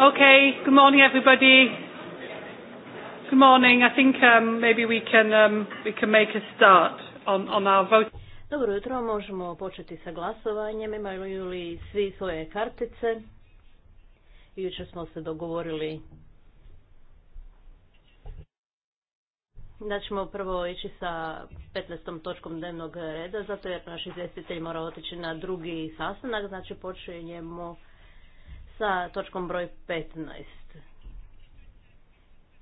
Okay, good morning everybody. Good morning. I think um, maybe we can um, can make a start on our vote. Dobro jutro, možemo početi sa glasovanjem. Imaju li svi svoje kartice? Jučer smo se dogovorili da ćemo prvo ići sa 15. točkom dnevnog reda, zato jer naš izvjestitelj mora otići na drugi sastanak, znači počinjemo sa točkom broj 15.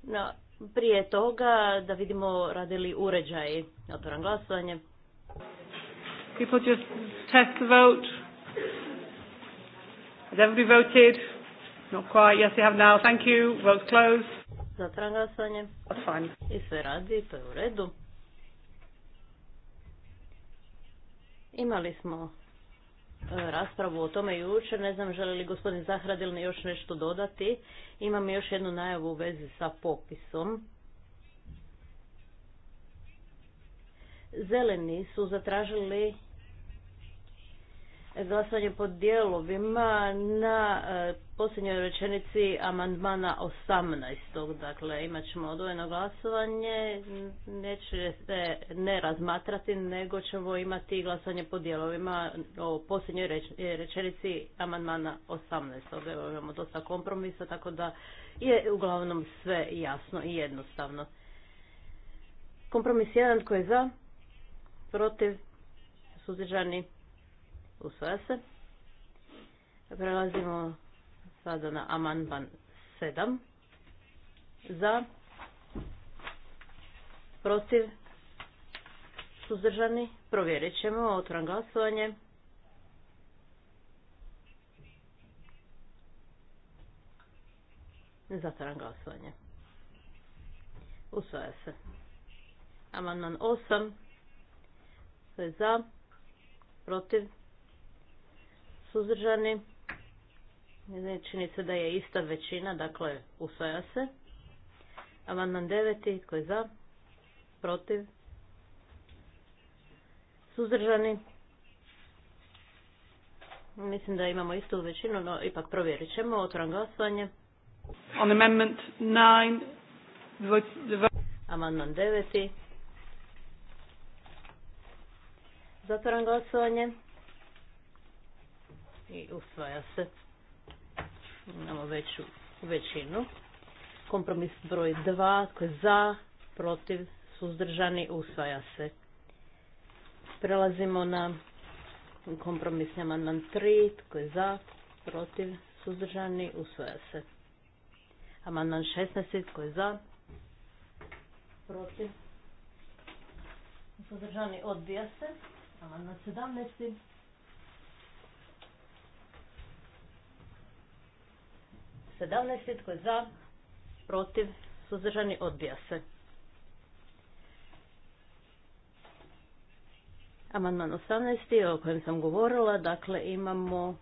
No, prije toga da vidimo rade li uređaji. Otvoram glasovanje. People just test the vote. Has everybody voted? Not quite. Yes, they have now. Thank you. Vote closed. Zatvoram glasovanje. That's fine. I sve radi, to je u redu. Imali smo raspravu o tome jučer. Ne znam želi li gospodin Zahradil još nešto dodati. Imam još jednu najavu u vezi sa popisom. Zeleni su zatražili glasanje po dijelovima na e, posljednjoj rečenici amandmana 18. Dakle, imat ćemo odvojeno glasovanje, neće se ne razmatrati, nego ćemo imati glasanje po dijelovima o posljednjoj e, rečenici amandmana 18. Evo, imamo dosta kompromisa, tako da je uglavnom sve jasno i jednostavno. Kompromis 1, tko je za? Protiv? Suzdržani? usvaja se. Prelazimo sada na amandman 7. Za, protiv, suzdržani, provjerit ćemo, otvoram glasovanje. Zatvaram glasovanje. Usvaja se. Amandman 8. To je za, protiv, suzdržani. Čini se da je ista većina, dakle usvaja se. Amandman deveti, Tko je za? Protiv? Suzdržani? Mislim da imamo istu većinu, no ipak provjerit ćemo. Otvoram glasovanje. amendment 9. Amandman devet. Zatvoram glasovanje i usvaja se. Imamo veću većinu. Kompromis broj 2, koji je za, protiv, suzdržani, usvaja se. Prelazimo na kompromisni amandman 3, tko je za, protiv, suzdržani, usvaja se. Amandman 16, koji je za, protiv, suzdržani, odbija se. Amandman 17, 17. Tko je za? Protiv? Suzdržani? Odbija se. Amandman 18. o kojem sam govorila, dakle imamo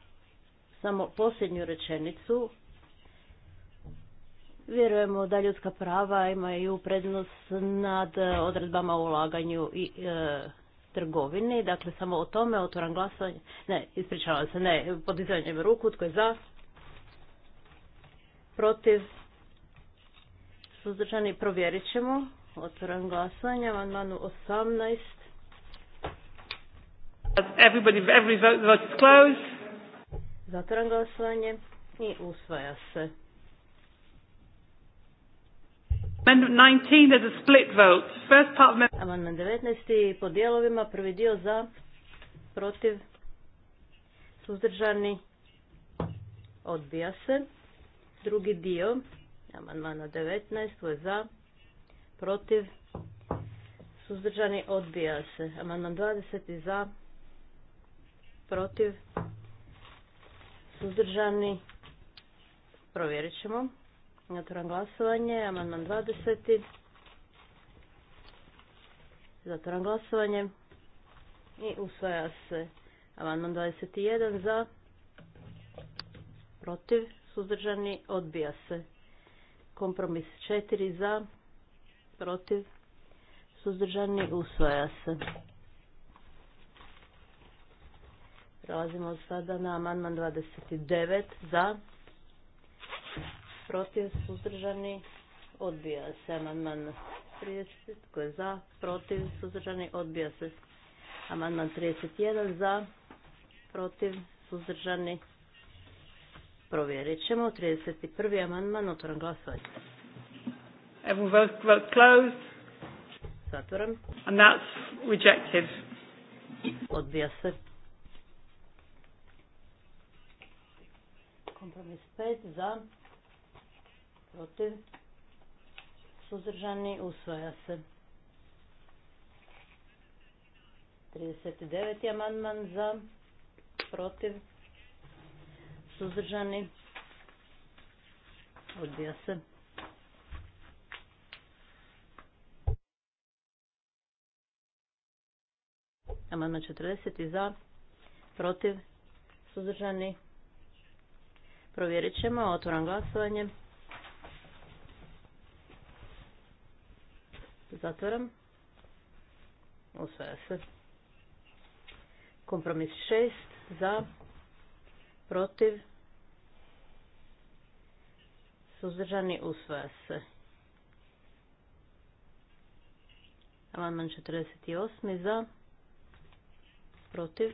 samo posljednju rečenicu. Vjerujemo da ljudska prava imaju prednost nad e, odredbama o ulaganju i e, trgovini. Dakle, samo o tome otvoram glasanje. Ne, ispričavam se, ne, podizanjem ruku, tko je za, protiv, suzdržani provjerit ćemo. Otvoram glasovanje, manu 18. Everybody, every vote closed. Zatvoram glasovanje i usvaja se. Amendment 19, there's split vote. First part of 19 po dijelovima, prvi dio za, protiv, suzdržani, odbija se. Drugi dio, amandmana 19, tko je za, protiv, suzdržani, odbija se. Amandman 20 za, protiv, suzdržani, provjerit ćemo. Zatvoram glasovanje, amandman 20. Zatvoram glasovanje i usvaja se amandman 21 za, protiv, suzdržani, odbija se. Kompromis 4 za, protiv, suzdržani, usvaja se. Prelazimo sada na amandman 29 za, protiv, suzdržani, odbija se. Amandman 30 koji je za, protiv, suzdržani, odbija se. Amandman 31 za, protiv, suzdržani, odbija se. Provjerit ćemo. 31. amandman, otvoram glasovanje. Everyone vote, vote closed. Zatvoram. And that's rejected. Odbija se. Kompromis 5 za, protiv, suzdržani, usvaja se. 39. amandman za, protiv, suzdržani, odbija se. Amandman 40 za, protiv, suzdržani. Provjerit ćemo, otvoram glasovanje. Zatvoram. Usvaja se. Kompromis 6 za, protiv, suzdržani, usvaja se. Amandman 48. za, protiv,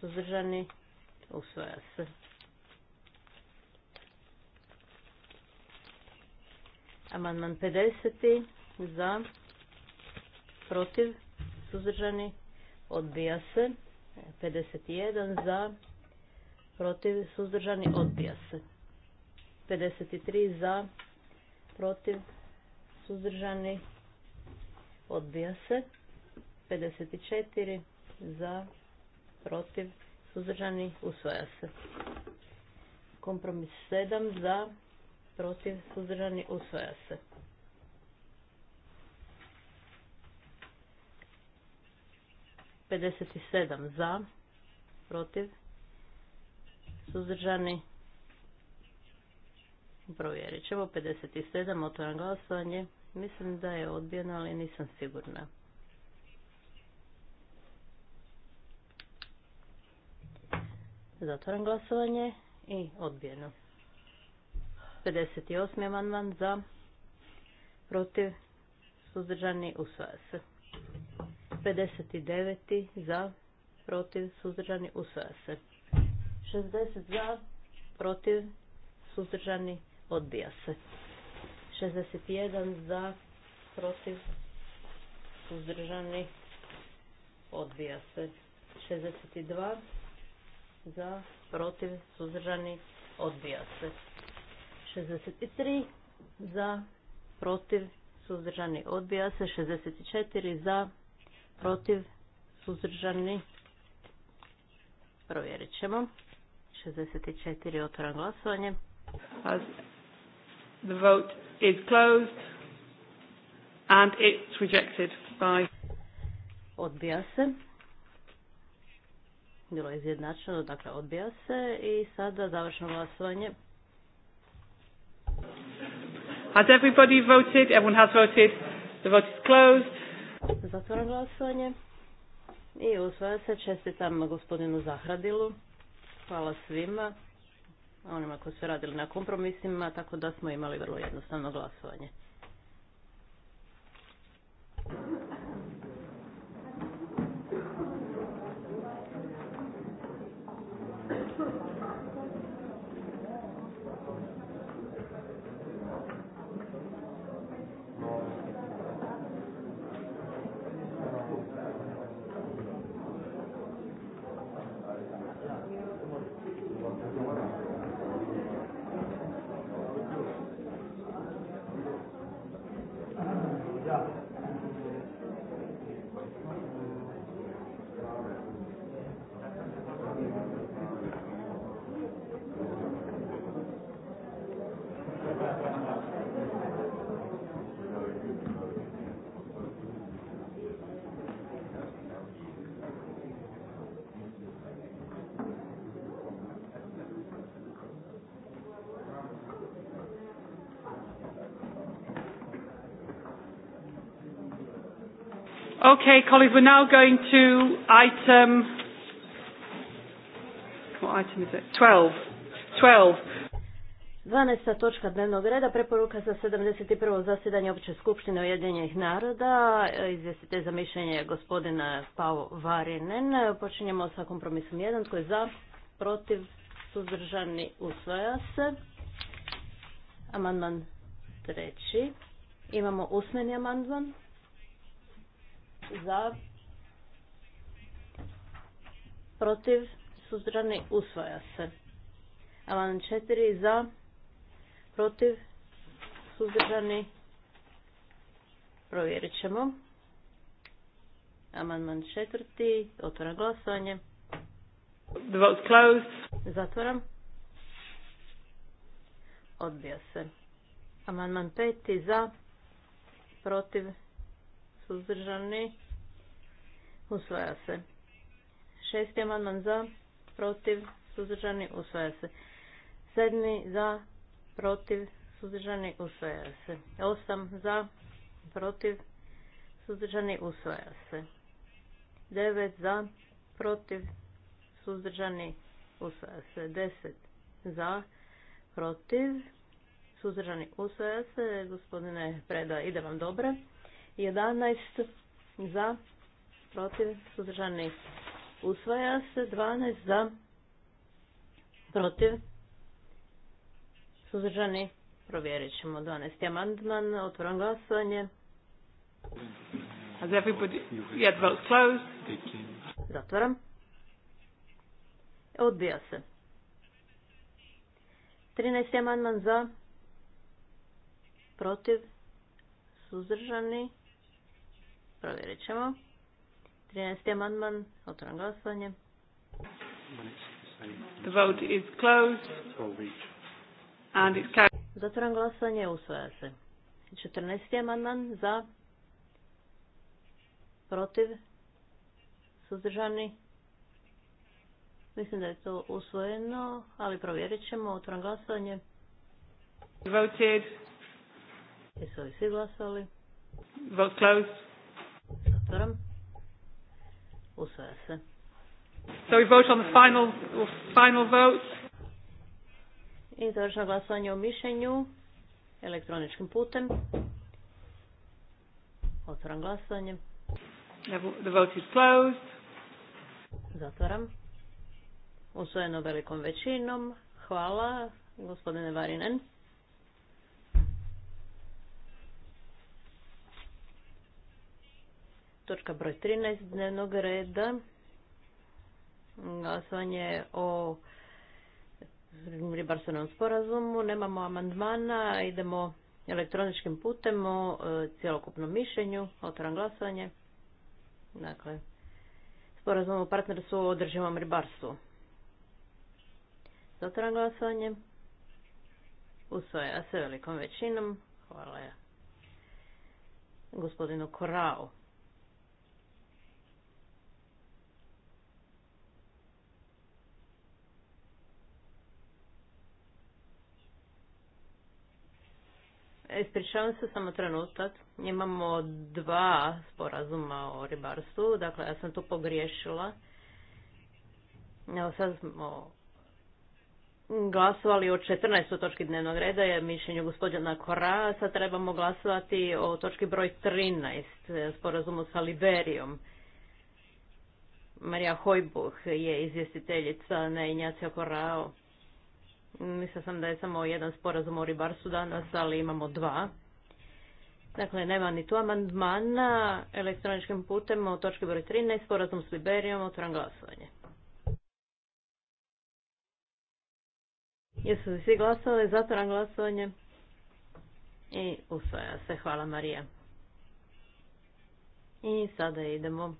suzdržani, usvaja se. Amandman 50. za, protiv, suzdržani, odbija se. 51 za, protiv, suzdržani, odbija se. 53 za, protiv, suzdržani, odbija se. 54 za, protiv, suzdržani, usvaja se. Kompromis 7 za, protiv, suzdržani, usvaja se. Pedeset sedam za, protiv, suzdržani. Provjerit ćemo 57, Otvoran glasovanje. Mislim da je odbijeno, ali nisam sigurna. zatvoran glasovanje i odbijeno. 58. amandman za, protiv, suzdržani, usvaja se. 59. za, protiv, suzdržani, usvaja se. 60 za, protiv, suzdržani, odbija se. 61 za, protiv, suzdržani, odbija se. 62 za, protiv, suzdržani, odbija se. 63 za, protiv, suzdržani, odbija se. 64 za, protiv, suzdržani, provjerit ćemo. 64. Otvoram glasovanje. The vote is closed and it's rejected by... Odbija se. Bilo je izjednačeno, dakle odbija se i sada završno glasovanje. Has everybody voted? Everyone has voted. The vote is closed. Zatvoram glasovanje. I usvaja se čestitam gospodinu Zahradilu. Hvala svima, onima koji su radili na kompromisima, tako da smo imali vrlo jednostavno glasovanje. Okay, colleagues, we're now going to item. What item is it? 12. 12. 12. točka dnevnog reda, preporuka za 71. zasjedanje Opće skupštine Ujedinjenih naroda, izvjestite za mišljenje gospodina Pao Varinen. Počinjemo sa kompromisom 1, tko je za, protiv, suzdržani, usvoja se. Amandman treći. Imamo usmeni amandman za, protiv, suzdrani usvaja se. Amandman 4 za, protiv, suzdrani provjerit ćemo. Amandman četvrti, otvara glasovanje. The Zatvoram. Odbija se. Amandman peti za, protiv, suzdržani, usvaja se. Šesti amandman za, protiv, suzdržani, usvaja se. Sedmi za, protiv, suzdržani, usvaja se. Osam za, protiv, suzdržani, usvaja se. Devet za, protiv, suzdržani, usvaja se. Deset za, protiv, suzdržani, usvaja se. Gospodine Preda, ide vam dobre. 11 za, protiv, suzdržani usvaja se. 12 za, protiv, suzdržani provjerit ćemo. 12. amandman, otvoram glasovanje. Has everybody... closed. Zatvaram. Odbija se. 13. amandman za, protiv, suzdržani, Provjerit ćemo. 13. amandman, otvoram glasovanje. The vote is closed. Zatvoram glasovanje, usvoja se. 14. amandman za, protiv, suzdržani. Mislim da je to usvojeno, ali provjerit ćemo. Otvoram glasovanje. Voted. Jesu li svi glasovali? Vote closed. Zatvaram. Usvaja se. So we vote on the final, final vote. I završeno glasovanje o mišljenju elektroničkim putem. Otvaram glasovanje. The vote is closed. Zatvaram. Usvojeno velikom većinom. Hvala, gospodine Varinen. točka broj 13 dnevnog reda. Glasovanje o ribarstvenom sporazumu. Nemamo amandmana, idemo elektroničkim putem o e, cjelokupnom mišljenju. Otvoram glasovanje. Dakle, sporazum o partnerstvu o održivom ribarstvu. otvoram glasovanje. Usvaja se velikom većinom. Hvala gospodinu Korao. Ispričavam se samo trenutak. Imamo dva sporazuma o ribarstvu, dakle ja sam tu pogriješila. Evo sad smo glasovali o 14. točki dnevnog reda je mišljenju gospodina Kora, sad trebamo glasovati o točki broj 13, sporazumu sa Liberijom. Marija Hojbuh je izvjestiteljica na Injacija Korao. Mislila sam da je samo jedan sporazum o ribarstvu danas, ali imamo dva. Dakle, nema ni tu amandmana elektroničkim putem o točki broj 13, sporazum s Liberijom, otvoram glasovanje. Jesu li svi glasovali? Zatvoram glasovanje. I usvaja se. Hvala Marija. I sada idemo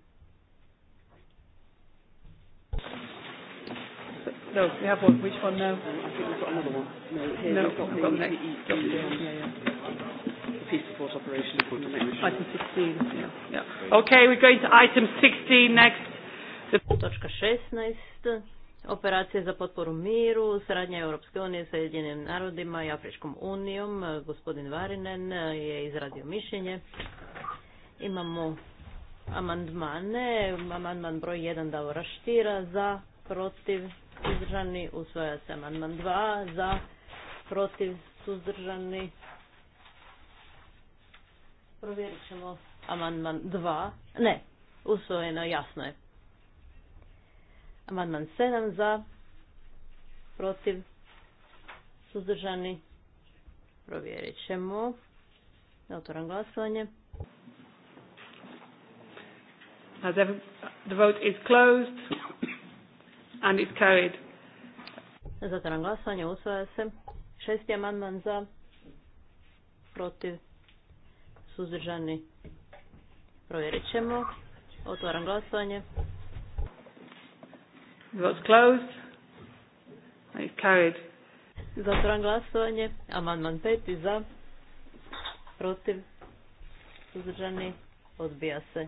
No, we have one. Which one now? I think we've got another one. No, here no, we've got, we've got the next. E, e, e, e, e yeah, yeah. The peace support operation. Item 16. Yeah. yeah. Okay, we're going to item 16 next. Točka 16. Operacije za potporu miru, saradnja Europske unije sa Jedinim narodima i Afričkom unijom. Gospodin Varinen je izradio mišljenje. Imamo amandmane. Amandman broj 1 Davora Štira za, protiv, suzdržani, usvaja se amandman 2 za, protiv, suzdržani. Provjerit ćemo amandman 2. Ne, usvojeno, jasno je. Amandman 7 za, protiv, suzdržani. Provjerit ćemo. Otvoram glasovanje. The vote is closed and is carried. Zatvaram glasovanje, usvaja se. Šesti amandman za, protiv, suzdržani. Provjerit ćemo. Otvaram glasovanje. Vote closed. And is carried. Zatvaram glasovanje. Amandman peti za, protiv, suzdržani. Odbija se.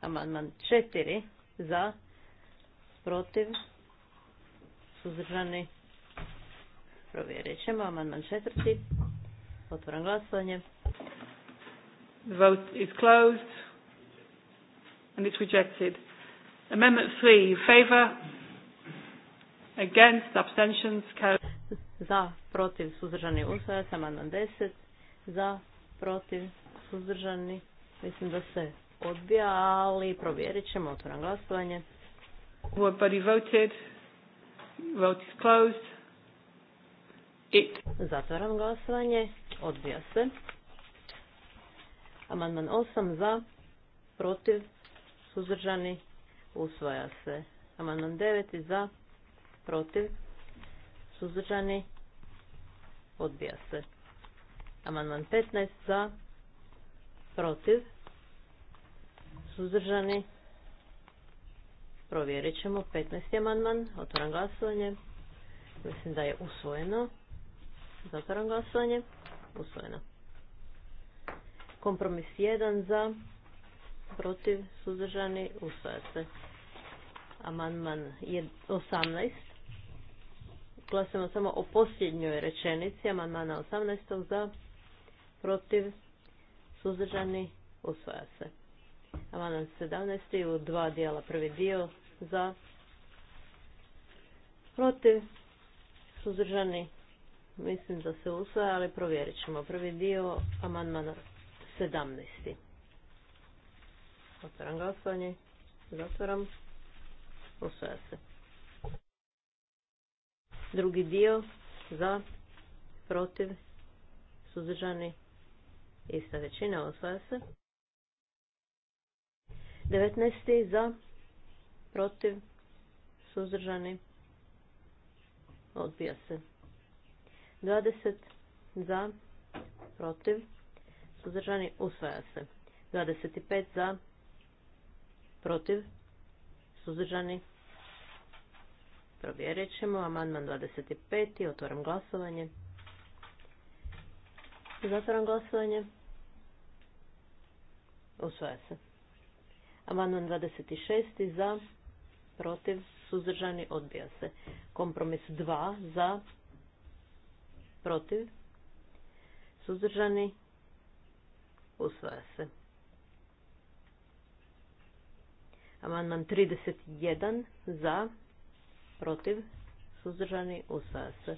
Amandman četiri za, protiv, suzdržani? Provjerit ćemo. Amandman četvrti. Otvoram glasovanje. The vote is closed and it's rejected. Amendment 3 in against, abstentions, Za, protiv, suzdržani, usvajac, Amandman 10. Za, protiv, suzdržani. Mislim da se odbija, ali provjerit ćemo. Otvoram glasovanje. Everybody voted. Vote is closed. It. Zatvaram glasovanje. Odbija se. Amandman 8 za, protiv, suzdržani, usvaja se. Amandman 9 za, protiv, suzdržani, odbija se. Amandman 15 za, protiv, suzdržani, Provjerit ćemo 15. amandman. Otvoram glasovanje. Mislim da je usvojeno. Zatvoram glasovanje. Usvojeno. Kompromis 1 za, protiv, suzdržani, usvaja se. Amandman 18. Glasujemo samo o posljednjoj rečenici. Amandmana 18. za, protiv, suzdržani, usvaja se. Amandman 17. u dva dijela. Prvi dio za protiv suzdržani mislim da se usvaja, ali provjerit ćemo. Prvi dio amandmana 17. Otvaram glasovanje. Zatvaram. Usvaja se. Drugi dio za, protiv, suzdržani, ista većina, Usvaja se. 19. za, protiv, suzdržani, odbija se. 20 za, protiv, suzdržani, usvaja se. 25 za, protiv, suzdržani, provjerit ćemo. Amandman 25. Otvoram glasovanje. Zatvoram glasovanje. Usvaja se. Amandman 26. za, protiv, suzdržani, odbija se. Kompromis 2 za, protiv, suzdržani, usvaja se. Amandman 31 za, protiv, suzdržani, usvaja se.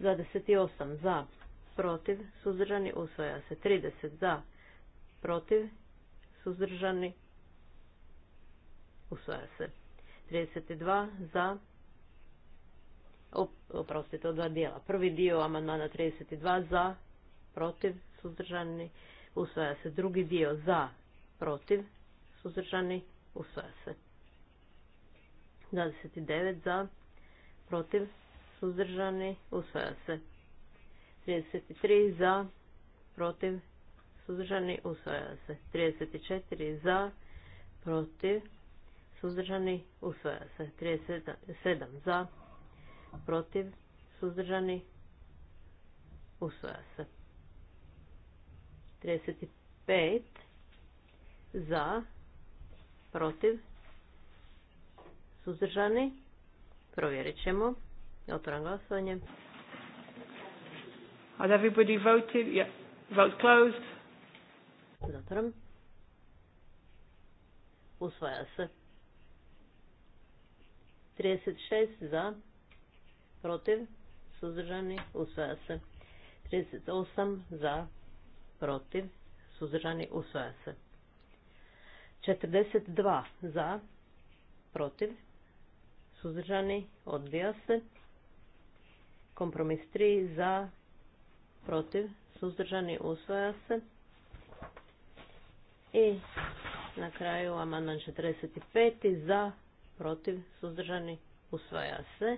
28 za, protiv, suzdržani, usvaja se. 30 za, protiv, suzdržani, usvaja se. 32 za, oprostite, od dva dijela. Prvi dio amandmana 32 za, protiv, suzdržani, usvaja se. Drugi dio za, protiv, suzdržani, usvaja se. 29 za, protiv, suzdržani, usvaja se. 33 za, protiv, suzdržani, usvaja se. 34 za, protiv, suzdržani, usvaja se. 37 za, protiv, suzdržani, usvaja se. 35 za, protiv, suzdržani, provjerit ćemo. Otvoram glasovanje. Has everybody voted? Yeah. Vote closed. Zatvoram. Usvaja se. 36 za, protiv, suzdržani, usvaja se. 38 za, protiv, suzdržani, usvaja se. 42 za, protiv, suzdržani, odbija se. Kompromis 3 za, protiv, suzdržani, usvaja se. I na kraju amandman 45 za, protiv, suzdržani, usvaja se.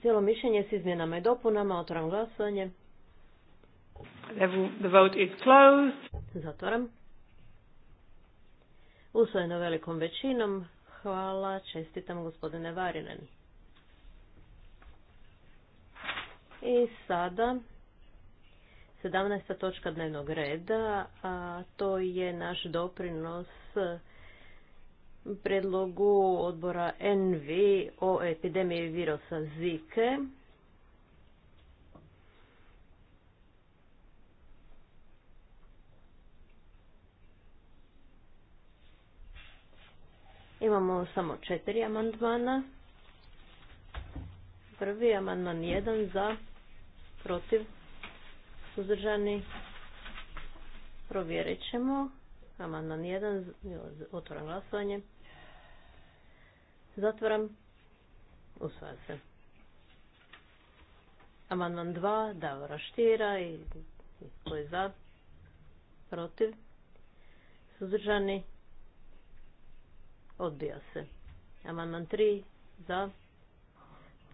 Cijelo mišljenje s izmjenama i dopunama, Otvoram glasovanje. The vote is closed. Zatvaram. Usvojeno velikom većinom. Hvala, čestitam gospodine Varinen. I sada 17. točka dnevnog reda, a to je naš doprinos predlogu odbora NV o epidemiji virusa Zike. Imamo samo četiri amandmana. Prvi amandman jedan za, protiv, suzdržani. Provjerit ćemo. Amandman 1, otvoram glasovanje. Zatvoram. Usvaja se. Amandman 2, Davora Štira i tko je za, protiv, suzdržani, odbija se. Amandman 3, za,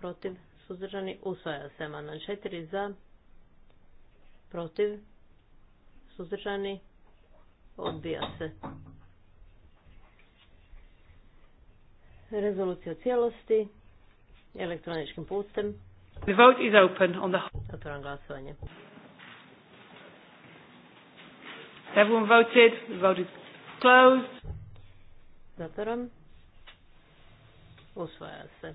protiv, suzdržani, usvaja se. Amandman 4, za, protiv, suzdržani, odbija se. Rezolucija cijelosti, elektroničkim putem. The vote is open on the... otvaram glasovanje. Everyone voted, the vote is closed. zatvaram Usvaja se.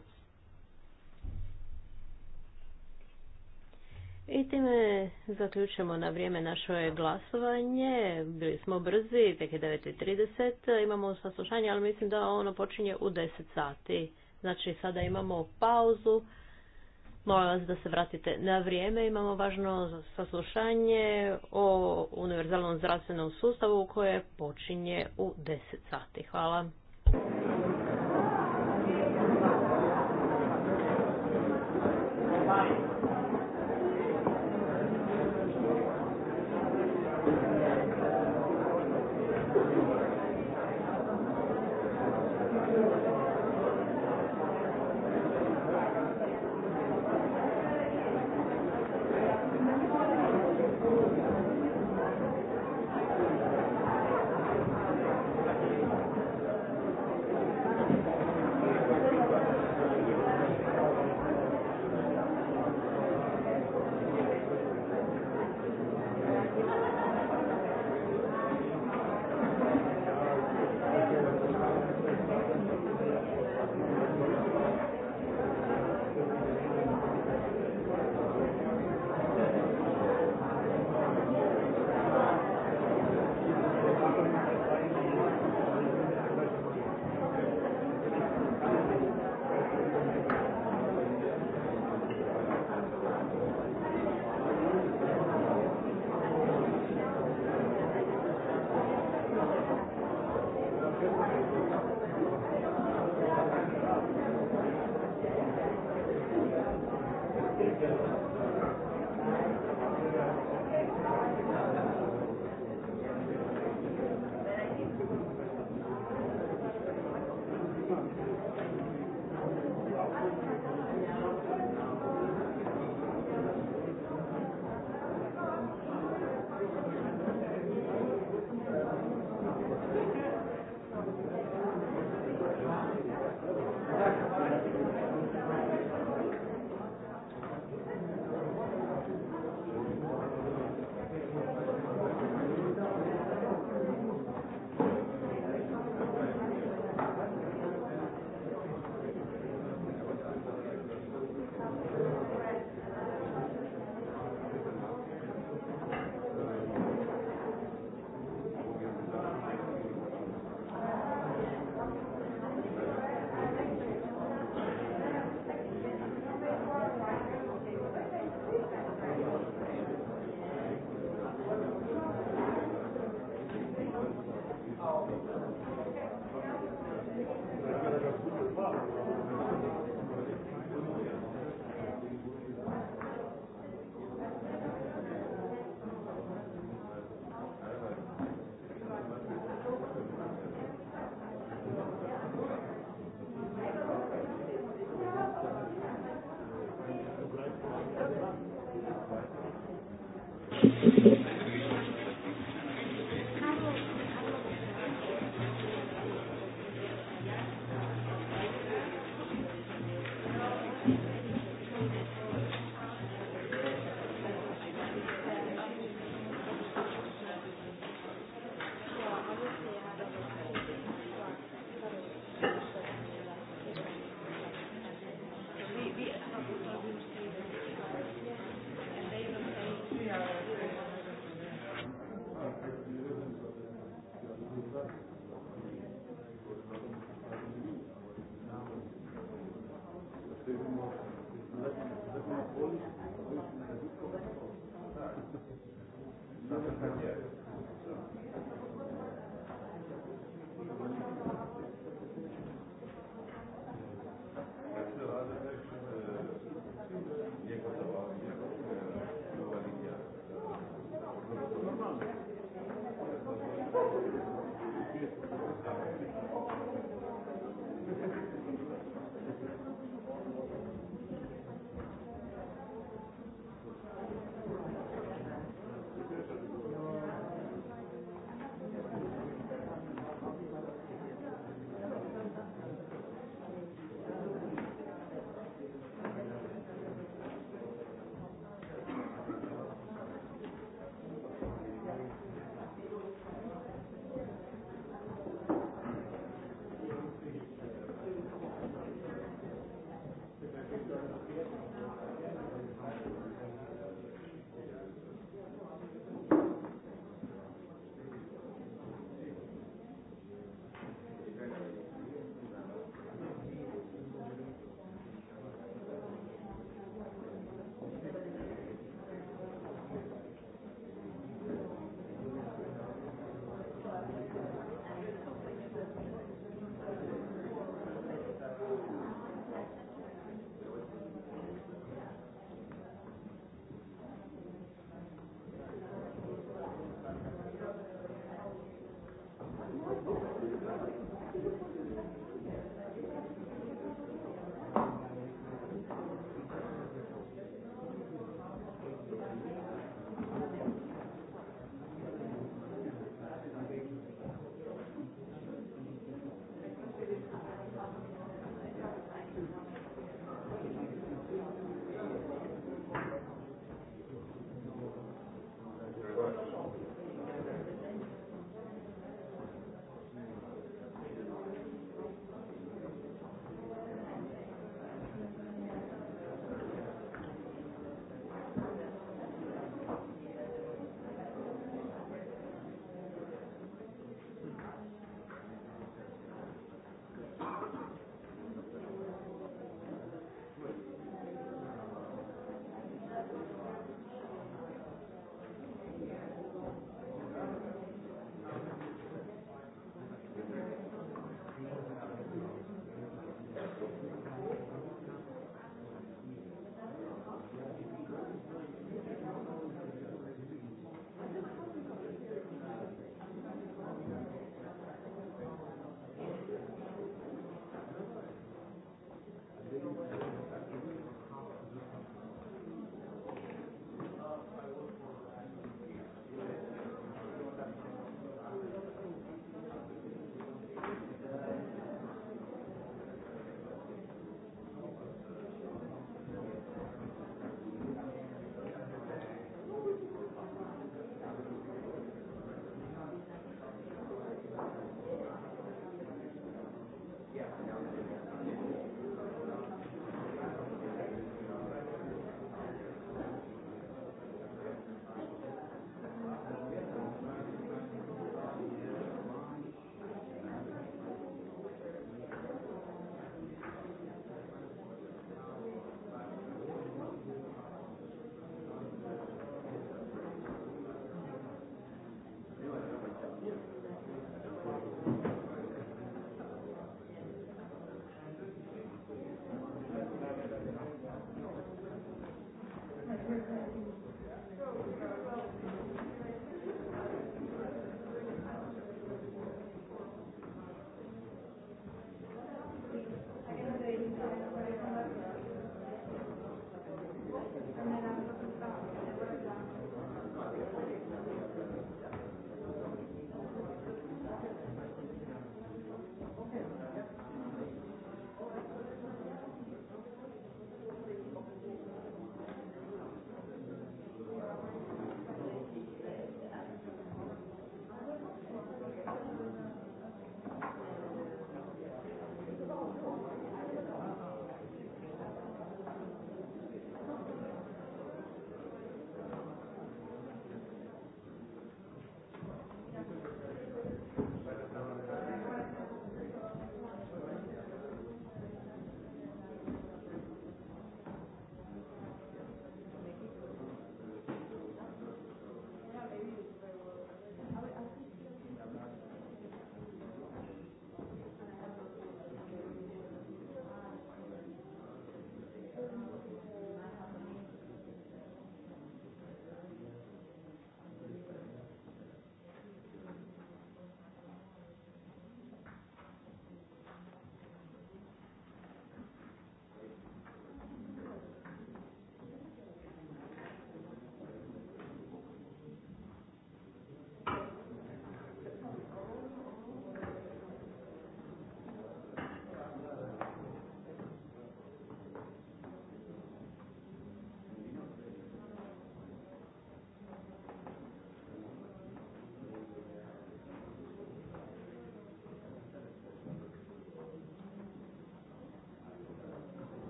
I time zaključujemo na vrijeme naše glasovanje. Bili smo brzi, tek je 9.30, imamo saslušanje, ali mislim da ono počinje u 10 sati. Znači sada imamo pauzu. Molim vas da se vratite na vrijeme. Imamo važno saslušanje o univerzalnom zdravstvenom sustavu koje počinje u 10 sati. Hvala.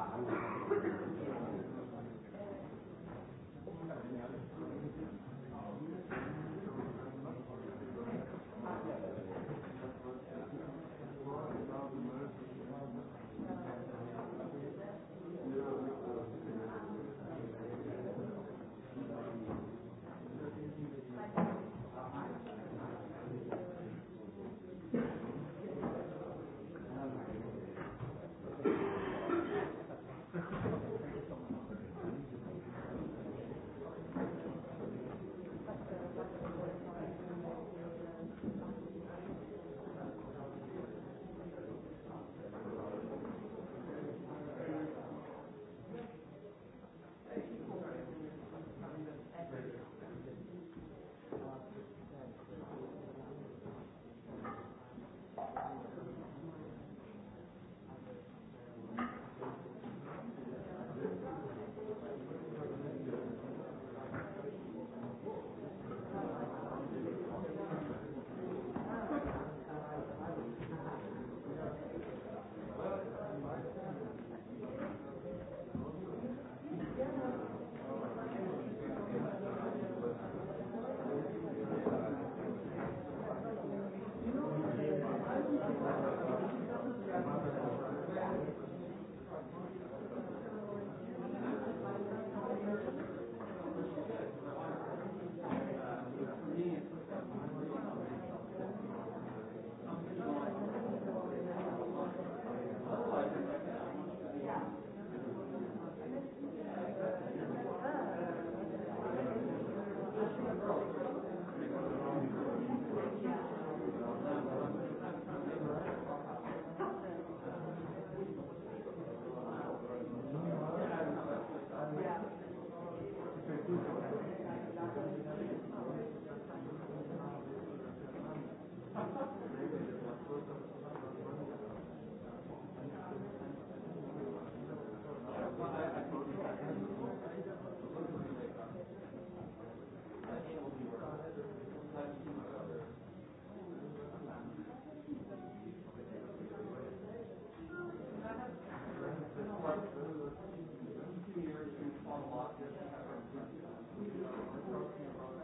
I Hvala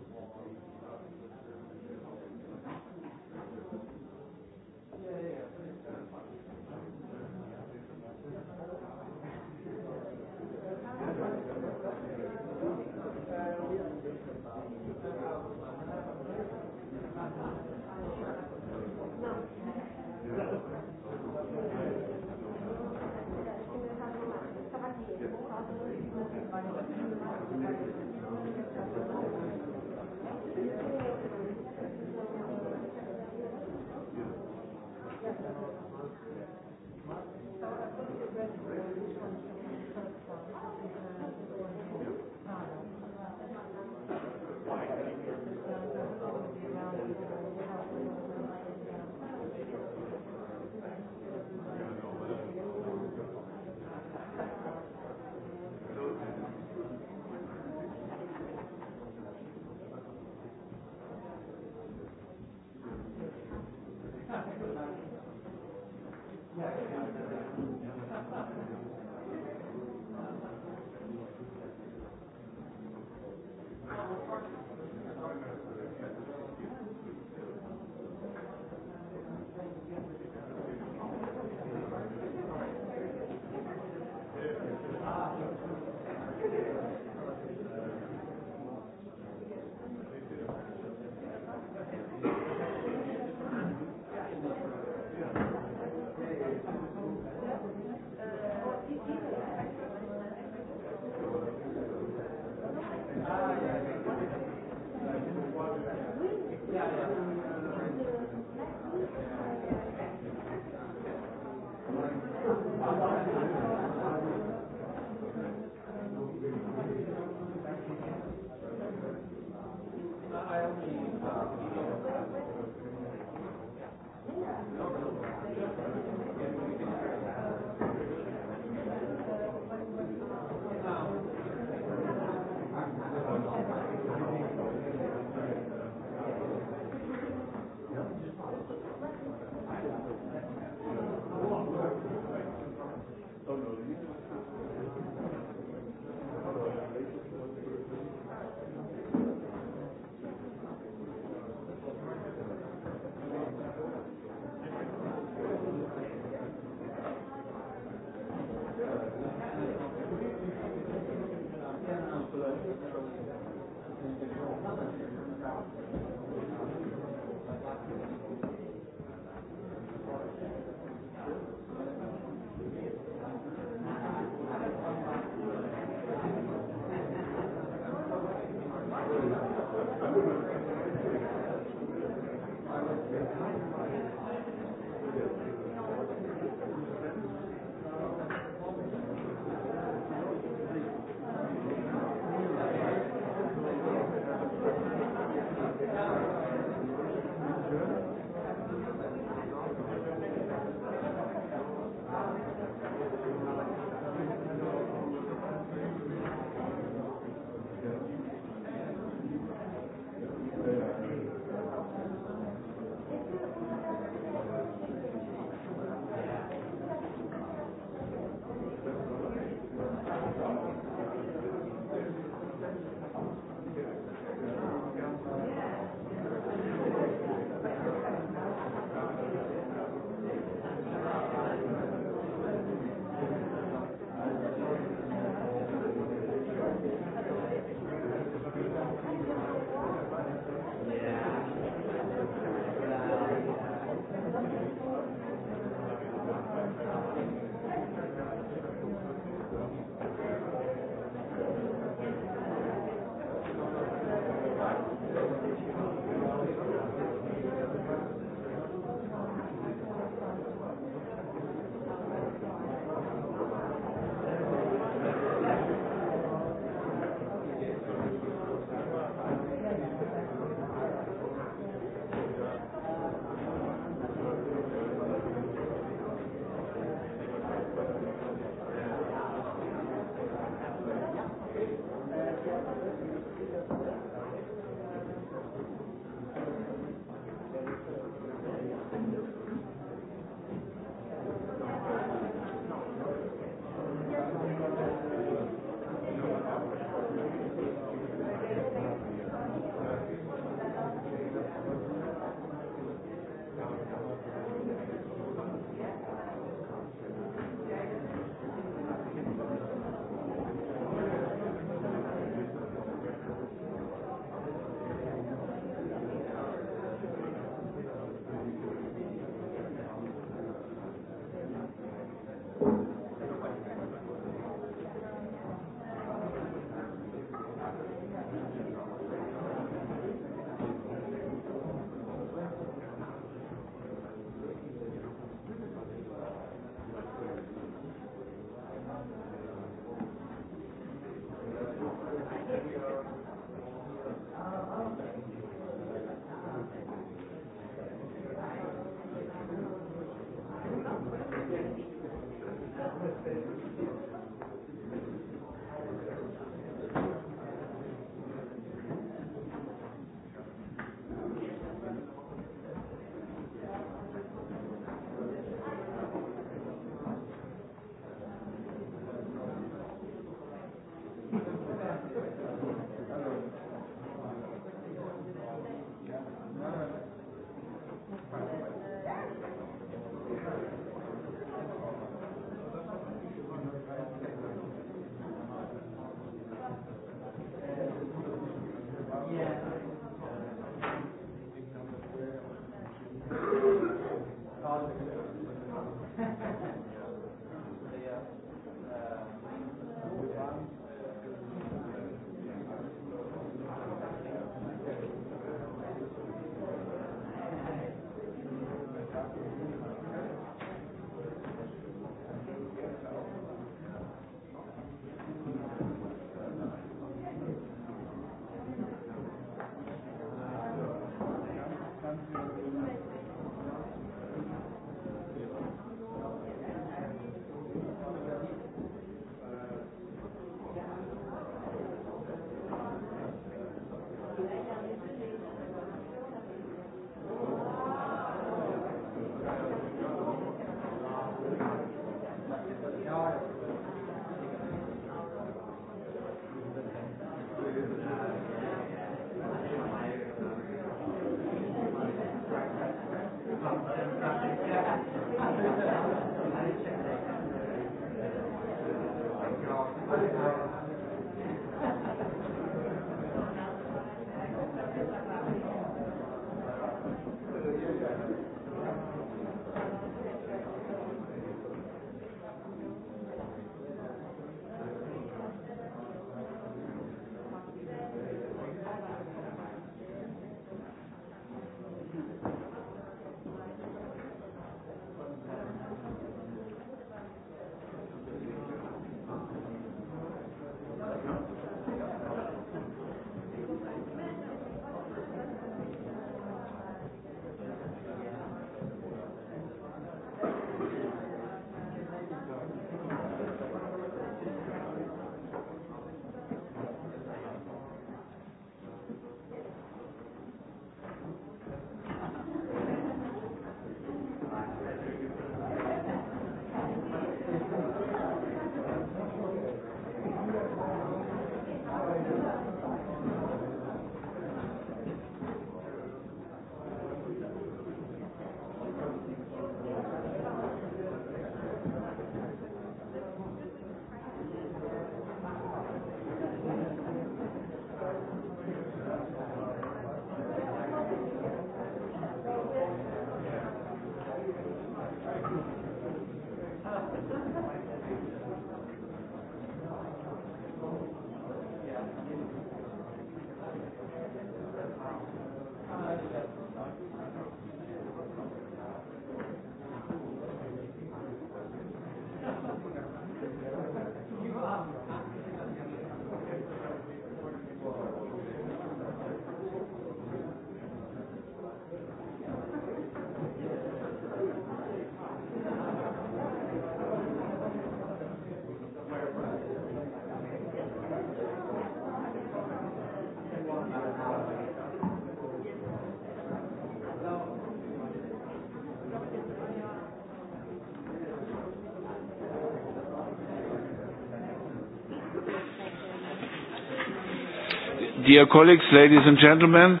Dear colleagues, ladies and gentlemen.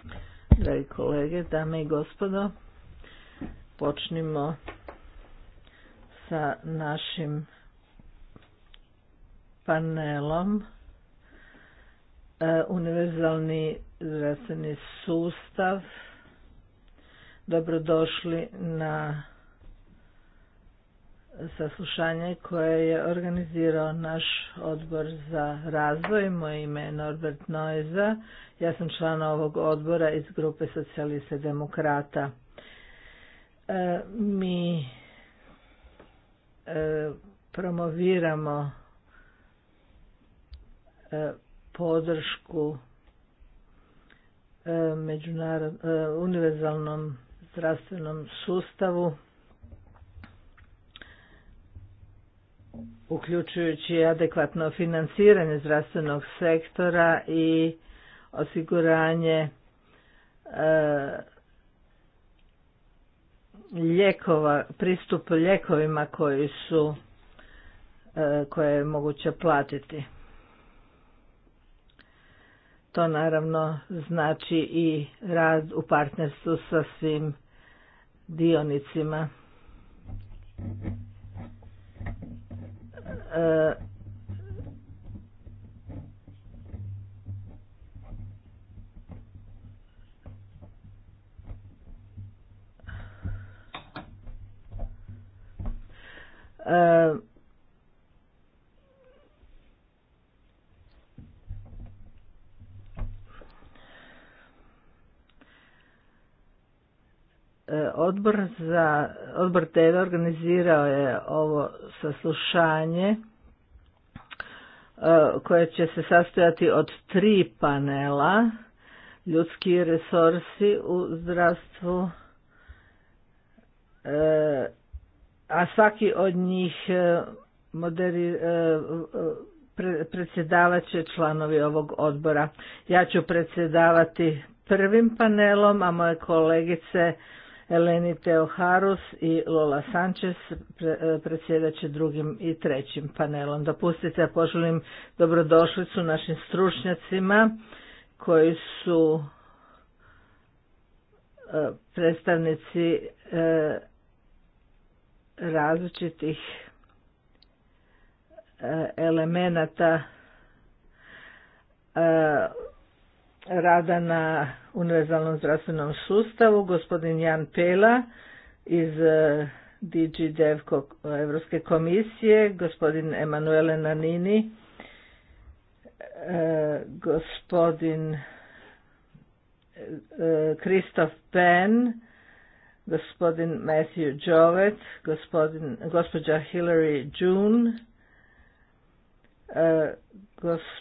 Dragi kolege, dame i gospodo, počnimo sa našim panelom e, Univerzalni zdravstveni sustav. Dobrodošli na saslušanje koje je organizirao naš odbor za razvoj. Moje ime je Norbert Noiza. Ja sam član ovog odbora iz grupe socijalista demokrata. E, mi e, promoviramo e, podršku univerzalnom zdravstvenom sustavu uključujući adekvatno financiranje zdravstvenog sektora i osiguranje e, ljekova, pristup ljekovima koji su e, koje je moguće platiti. To naravno znači i rad u partnerstvu sa svim dionicima e, e E, odbor, za, odbor TV organizirao je ovo saslušanje e, koje će se sastojati od tri panela ljudski resursi u zdravstvu e, a svaki od njih moderi, predsjedavat će članovi ovog odbora. Ja ću predsjedavati prvim panelom, a moje kolegice Eleni Harus i Lola Sanchez e, predsjedat će drugim i trećim panelom. Dopustite da poželim dobrodošlicu našim stručnjacima koji su e, predstavnici e, različitih elemenata rada na univerzalnom zdravstvenom sustavu, gospodin Jan Pela iz e, DG Devko Evropske komisije, gospodin Emanuele Nanini, e, gospodin Kristof e, Penn, gospodin Matthew Jovet, gospodin, gospođa Hillary June, gospodin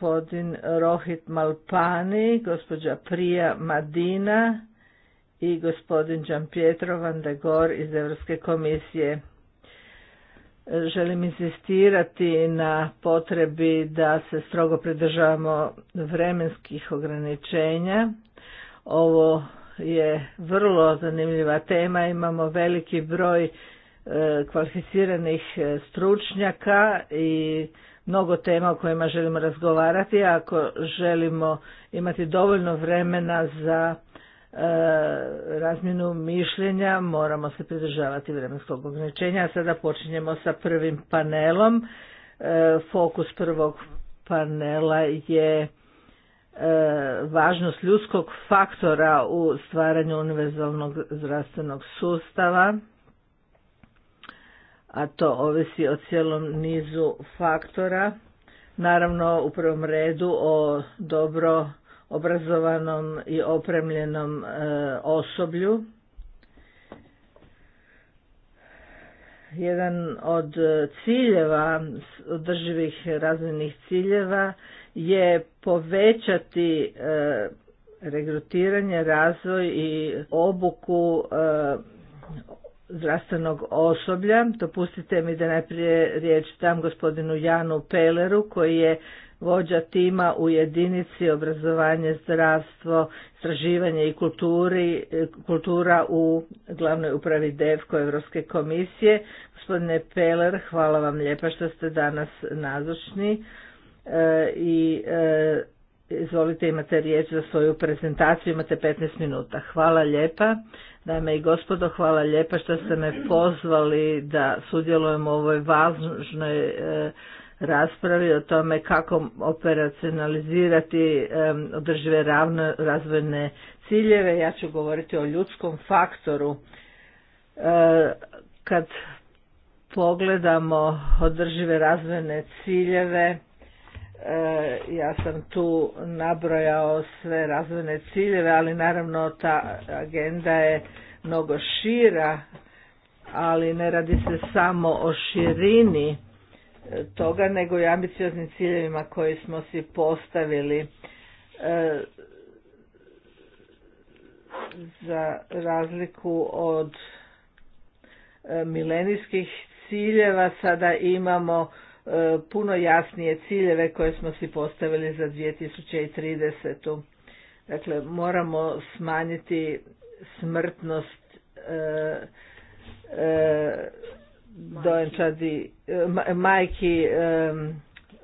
gospodin Rohit Malpani, gospođa Prija Madina i gospodin Pietro Van de Gor iz Europske komisije. Želim insistirati na potrebi da se strogo pridržavamo vremenskih ograničenja. Ovo je vrlo zanimljiva tema, imamo veliki broj e, kvalificiranih e, stručnjaka i mnogo tema o kojima želimo razgovarati, ako želimo imati dovoljno vremena za e, razmjenu mišljenja, moramo se pridržavati vremenskog ograničenja. Sada počinjemo sa prvim panelom. E, fokus prvog panela je e, važnost ljudskog faktora u stvaranju univerzalnog zdravstvenog sustava a to ovisi o cijelom nizu faktora. Naravno u prvom redu o dobro obrazovanom i opremljenom e, osoblju. Jedan od ciljeva, održivih razvojnih ciljeva je povećati e, regrutiranje, razvoj i obuku e, zdravstvenog osoblja. Dopustite mi da najprije riječ dam gospodinu Janu Peleru koji je vođa tima u jedinici obrazovanje, zdravstvo, istraživanje i kulturi, kultura u glavnoj upravi DEVKO Evropske komisije. Gospodine Peler, hvala vam lijepa što ste danas nazočni e, i e, izvolite imate riječ za svoju prezentaciju, imate 15 minuta. Hvala lijepa. Dame i gospodo, hvala lijepa što ste me pozvali da sudjelujem u ovoj važnoj e, raspravi o tome kako operacionalizirati e, održive razvojne ciljeve. Ja ću govoriti o ljudskom faktoru. E, kad pogledamo održive razvojne ciljeve, E, ja sam tu nabrojao sve razvojne ciljeve, ali naravno ta agenda je mnogo šira, ali ne radi se samo o širini e, toga, nego i ambicioznim ciljevima koji smo si postavili e, za razliku od milenijskih ciljeva sada imamo E, puno jasnije ciljeve koje smo si postavili za 2030. Dakle, moramo smanjiti smrtnost e, e, majki,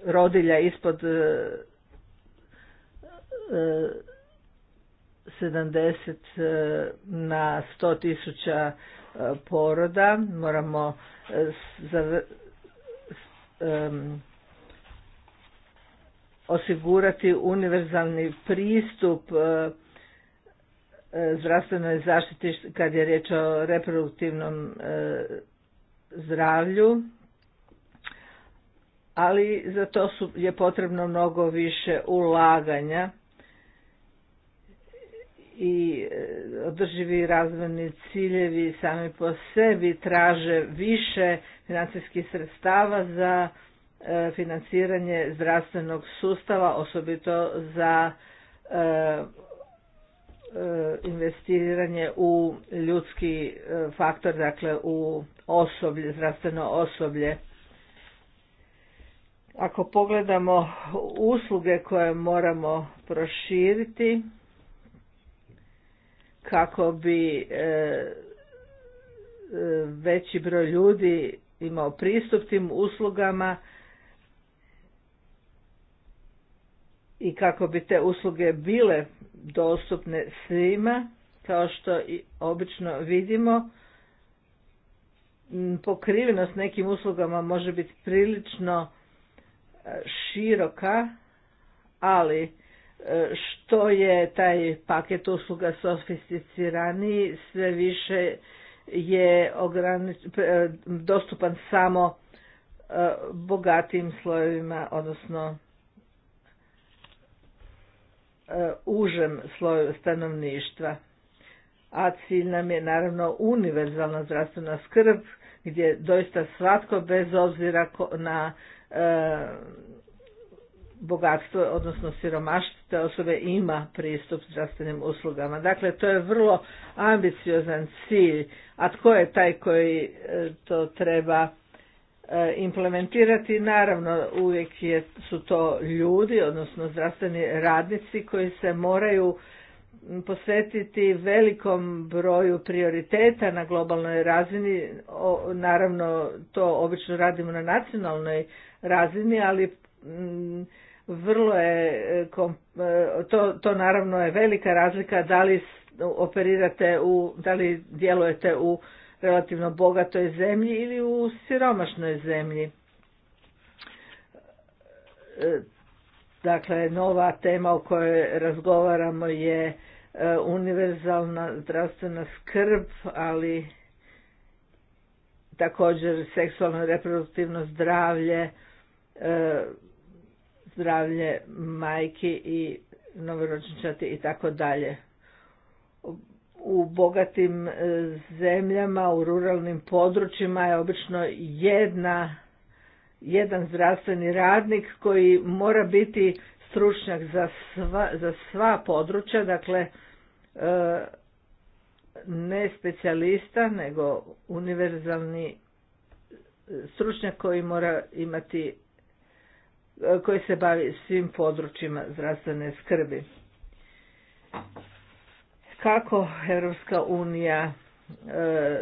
rodilja ispod 70 na 100 tisuća poroda. Moramo osigurati univerzalni pristup e, e, zdravstvenoj zaštiti kad je riječ o reproduktivnom e, zdravlju, ali za to su, je potrebno mnogo više ulaganja i e, održivi razvojni ciljevi sami po sebi traže više financijskih sredstava za e, financiranje zdravstvenog sustava, osobito za e, investiranje u ljudski faktor, dakle u osoblje, zdravstveno osoblje. Ako pogledamo usluge koje moramo proširiti, kako bi e, e, veći broj ljudi imao pristup tim uslugama i kako bi te usluge bile dostupne svima, kao što i obično vidimo, mm, pokrivenost nekim uslugama može biti prilično e, široka, ali što je taj paket usluga sofisticiraniji, sve više je ogranič... E, dostupan samo e, bogatim slojevima, odnosno e, užem sloju stanovništva. A cilj nam je naravno univerzalna zdravstvena skrb, gdje doista svatko bez obzira na bogatstvo, odnosno siromaštvo, osobe ima pristup zdravstvenim uslugama. Dakle, to je vrlo ambiciozan cilj, a tko je taj koji e, to treba e, implementirati? Naravno, uvijek je, su to ljudi, odnosno zdravstveni radnici koji se moraju posvetiti velikom broju prioriteta na globalnoj razini. Naravno, to obično radimo na nacionalnoj razini, ali vrlo je, e, e, to, to naravno je velika razlika da li operirate u, da li djelujete u relativno bogatoj zemlji ili u siromašnoj zemlji. E, dakle, nova tema o kojoj razgovaramo je univerzalna zdravstvena skrb, ali također seksualno reproduktivno zdravlje, zdravlje majki i novoročničati i tako dalje. U bogatim e, zemljama, u ruralnim područjima je obično jedna, jedan zdravstveni radnik koji mora biti stručnjak za sva, za sva područja, dakle e, ne specijalista, nego univerzalni e, stručnjak koji mora imati koji se bavi svim područjima zdravstvene skrbi. Kako Europska unija e,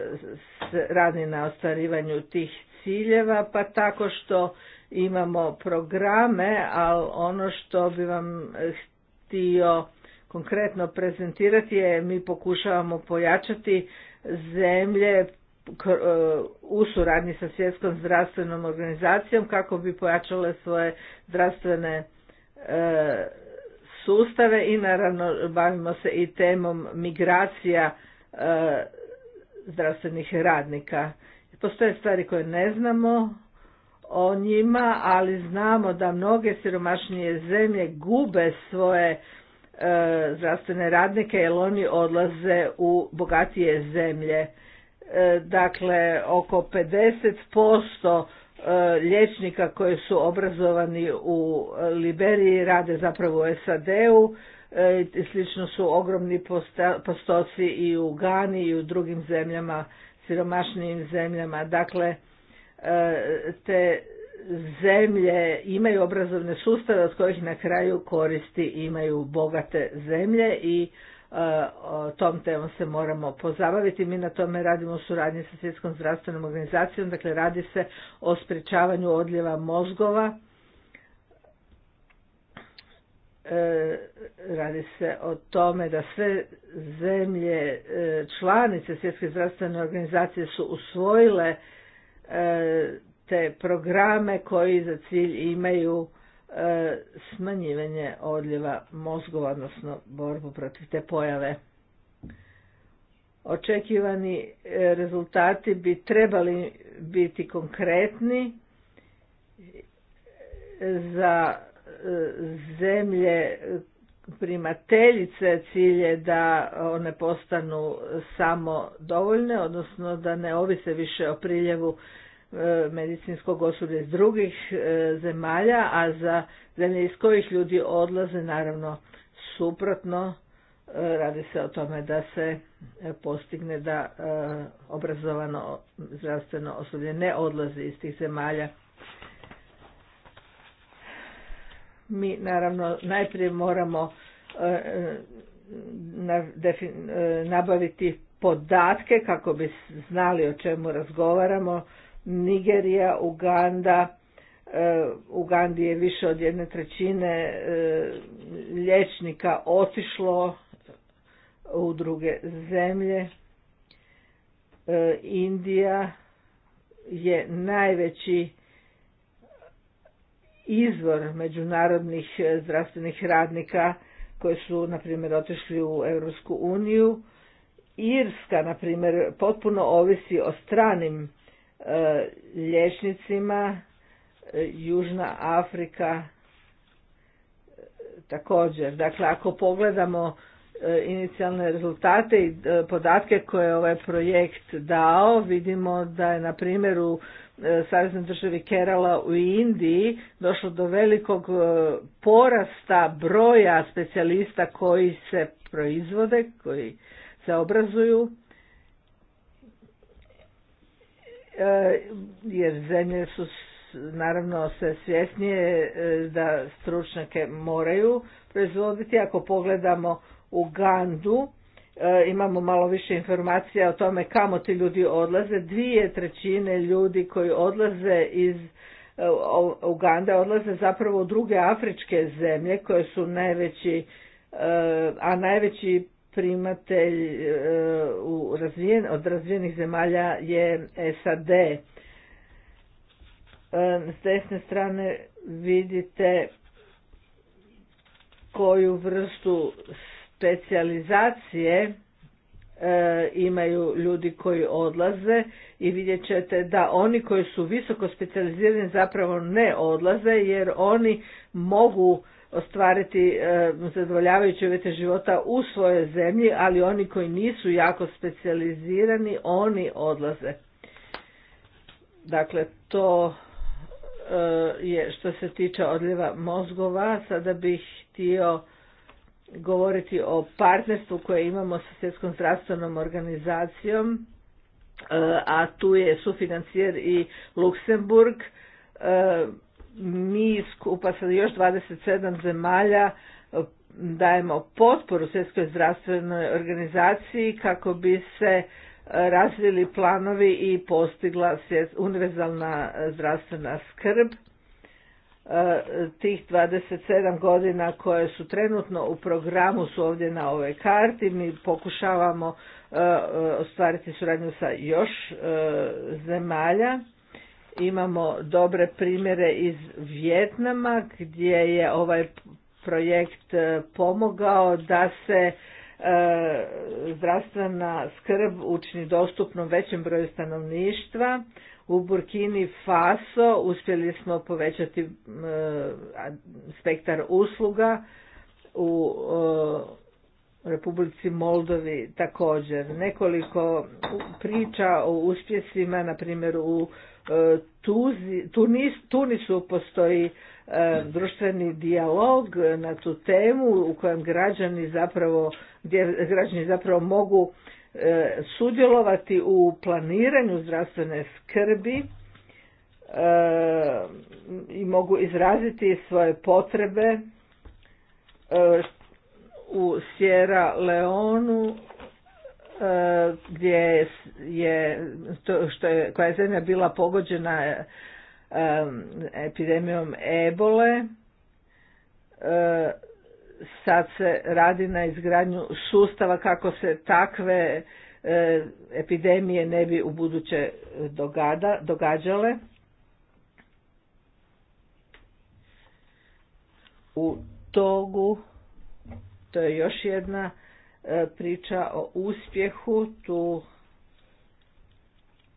radi na ostvarivanju tih ciljeva, pa tako što imamo programe, ali ono što bi vam htio konkretno prezentirati je mi pokušavamo pojačati zemlje E, u suradnji sa svjetskom zdravstvenom organizacijom kako bi pojačale svoje zdravstvene e, sustave i naravno bavimo se i temom migracija e, zdravstvenih radnika. Postoje stvari koje ne znamo o njima, ali znamo da mnoge siromašnije zemlje gube svoje zdravstvene radnike jer oni odlaze u bogatije zemlje E, dakle oko 50% e, liječnika koji su obrazovani u Liberiji rade zapravo u SAD-u, e, slično su ogromni postoci i u Gani i u drugim zemljama, siromašnijim zemljama. Dakle, te zemlje imaju obrazovne sustave od kojih na kraju koristi imaju bogate zemlje i E, o tom temom se moramo pozabaviti. Mi na tome radimo u suradnji sa Svjetskom zdravstvenom organizacijom, dakle radi se o sprečavanju odljeva mozgova. E, radi se o tome da sve zemlje e, članice Svjetske zdravstvene organizacije su usvojile te programe koji za cilj imaju E, smanjivanje odljeva mozgova, odnosno borbu protiv te pojave. Očekivani e, rezultati bi trebali biti konkretni e, za zemlje primateljice cilje da one postanu samo dovoljne, odnosno da ne ovise više o priljevu E, medicinskog osoblja iz drugih e, zemalja, a za zemlje iz kojih ljudi odlaze naravno suprotno e, radi se o tome da se postigne da obrazovano zdravstveno osoblje ne odlazi iz tih zemalja. Mi naravno najprije moramo nabaviti podatke kako bi znali o čemu razgovaramo Nigerija, Uganda, u eh, Ugandi je više od jedne trećine eh, liječnika otišlo u druge zemlje. Eh, Indija je najveći izvor međunarodnih zdravstvenih radnika koji su, na primjer, otišli u Europsku uniju. Irska, na primjer, potpuno ovisi o stranim liječnicima, e, Južna Afrika e, također. Dakle, ako pogledamo e, inicijalne rezultate i podatke koje je ovaj projekt dao, vidimo da je na u saveznoj državi Kerala u Indiji došlo do velikog porasta broja specijalista koji se proizvode, koji se obrazuju E, jer zemlje su naravno sve svjesnije e, da stručnjake moraju proizvoditi. Ako pogledamo Ugandu, e, imamo malo više informacija o tome kamo ti ljudi odlaze. Dvije trećine ljudi koji odlaze iz Uganda odlaze zapravo u druge afričke zemlje koje su najveći, a najveći primatelj e, u razvijen, od razvijenih zemalja je SAD. E, s desne strane vidite koju vrstu specijalizacije e, imaju ljudi koji odlaze i vidjet ćete da oni koji su visoko specijalizirani zapravo ne odlaze jer oni mogu ostvariti e, zadovoljavajuće uvjete života u svojoj zemlji, ali oni koji nisu jako specijalizirani, oni odlaze. Dakle, to e, je što se tiče odljeva mozgova. Sada bih htio govoriti o partnerstvu koje imamo sa svjetskom zdravstvenom organizacijom, e, a tu je sufinancijer i Luksemburg mi skupa sa još 27 zemalja e, dajemo potporu Svjetskoj zdravstvenoj organizaciji kako bi se e, razvili planovi i postigla univerzalna e, zdravstvena skrb. Tih 27 godina koje su trenutno u programu su ovdje na ovoj karti. Mi pokušavamo ostvariti suradnju sa još zemalja imamo dobre primjere iz Vjetnama gdje je ovaj projekt e, pomogao da se e, zdravstvena skrb učini dostupnom većem broju stanovništva. U Burkini Faso uspjeli smo povećati e, spektar usluga u Republici Moldovi također. Nekoliko priča o uspjesima, na primjer u E, tuzi, Tunis, Tunisu postoji e, društveni dijalog na tu temu u kojem građani zapravo, gdje građani zapravo mogu e, sudjelovati u planiranju zdravstvene skrbi i mogu izraziti svoje potrebe u Sjera Leonu E, gdje je, to što je, koja je zemlja bila pogođena e, epidemijom ebole, e, sad se radi na izgradnju sustava kako se takve epidemije ne bi u buduće dogada, događale. U Togu, to je još jedna E, priča o uspjehu, tu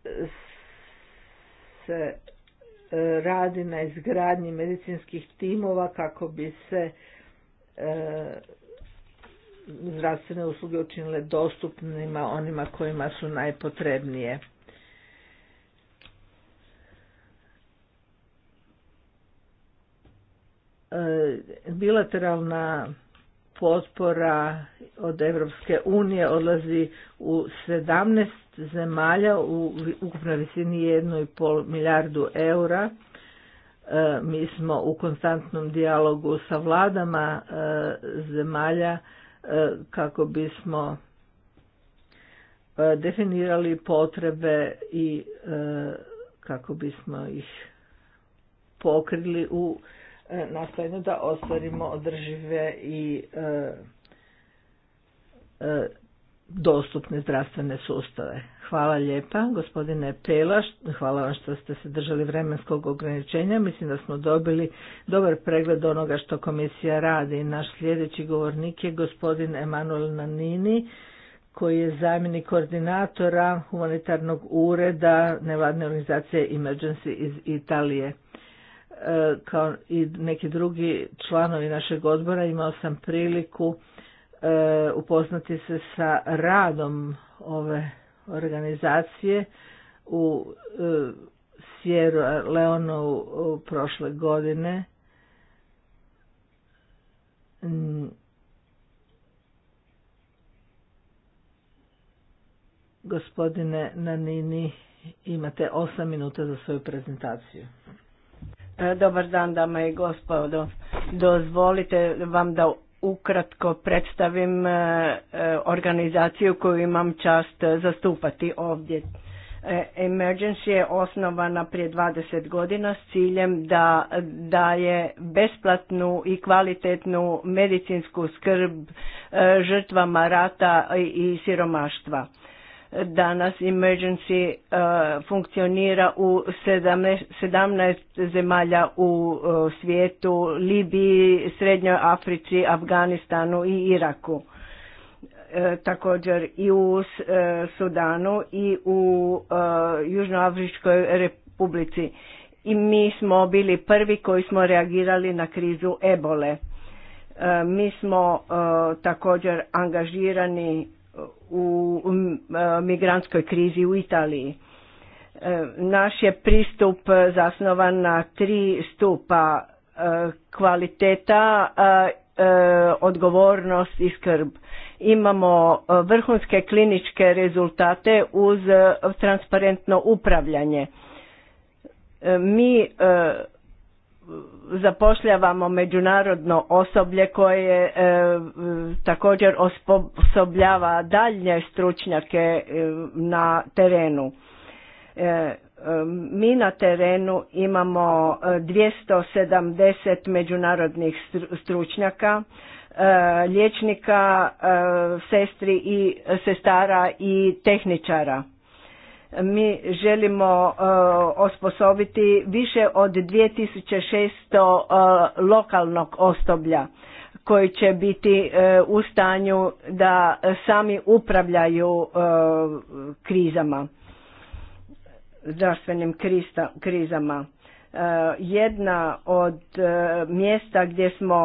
e, se e, radi na izgradnji medicinskih timova kako bi se zdravstvene usluge učinile dostupnima onima kojima su najpotrebnije. Bilateralna potpora od Europske unije odlazi u 17 zemalja u ukupnoj visini 1,5 milijardu eura. E, mi smo u konstantnom dijalogu sa vladama e, zemalja e, kako bismo definirali potrebe i kako bismo ih pokrili u E, nastavimo da ostvarimo održive i e, e, dostupne zdravstvene sustave. Hvala lijepa gospodine Pelaš, hvala vam što ste se držali vremenskog ograničenja. Mislim da smo dobili dobar pregled onoga što komisija radi. Naš sljedeći govornik je gospodin Emanuel Nanini koji je zamjenik koordinatora humanitarnog ureda nevladne organizacije Emergency iz Italije. E, kao i neki drugi članovi našeg odbora imao sam priliku e, upoznati se sa radom ove organizacije u e, Sjeru Leonu prošle godine. Gospodine Nanini, imate osam minuta za svoju prezentaciju. E, dobar dan, dame i gospodo. Dozvolite vam da ukratko predstavim e, e, organizaciju koju imam čast zastupati ovdje. Emergency je osnovana prije 20 godina s ciljem da daje besplatnu i kvalitetnu medicinsku skrb žrtvama rata i siromaštva. Danas emergency e, funkcionira u 17 zemalja u e, svijetu, Libiji, Srednjoj Africi, Afganistanu i Iraku. E, također i u Sudanu i u Južnoafričkoj republici. I mi smo bili prvi koji smo reagirali na krizu ebole. Mi smo također angažirani u e, migrantskoj krizi u Italiji. E, naš je pristup zasnovan na tri stupa e, kvaliteta, odgovornost i skrb. Imamo vrhunske kliničke rezultate uz transparentno upravljanje. Mi zapošljavamo međunarodno osoblje koje e, e, također osposobljava daljnje stručnjake e, na terenu. mi na terenu imamo 270 međunarodnih stručnjaka, liječnika, sestri i sestara i tehničara mi želimo e, osposobiti više od 2600 e, lokalnog osoblja koji će biti e, u stanju da sami upravljaju krizama, zdravstvenim krizama. Jedna od mjesta gdje smo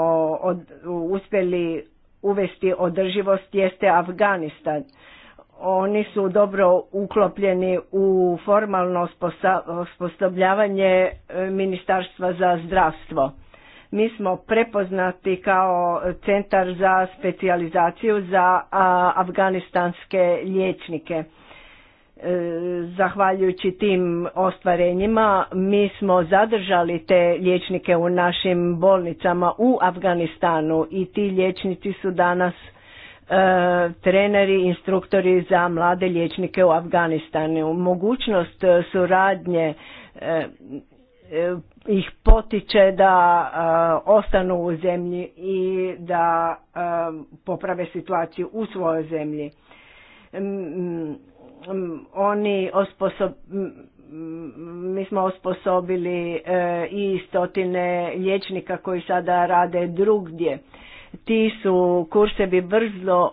uspjeli uvesti održivost jeste Afganistan oni su dobro uklopljeni u formalno osposobljavanje e, Ministarstva za zdravstvo. Mi smo prepoznati kao centar za specijalizaciju za afganistanske liječnike. E, zahvaljujući tim ostvarenjima mi smo zadržali te liječnike u našim bolnicama u Afganistanu i ti liječnici su danas E, treneri, instruktori za mlade liječnike u Afganistanu. Mogućnost e, suradnje e, ih potiče da ostanu u zemlji i da poprave situaciju u svojoj zemlji. Oni Mi smo osposobili i stotine liječnika koji sada rade drugdje ti su kursevi vrlo e,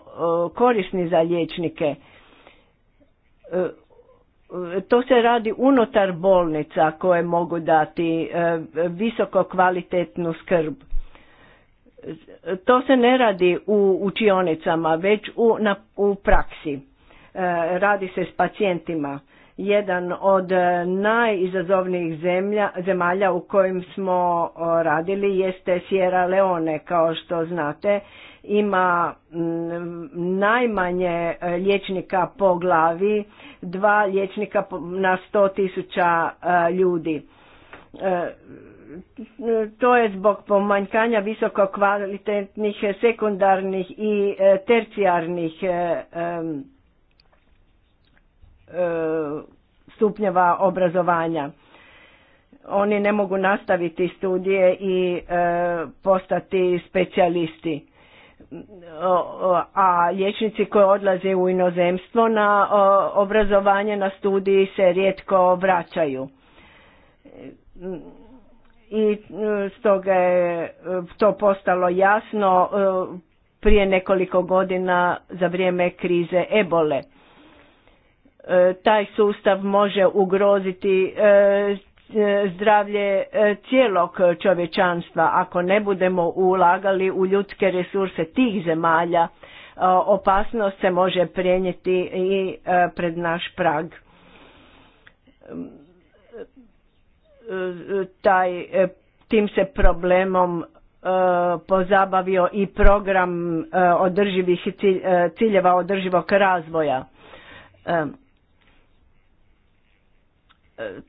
korisni za liječnike. E, e, to se radi unutar bolnica koje mogu dati visoko kvalitetnu skrb. To se ne radi u učionicama, već u, u praksi. Radi se s pacijentima jedan od e, najizazovnijih zemlja, zemalja u kojim smo radili jeste Sierra Leone, kao što znate, ima najmanje e, liječnika po glavi, dva liječnika na sto tisuća e, ljudi. To je zbog pomanjkanja visoko kvalitetnih sekundarnih i tercijarnih E, stupnjeva obrazovanja. Oni ne mogu nastaviti studije i e, postati specijalisti. A liječnici koji odlaze u inozemstvo na obrazovanje na studiji se rijetko vraćaju. I stoga je to postalo jasno e, prije nekoliko godina za vrijeme krize ebole E, taj sustav može ugroziti e, e, zdravlje cijelog čovječanstva ako ne budemo ulagali u ljudske resurse tih zemalja opasnost se može prenijeti i pred naš prag taj tim se problemom pozabavio i program održivih ciljeva održivog razvoja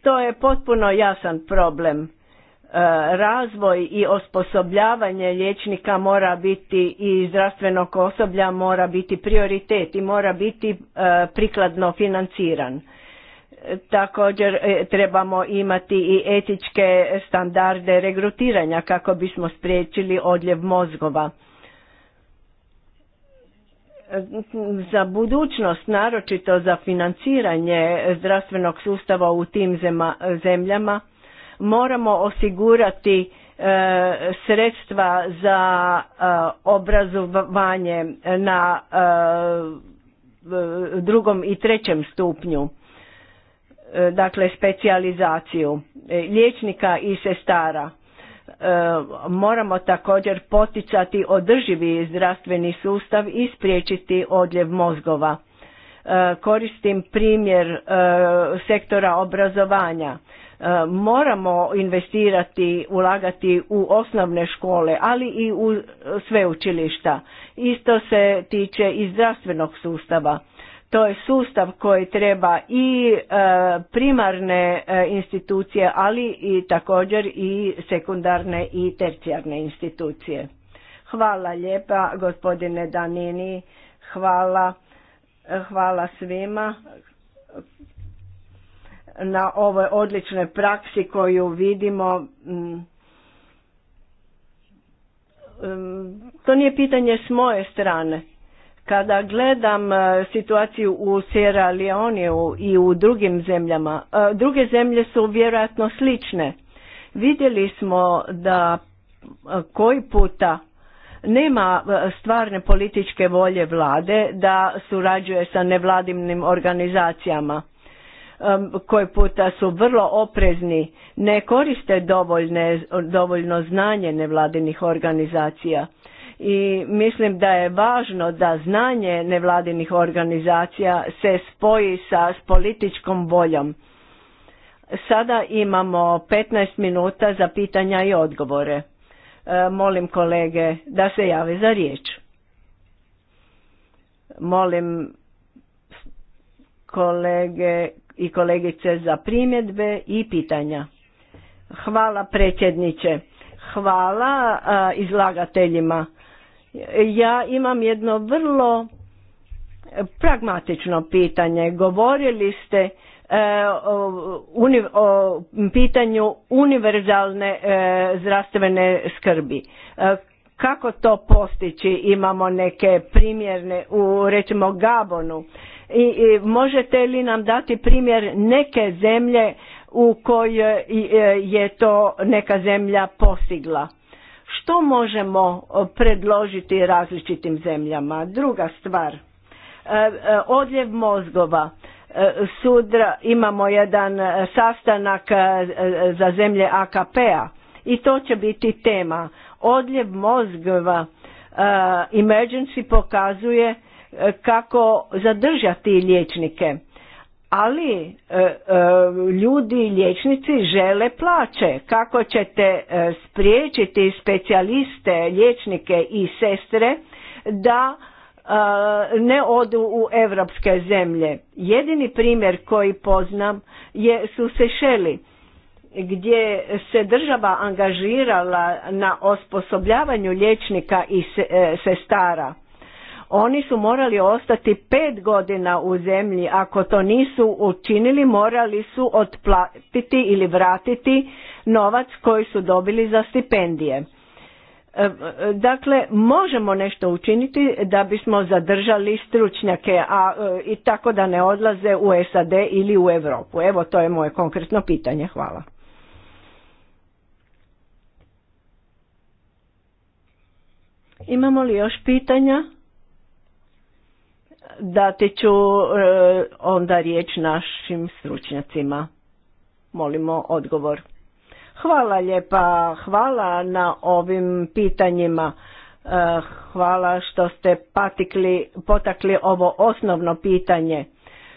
to je potpuno jasan problem. E, razvoj i osposobljavanje liječnika mora biti i zdravstvenog osoblja mora biti prioritet i mora biti e, prikladno financiran. E, također trebamo imati i etičke standarde regrutiranja kako bismo spriječili odljev mozgova za budućnost, naročito za financiranje zdravstvenog sustava u tim zemljama, moramo osigurati e, sredstva za e, obrazovanje na e, drugom i trećem stupnju, dakle specijalizaciju liječnika i sestara E, moramo također poticati održivi zdravstveni sustav i spriječiti odljev mozgova. E, koristim primjer e, sektora obrazovanja. Moramo investirati, ulagati u osnovne škole, ali i u sve učilišta. Isto se tiče i zdravstvenog sustava. To je sustav koji treba i e, primarne e, institucije, ali i također i sekundarne i tercijarne institucije. Hvala lijepa gospodine Danini, hvala, hvala svima na ovoj odličnoj praksi koju vidimo. Mm, mm, to nije pitanje s moje strane. Kada gledam e, situaciju u Sierra Leoneu i u drugim zemljama, e, druge zemlje su vjerojatno slične. Vidjeli smo da e, koji puta nema stvarne političke volje vlade da surađuje sa nevladimnim organizacijama koji puta su vrlo oprezni, ne koriste dovoljno znanje nevladinih organizacija i mislim da je važno da znanje nevladinih organizacija se spoji sa s političkom voljom. Sada imamo 15 minuta za pitanja i odgovore. E, molim kolege da se jave za riječ. Molim kolege i kolegice za primjedbe i pitanja. Hvala predsjedniče. Hvala izlagateljima ja imam jedno vrlo eh, pragmatično pitanje. Govorili ste eh, o, pitanju univerzalne eh, zdravstvene skrbi. Kako to postići? Imamo neke primjerne u recimo Gabonu. I, i možete li nam dati primjer neke zemlje u kojoj je to neka zemlja postigla? Što možemo predložiti različitim zemljama? Druga stvar, e, e, odljev mozgova. E, sudra imamo jedan sastanak za zemlje AKP-a i to će biti tema. Odljev mozgova emergency pokazuje kako zadržati liječnike ali e, e, ljudi liječnici žele plaće kako ćete e, spriječiti specijaliste liječnike i sestre da ne odu u evropske zemlje jedini primjer koji poznam je su sešeli gdje se država angažirala na osposobljavanju liječnika i sestara oni su morali ostati pet godina u zemlji, ako to nisu učinili morali su otplatiti ili vratiti novac koji su dobili za stipendije. E, e, dakle, možemo nešto učiniti da bismo zadržali stručnjake a, e, i tako da ne odlaze u SAD ili u Europu. Evo, to je moje konkretno pitanje. Hvala. Imamo li još pitanja? dati ću e, onda riječ našim stručnjacima. Molimo odgovor. Hvala lijepa, hvala na ovim pitanjima. E, hvala što ste patikli, potakli ovo osnovno pitanje.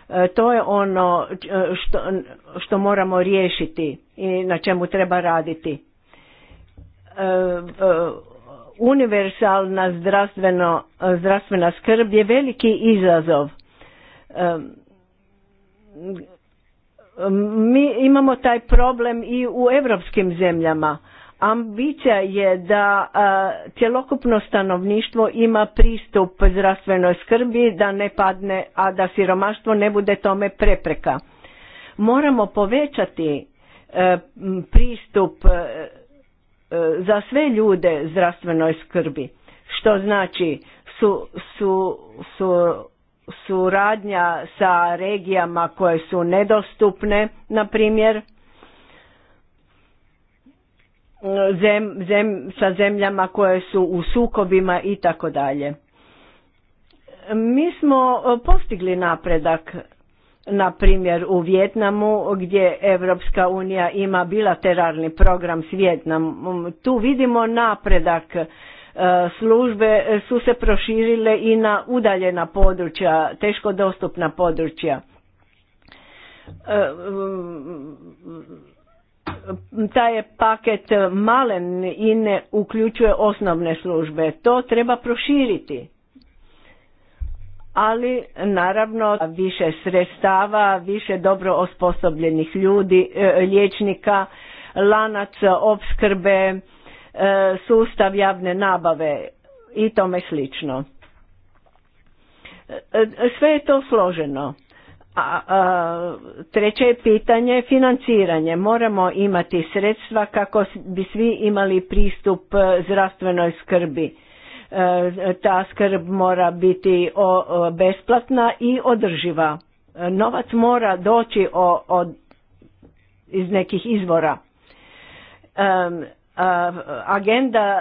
E, to je ono što, što moramo riješiti i na čemu treba raditi univerzalna eh, zdravstvena skrb je veliki izazov. Mi imamo taj problem i u europskim zemljama. Ambicija je da eh, cjelokupno stanovništvo ima pristup zdravstvenoj skrbi, da ne padne, a da siromaštvo ne bude tome prepreka. Moramo povećati eh, pristup E, za sve ljude zdravstvenoj skrbi, što znači su, su, su suradnja sa regijama koje su nedostupne, na primjer, zem, zem, sa zemljama koje su u sukobima i tako dalje. Mi smo postigli napredak na primjer u Vjetnamu gdje Evropska unija ima bilateralni program s Vjetnamom. Tu vidimo napredak. E, službe su se proširile i na udaljena područja, teško dostupna područja. E, taj je paket malen i ne uključuje osnovne službe. To treba proširiti ali naravno više sredstava, više dobro osposobljenih ljudi, e, liječnika, lanac opskrbe, e, sustav javne nabave i tome slično. E, sve je to složeno. A, a, treće je pitanje financiranje. Moramo imati sredstva kako bi svi imali pristup zdravstvenoj skrbi. Ta skrb mora biti besplatna i održiva. Novac mora doći iz nekih izvora. Agenda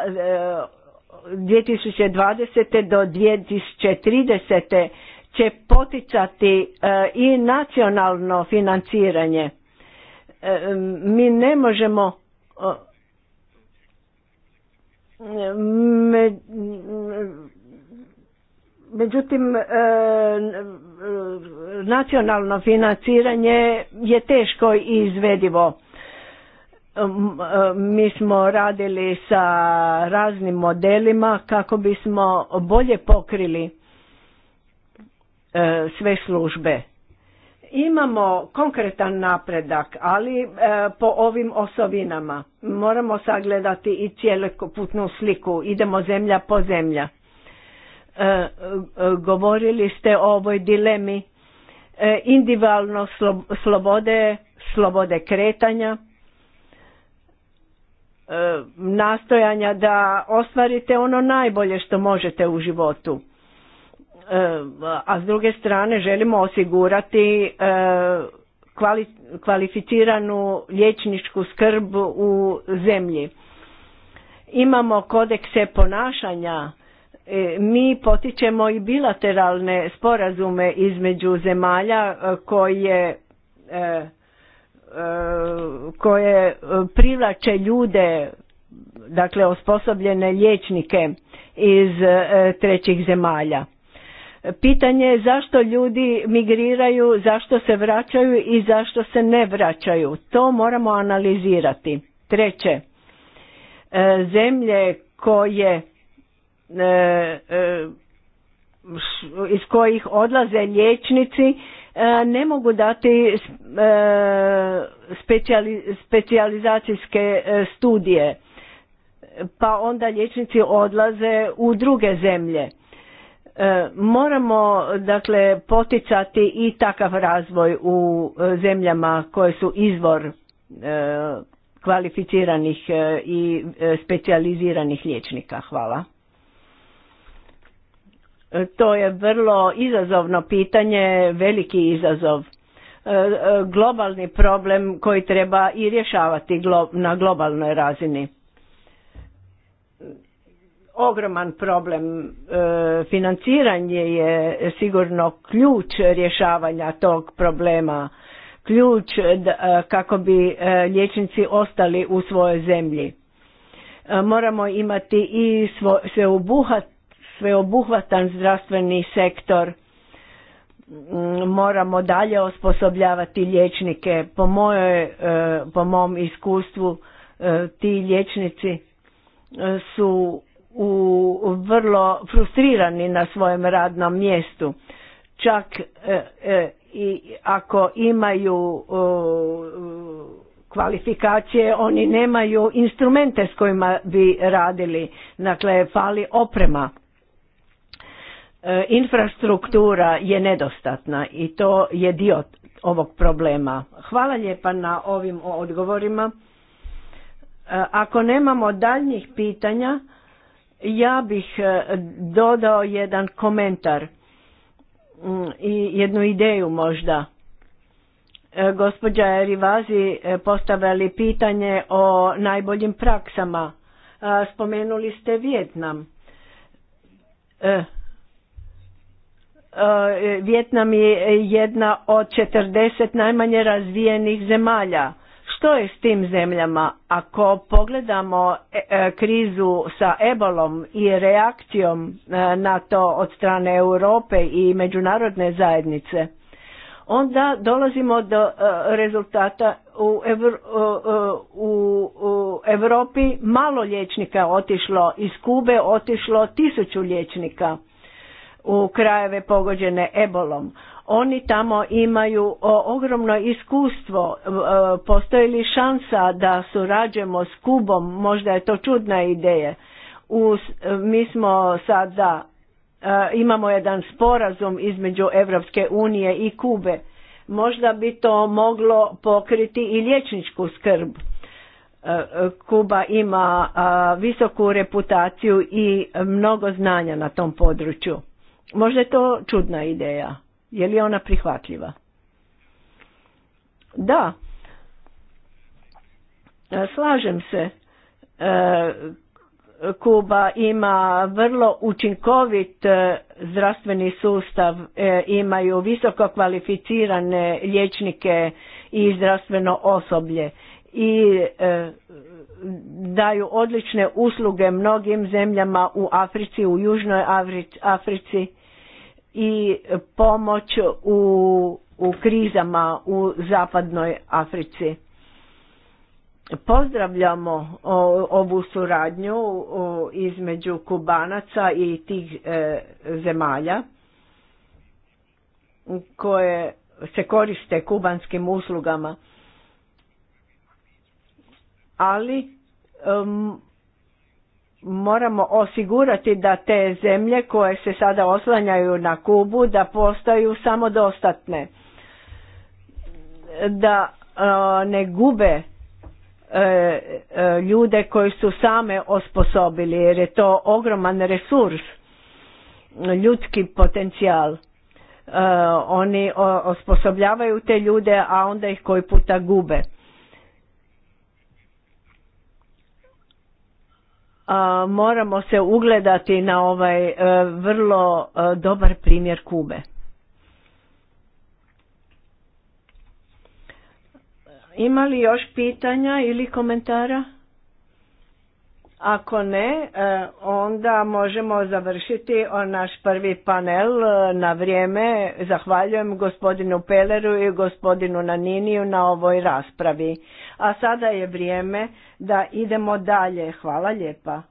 2020. E, do 2030. će poticati e, i nacionalno financiranje. Mi ne možemo Međutim, e, nacionalno financiranje je teško i izvedivo. E, mi smo radili sa raznim modelima kako bismo bolje pokrili e, sve službe Imamo konkretan napredak, ali e, po ovim osovinama moramo sagledati i cjelokupnu sliku. Idemo zemlja po zemlja. E, e, govorili ste o ovoj dilemi individualno slobode, slobode kretanja, nastojanja da ostvarite ono najbolje što možete u životu Eh, a s druge strane želimo osigurati eh, kvalificiranu liječničku skrb u zemlji. Imamo kodekse ponašanja, eh, mi potičemo i bilateralne sporazume između zemalja koje koje privlače ljude, dakle osposobljene liječnike iz trećih zemalja. Pitanje je zašto ljudi migriraju, zašto se vraćaju i zašto se ne vraćaju. To moramo analizirati. Treće, e, zemlje koje e, e, iz kojih odlaze liječnici ne mogu dati specijalizacijske studije pa onda liječnici odlaze u druge zemlje E, moramo dakle poticati i takav razvoj u e, zemljama koje su izvor e, kvalificiranih i specijaliziranih liječnika. Hvala. To je vrlo izazovno pitanje, veliki izazov, globalni problem koji treba i rješavati na globalnoj razini ogroman problem. E, financiranje je sigurno ključ rješavanja tog problema, ključ e, e, kako bi liječnici ostali u svojoj zemlji. Moramo imati i sveobuhvatan zdravstveni sektor, moramo dalje osposobljavati liječnike. Po, moje, po mom iskustvu ti liječnici su u vrlo frustrirani na svojem radnom mjestu. Čak e, e, i ako imaju e, kvalifikacije, oni nemaju instrumente s kojima bi radili. Dakle, fali oprema. Infrastruktura je nedostatna i to je dio ovog problema. Hvala lijepa na ovim odgovorima. Ako nemamo daljnjih pitanja, ja bih e, dodao jedan komentar mm, i jednu ideju možda. E, gospođa Erivazi e, postavili pitanje o najboljim praksama. Spomenuli ste Vjetnam. Vjetnam je jedna od 40 najmanje razvijenih zemalja što je s tim zemljama? Ako pogledamo e, e, krizu sa ebolom i reakcijom e, na to od strane Europe i međunarodne zajednice, onda dolazimo do rezultata u, u, u Europi malo liječnika otišlo, iz Kube otišlo tisuću liječnika u krajeve pogođene ebolom. Oni tamo imaju ogromno iskustvo, e, postoji li šansa da surađujemo s Kubom, možda je to čudna ideja. mi smo sada, e, imamo jedan sporazum između Europske unije i Kube. Možda bi to moglo pokriti i liječničku skrb. E, Kuba ima visoku reputaciju i mnogo znanja na tom području. Možda je to čudna ideja. Je li ona prihvatljiva? Da, e, slažem se. E, Kuba ima vrlo učinkovit e, zdravstveni sustav, imaju visoko kvalificirane liječnike i zdravstveno osoblje i daju odlične usluge mnogim zemljama u Africi, u Južnoj Africi i pomoć u, u krizama u zapadnoj Africi. Pozdravljamo ovu suradnju između Kubanaca i tih e, zemalja koje se koriste kubanskim uslugama, ali moramo osigurati da te zemlje koje se sada oslanjaju na Kubu da postaju samodostatne da e, ne gube e, e, ljude koji su same osposobili jer je to ogroman resurs ljudski potencijal oni osposobljavaju te ljude a onda ih koji puta gube moramo se ugledati na ovaj e, vrlo e, dobar primjer Kube. Ima li još pitanja ili komentara? Ako ne, e, onda možemo završiti naš prvi panel e, na vrijeme. Zahvaljujem gospodinu Peleru i gospodinu Naniniju na ovoj raspravi. A sada je vrijeme da idemo dalje. Hvala lijepa.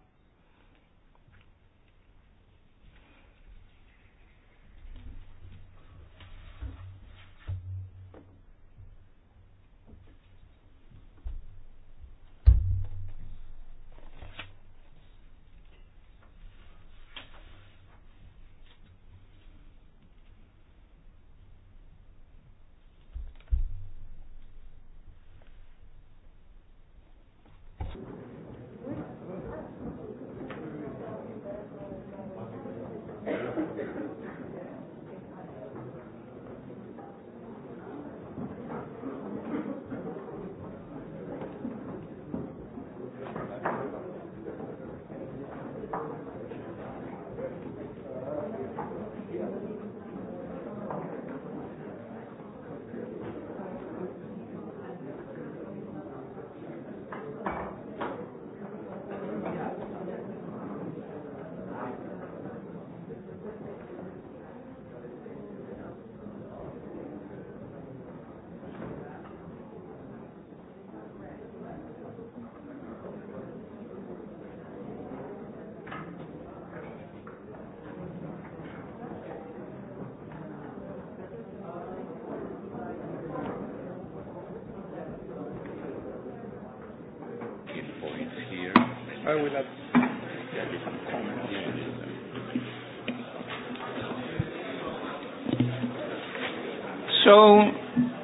So,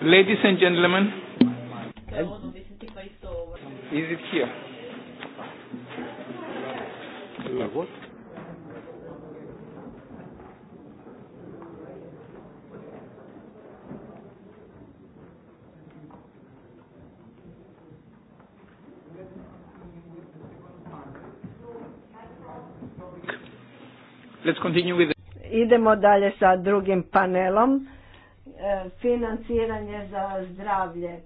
ladies and gentlemen, is it here? Let's continue with Idemo dalje sa drugim panelom. E, financiranje za zdravlje, e,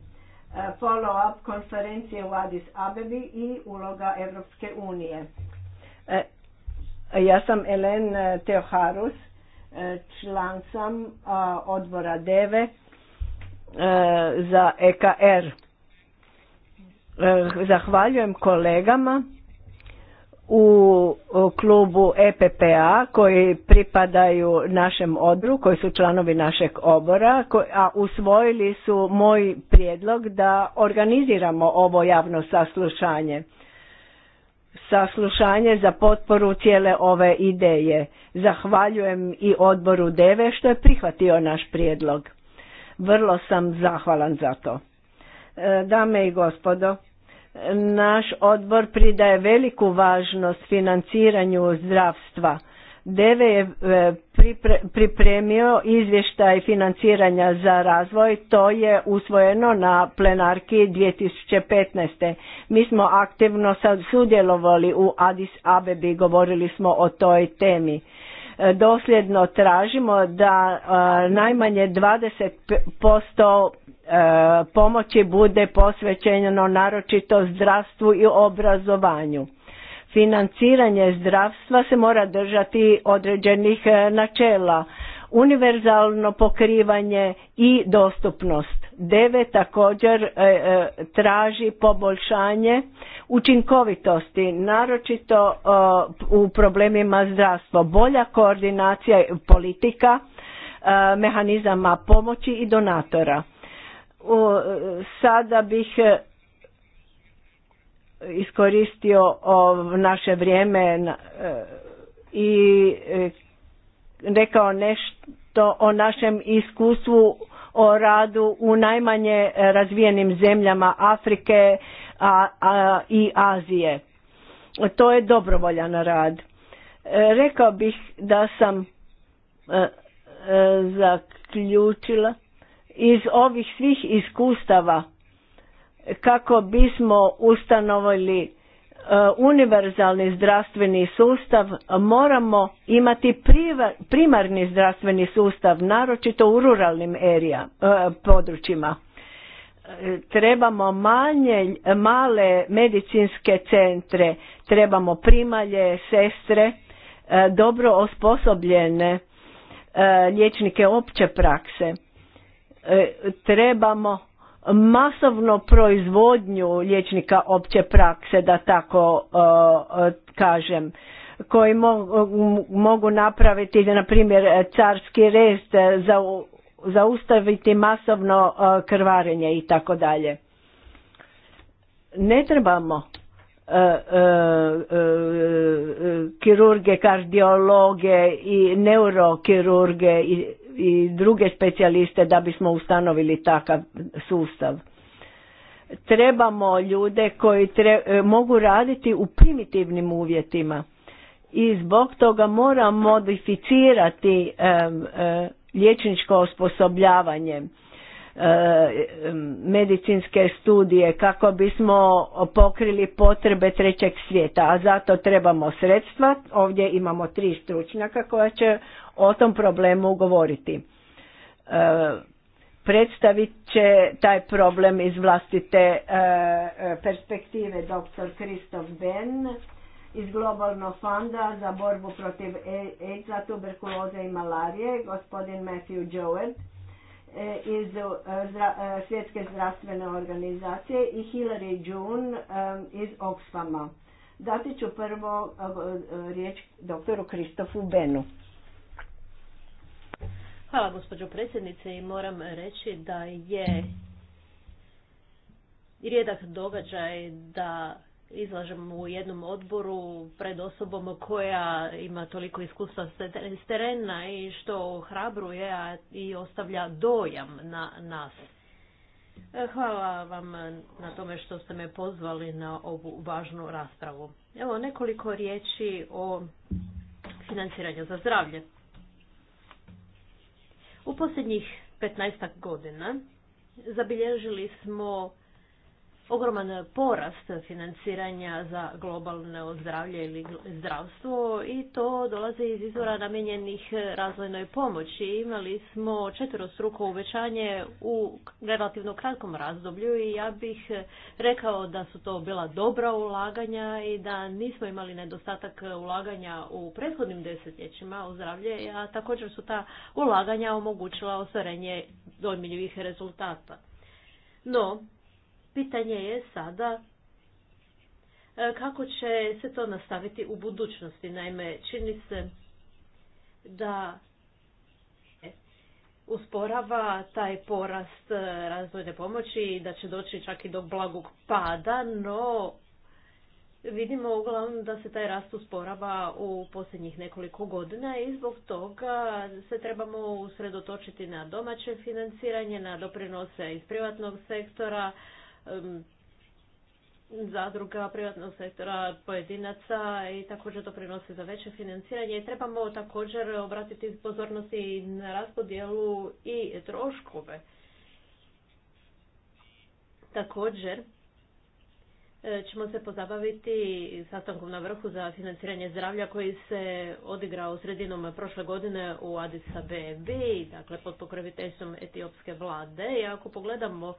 follow-up konferencije u Addis Abebi i uloga Evropske unije. E, ja sam Elen Teoharus, član sam odbora DEVE za EKR. Zahvaljujem kolegama u klubu EPPA koji pripadaju našem odboru, koji su članovi našeg obora, a usvojili su moj prijedlog da organiziramo ovo javno saslušanje. Saslušanje za potporu cijele ove ideje. Zahvaljujem i odboru DEVE što je prihvatio naš prijedlog. Vrlo sam zahvalan za to. E, dame i gospodo, naš odbor pridaje veliku važnost financiranju zdravstva. Deve je e, pripremio izvještaj financiranja za razvoj, to je usvojeno na plenarki 2015. Mi smo aktivno sudjelovali u Addis Abebi, govorili smo o toj temi. E, dosljedno tražimo da e, najmanje 20% E, pomoći bude posvećeno naročito zdravstvu i obrazovanju. Financiranje zdravstva se mora držati određenih e, načela, univerzalno pokrivanje i dostupnost. Deve također e, traži poboljšanje učinkovitosti, naročito u problemima zdravstva, bolja koordinacija politika, mehanizama pomoći i donatora. E, sada bih e, iskoristio naše vrijeme e, i rekao nešto o našem iskustvu o radu u najmanje razvijenim zemljama Afrike a, i Azije. To je dobrovoljan rad. Rekao bih da sam zaključila iz ovih svih iskustava kako bismo ustanovili e, univerzalni zdravstveni sustav moramo imati primarni zdravstveni sustav naročito u ruralnim erija, e, područjima e, trebamo manje male medicinske centre trebamo primalje sestre dobro osposobljene liječnike opće prakse E, trebamo masovno proizvodnju liječnika opće prakse da tako e, e, kažem koji mogu napraviti na primjer carski rest zaustaviti masovno krvarenje i tako dalje ne trebamo kirurge, kardiologe i neurokirurge i i druge specijaliste da bismo ustanovili takav sustav. Trebamo ljude koji e, mogu raditi u primitivnim uvjetima i zbog toga moramo modificirati e, e liječničko osposobljavanje e, medicinske studije kako bismo pokrili potrebe trećeg svijeta, a zato trebamo sredstva. Ovdje imamo tri stručnjaka koja će o tom problemu govoriti. E, predstavit će taj problem iz vlastite e, perspektive dr. Kristof Ben iz Globalnog fonda za borbu protiv e, AIDS-a, tuberkuloze i malarije, gospodin Matthew Jowett iz Svjetske zdravstvene organizacije i Hilary June iz Oxfama. Dati ću prvo riječ doktoru Kristofu Benu. Hvala gospođo predsjednice i moram reći da je rijedak događaj da izlažem u jednom odboru pred osobom koja ima toliko iskustva s terena i što hrabruje i ostavlja dojam na nas. Hvala vam na tome što ste me pozvali na ovu važnu raspravu. Evo nekoliko riječi o financiranju za zdravlje. U posljednjih 15 godina zabilježili smo ogroman porast financiranja za globalne zdravlje ili zdravstvo i to dolazi iz izvora namijenjenih razvojnoj pomoći. Imali smo četverostruko uvećanje u relativno kratkom razdoblju i ja bih rekao da su to bila dobra ulaganja i da nismo imali nedostatak ulaganja u prethodnim desetljećima u zdravlje, a također su ta ulaganja omogućila ostvarenje dojmljivih rezultata. No, Pitanje je sada e, kako će se to nastaviti u budućnosti. Naime, čini se da usporava taj porast e, razvojne pomoći i da će doći čak i do blagog pada, no vidimo uglavnom da se taj rast usporava u posljednjih nekoliko godina i zbog toga se trebamo usredotočiti na domaće financiranje, na doprinose iz privatnog sektora, zadruga, privatnog sektora, pojedinaca i također doprinose za veće financiranje. I trebamo također obratiti pozornosti na raspodjelu i troškove. Također e, ćemo se pozabaviti sastankom na vrhu za financiranje zdravlja koji se odigrao sredinom prošle godine u Addis Abebi, dakle pod pokroviteljstvom etiopske vlade. I ako pogledamo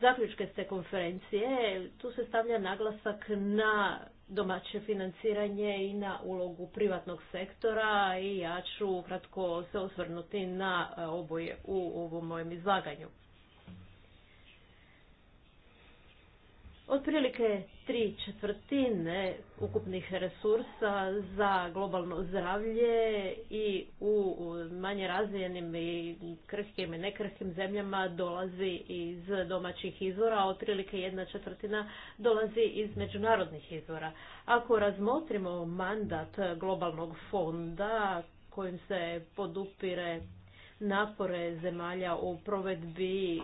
zaključke ste konferencije. Tu se stavlja naglasak na domaće financiranje i na ulogu privatnog sektora i ja ću kratko se osvrnuti na oboje u ovom mojem izlaganju. Otprilike tri četvrtine ukupnih resursa za globalno zdravlje i u manje razvijenim i krhkim i nekrhkim zemljama dolazi iz domaćih izvora, a otprilike jedna četvrtina dolazi iz međunarodnih izvora. Ako razmotrimo mandat globalnog fonda kojim se podupire napore zemalja u provedbi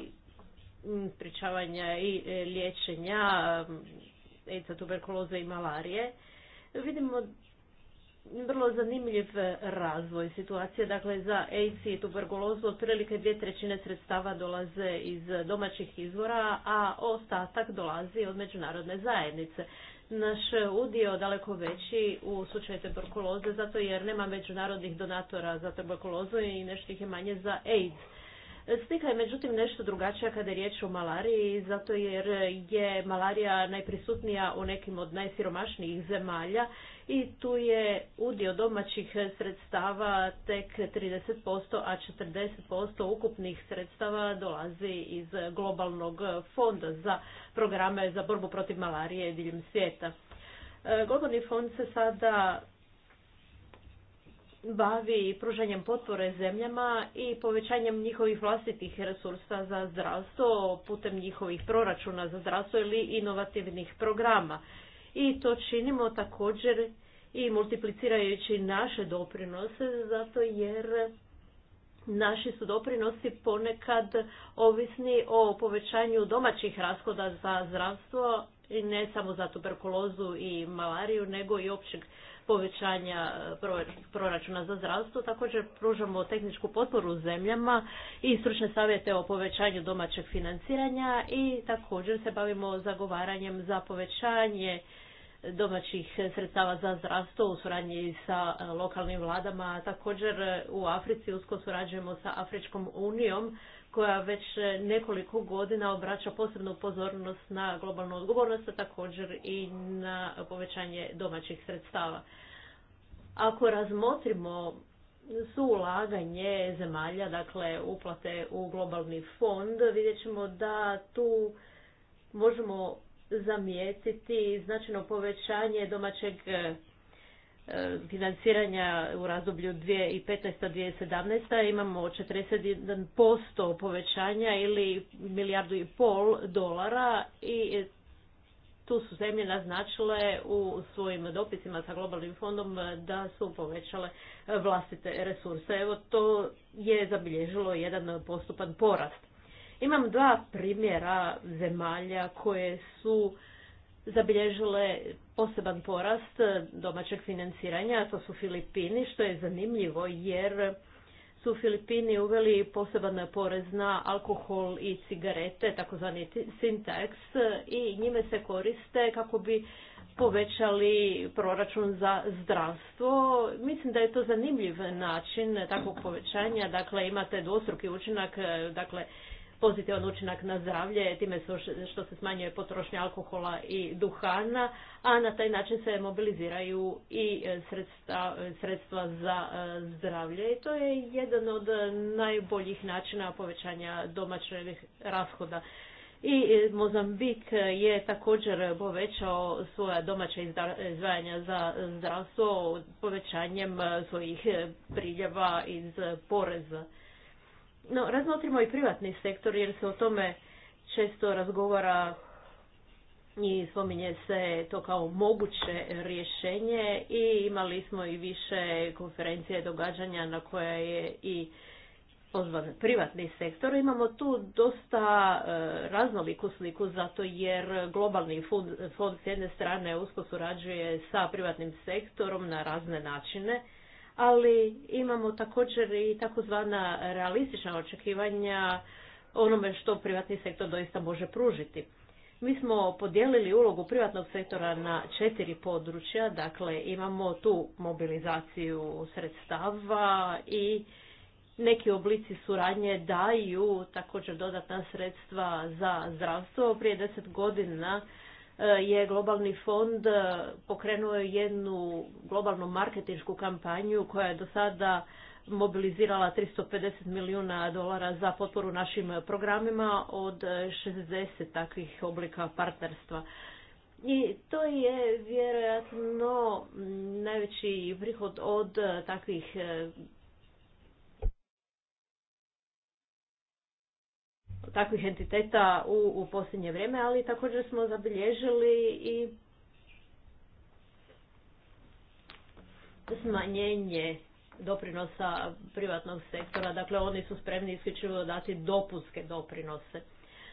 pričavanja i e, liječenja AIDS-a, tuberkuloze i malarije, vidimo vrlo zanimljiv e, razvoj situacije. Dakle, za AIDS i tuberkulozu otprilike dvije trećine sredstava dolaze iz domaćih izvora, a ostatak dolazi od međunarodne zajednice. Naš udio daleko veći u slučaju tuberkuloze, zato jer nema međunarodnih donatora za tuberkulozu i nešto ih je manje za AIDS. Slika je međutim nešto drugačija kada je riječ o malariji, zato jer je malarija najprisutnija u nekim od najsiromašnijih zemalja i tu je udio domaćih sredstava tek 30%, a 40% ukupnih sredstava dolazi iz globalnog fonda za programe za borbu protiv malarije diljem svijeta. E, Globalni fond se sada bavi pružanjem potpore zemljama i povećanjem njihovih vlastitih resursa za zdravstvo putem njihovih proračuna za zdravstvo ili inovativnih programa. I to činimo također i multiplicirajući naše doprinose zato jer naši su doprinosi ponekad ovisni o povećanju domaćih rashoda za zdravstvo i ne samo za tuberkulozu i malariju nego i općeg povećanja e, proračuna za zdravstvo. Također pružamo tehničku potporu zemljama i stručne savjete o povećanju domaćeg financiranja i također se bavimo zagovaranjem za povećanje domaćih sredstava za zdravstvo u suradnji sa e, lokalnim vladama. Također e, u Africi usko surađujemo sa Afričkom unijom koja već e, nekoliko godina obraća posebnu pozornost na globalnu odgovornost, a također i na povećanje domaćih sredstava. Ako razmotrimo su ulaganje zemalja, dakle uplate u globalni fond, vidjet ćemo da tu možemo zamijetiti značajno povećanje domaćeg e, financiranja u razdoblju 2015-2017 imamo 41% povećanja ili milijardu i pol dolara i tu su zemlje naznačile u svojim dopisima sa globalnim fondom da su povećale vlastite resurse. Evo to je zabilježilo jedan postupan porast. Imam dva primjera zemalja koje su zabilježile poseban porast e, domaćeg financiranja, a to su Filipini, što je zanimljivo jer su Filipini uveli poseban porez na alkohol i cigarete, takozvani syntax, i njime se koriste kako bi povećali proračun za zdravstvo. Mislim da je to zanimljiv način takvog povećanja, dakle imate dvostruki učinak, e, dakle pozitivan učinak na zdravlje, time što se smanjuje potrošnja alkohola i duhana, a na taj način se mobiliziraju i e, sredstva, e, sredstva za e, zdravlje. I to je jedan od najboljih načina povećanja domaćih rashoda. I Mozambik je također povećao svoja domaća izdvajanja za zdravstvo povećanjem svojih priljeva iz poreza. No, razmotrimo i privatni sektor jer se o tome često razgovara i spominje se to kao moguće rješenje i imali smo i više konferencije događanja na koja je i pozvan privatni sektor. Imamo tu dosta e, raznoliku sliku zato jer globalni fond, fond s jedne strane usko surađuje sa privatnim sektorom na razne načine ali imamo također i takozvana realistična očekivanja onome što privatni sektor doista može pružiti. Mi smo podijelili ulogu privatnog sektora na četiri područja, dakle imamo tu mobilizaciju sredstava i neki oblici suradnje daju također dodatna sredstva za zdravstvo. Prije deset godina je globalni fond e, pokrenuo jednu globalnu marketinšku kampanju koja je do sada mobilizirala 350 milijuna dolara za potporu našim programima od 60 takvih oblika partnerstva. I to je vjerojatno najveći prihod od takvih e, takvih entiteta u, u posljednje vrijeme, ali također smo zabilježili i smanjenje doprinosa privatnog sektora. Dakle, oni su spremni isključivo dati dopuske doprinose.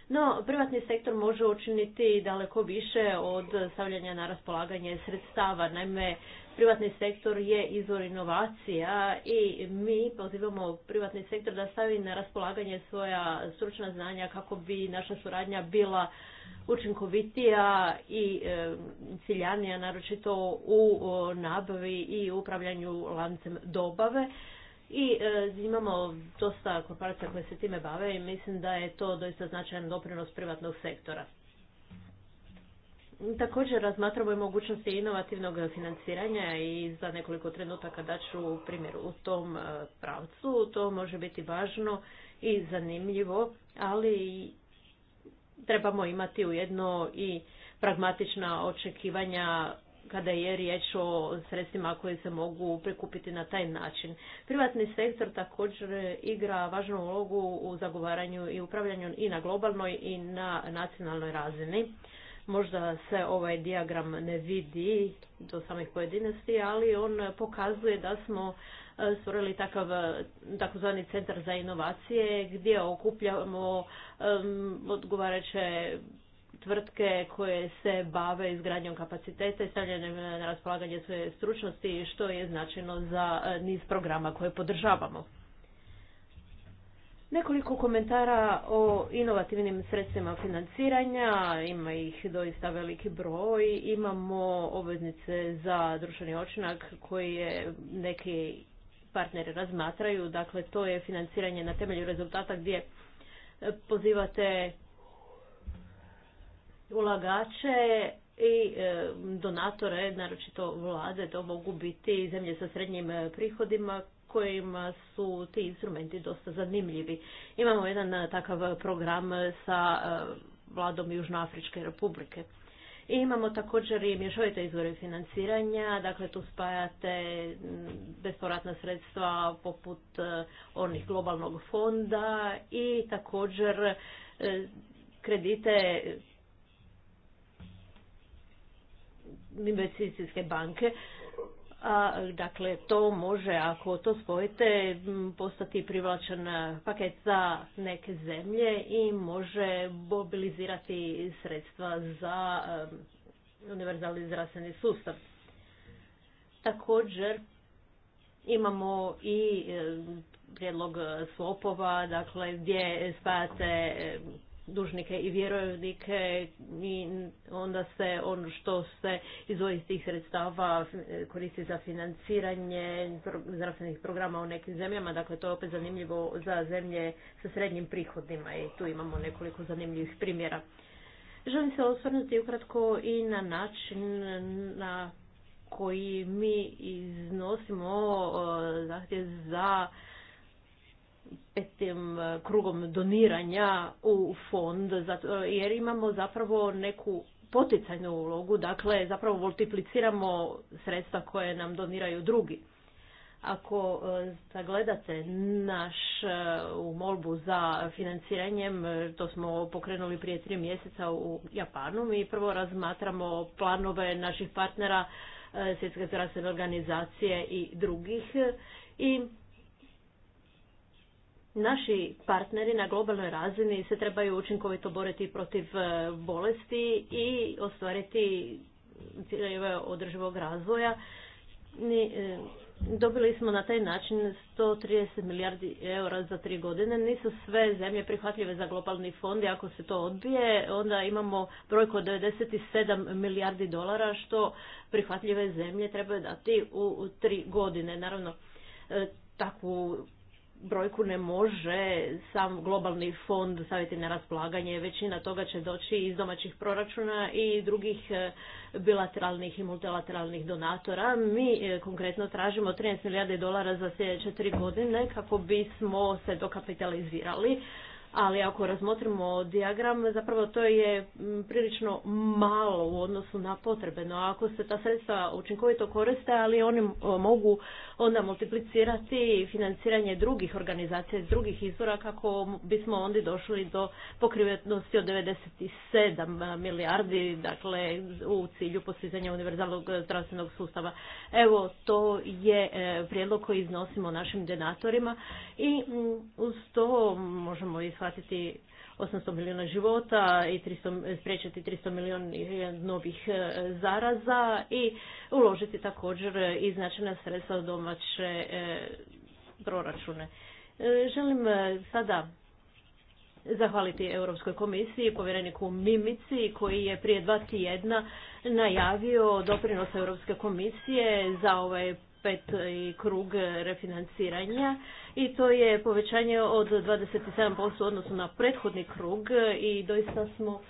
No, privatni sektor može učiniti daleko više od stavljanja na raspolaganje sredstava. Naime, privatni sektor je izvor inovacija i mi pozivamo privatni sektor da stavi na raspolaganje svoja stručna znanja kako bi naša suradnja bila učinkovitija i e, ciljanija, naročito u nabavi i upravljanju lancem dobave. I e, imamo dosta korporacija koje se time bave i mislim da je to doista značajan doprinos privatnog sektora. Također razmatramo i mogućnosti inovativnog financiranja i za nekoliko trenutaka daću primjer u tom e, pravcu. To može biti važno i zanimljivo, ali trebamo imati ujedno i pragmatična očekivanja kada je riječ o sredstvima koje se mogu prikupiti na taj način. Privatni sektor također igra važnu ulogu u zagovaranju i upravljanju i na globalnoj i na nacionalnoj razini. Možda se ovaj diagram ne vidi do samih pojedinosti, ali on pokazuje da smo e, stvorili takav e, takozvani centar za inovacije gdje okupljamo e, odgovarajuće tvrtke koje se bave izgradnjom kapaciteta i stavljanjem na raspolaganje svoje stručnosti što je značajno za niz programa koje podržavamo. Nekoliko komentara o inovativnim sredstvima financiranja, ima ih doista veliki broj, imamo obveznice za društveni očinak koje neki partneri razmatraju, dakle to je financiranje na temelju rezultata gdje pozivate ulagače i e, donatore, naročito vlade, to mogu biti zemlje sa srednjim prihodima kojima su ti instrumenti dosta zanimljivi. Imamo jedan e, takav program sa e, vladom Južnoafričke republike. I imamo također i mješovite izvore financiranja, dakle tu spajate bespovratna sredstva poput e, onih globalnog fonda i također kredite investicijske banke a, dakle, to može, ako to spojite, postati privlačan paket za neke zemlje i može mobilizirati sredstva za univerzalni zdravstveni sustav. Također, imamo i prijedlog slopova, dakle, gdje spajate dužnike i vjerovnike i onda se ono što se iz ovih tih sredstava koristi za financiranje zdravstvenih programa u nekim zemljama. Dakle, to je opet zanimljivo za zemlje sa srednjim prihodima i tu imamo nekoliko zanimljivih primjera. Želim se osvrnuti ukratko i na način na koji mi iznosimo zahtjev za petim e, krugom doniranja u fond, zato, e, jer imamo zapravo neku poticajnu ulogu, dakle zapravo multipliciramo sredstva koje nam doniraju drugi. Ako zagledate e, naš u molbu za financiranjem, to smo pokrenuli prije tri mjeseca u Japanu, mi prvo razmatramo planove naših partnera Svjetske zdravstvene organizacije i drugih i Naši partneri na globalnoj razini se trebaju učinkovito boriti protiv e, bolesti i ostvariti ciljeve održivog razvoja. E, dobili smo na taj način 130 milijardi eura za tri godine. Nisu sve zemlje prihvatljive za globalni fond i ako se to odbije, onda imamo brojko od 97 milijardi dolara što prihvatljive zemlje trebaju dati u tri godine. Naravno, e, takvu brojku ne može sam globalni fond staviti na raspolaganje. Većina toga će doći iz domaćih proračuna i drugih e, bilateralnih i multilateralnih donatora. Mi e, konkretno tražimo 13 milijarde dolara za sljedeće tri godine kako bismo se dokapitalizirali ali ako razmotrimo diagram, zapravo to je mm, prilično malo u odnosu na potrebe. No ako se ta sredstva učinkovito koriste, ali oni mogu onda multiplicirati financiranje drugih organizacija iz drugih izvora kako bismo onda došli do pokrivenosti od 97 e, milijardi, dakle u cilju postizanja univerzalnog zdravstvenog sustava. Evo, to je e, prijedlog koji iznosimo našim denatorima i mm, uz to možemo i shvatiti 800 milijuna života i spriječiti 300 milijuna novih e, zaraza i uložiti također i značajna sredstva u domaće e, proračune. E, želim sada zahvaliti Europskoj komisiji, povjereniku Mimici koji je prije dva tjedna najavio doprinos Europske komisije za ovaj i krug refinanciranja i to je povećanje od 27% u odnosu na prethodni krug i doista smo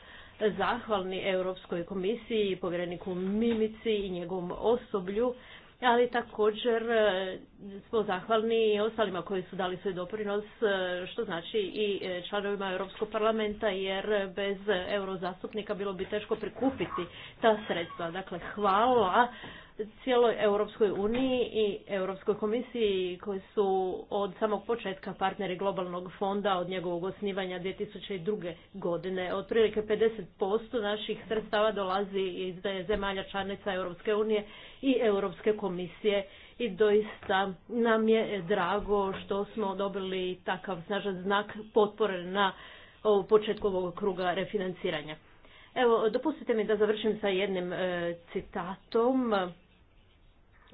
zahvalni Europskoj komisiji i povjereniku Mimici i njegovom osoblju, ali također e, smo zahvalni i ostalima koji su dali svoj doprinos, e, što znači i e, članovima Europskog parlamenta, jer bez eurozastupnika bilo bi teško prikupiti ta sredstva. Dakle, hvala cijeloj Europskoj uniji i Europskoj komisiji koji su od samog početka partneri globalnog fonda od njegovog osnivanja 2002. godine. Otprilike 50% naših sredstava dolazi iz zemalja članica Europske unije i Europske komisije i doista nam je drago što smo dobili takav snažan znak potpore na početku ovog kruga refinanciranja. Evo, dopustite mi da završim sa jednim e, citatom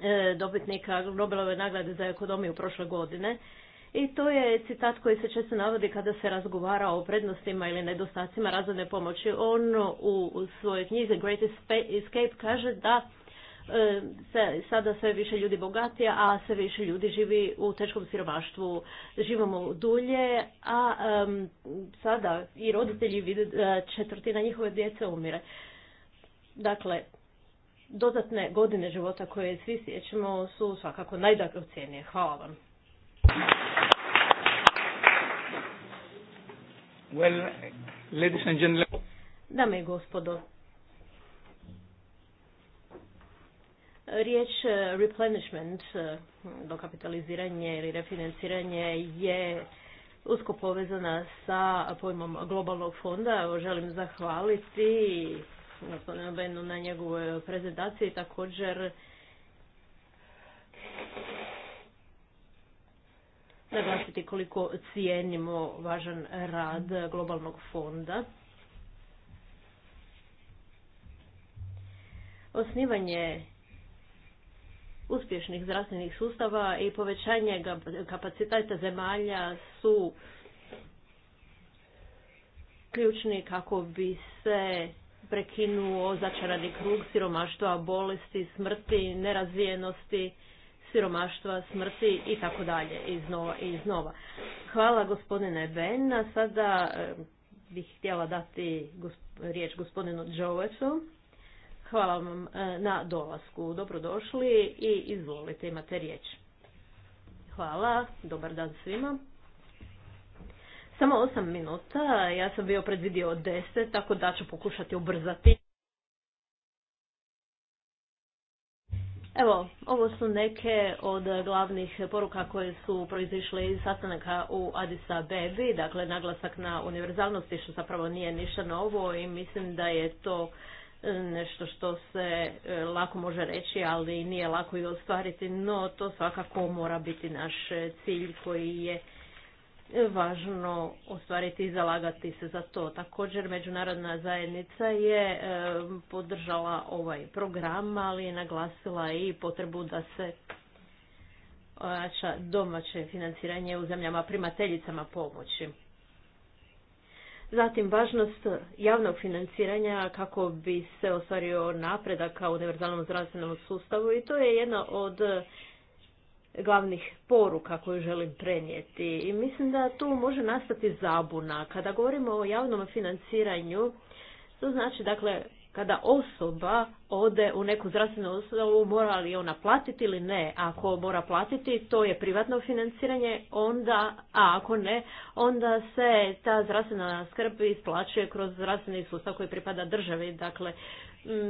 E, dobitnika Nobelove nagrade za ekonomiju prošle godine. I to je citat koji se često navodi kada se razgovara o prednostima ili nedostacima razvojne pomoći. On u svojoj knjizi Great Escape kaže da e, se, sada sve više ljudi bogatije, a sve više ljudi živi u teškom siromaštvu. Živamo dulje, a sada i roditelji vide da četvrtina njihove djece umire. Dakle, dodatne godine života koje svi sjećamo su svakako najdragocjenije. Hvala vam. Well, Dame i gospodo, Riječ eh, replenishment, eh, dokapitaliziranje ili refinanciranje je usko povezana sa pojmom globalnog fonda. Evo, želim zahvaliti gospodinu Benu na njegovoj prezentaciji. Također naglasiti koliko cijenimo važan rad globalnog fonda. Osnivanje uspješnih zdravstvenih sustava i povećanje kapaciteta zemalja su ključni kako bi se prekinuo začarani krug siromaštva, bolesti, smrti, nerazvijenosti, siromaštva, smrti i tako dalje, iznova i iznova. Hvala gospodine Ben, a sada eh, bih htjela dati riječ gospodinu Jovesu. Hvala vam eh, na dolasku, dobrodošli i izvolite, imate riječ. Hvala, dobar dan svima. Samo 8 minuta, ja sam bio predvidio 10, tako da ću pokušati ubrzati. Evo, ovo su neke od glavnih poruka koje su proizišle iz sastanaka u Addis Abebi, dakle naglasak na univerzalnosti što zapravo nije ništa novo i mislim da je to e, nešto što se e, lako može reći, ali nije lako i ostvariti, no to svakako mora biti naš cilj koji je važno ostvariti i zalagati se za to. Također međunarodna zajednica je e, podržala ovaj program, ali je naglasila i potrebu da se ojača domaće financiranje u zemljama primateljicama pomoći. Zatim važnost javnog financiranja kako bi se ostvario napredak u univerzalnom zdravstvenom sustavu i to je jedna od glavnih poruka koju želim prenijeti. I mislim da tu može nastati zabuna. Kada govorimo o javnom financiranju, to znači dakle kada osoba ode u neku zdravstvenu ustanovu, mora li ona platiti ili ne? Ako mora platiti, to je privatno financiranje, onda, a ako ne, onda se ta zdravstvena skrb isplaćuje kroz zdravstveni sustav koji pripada državi. Dakle,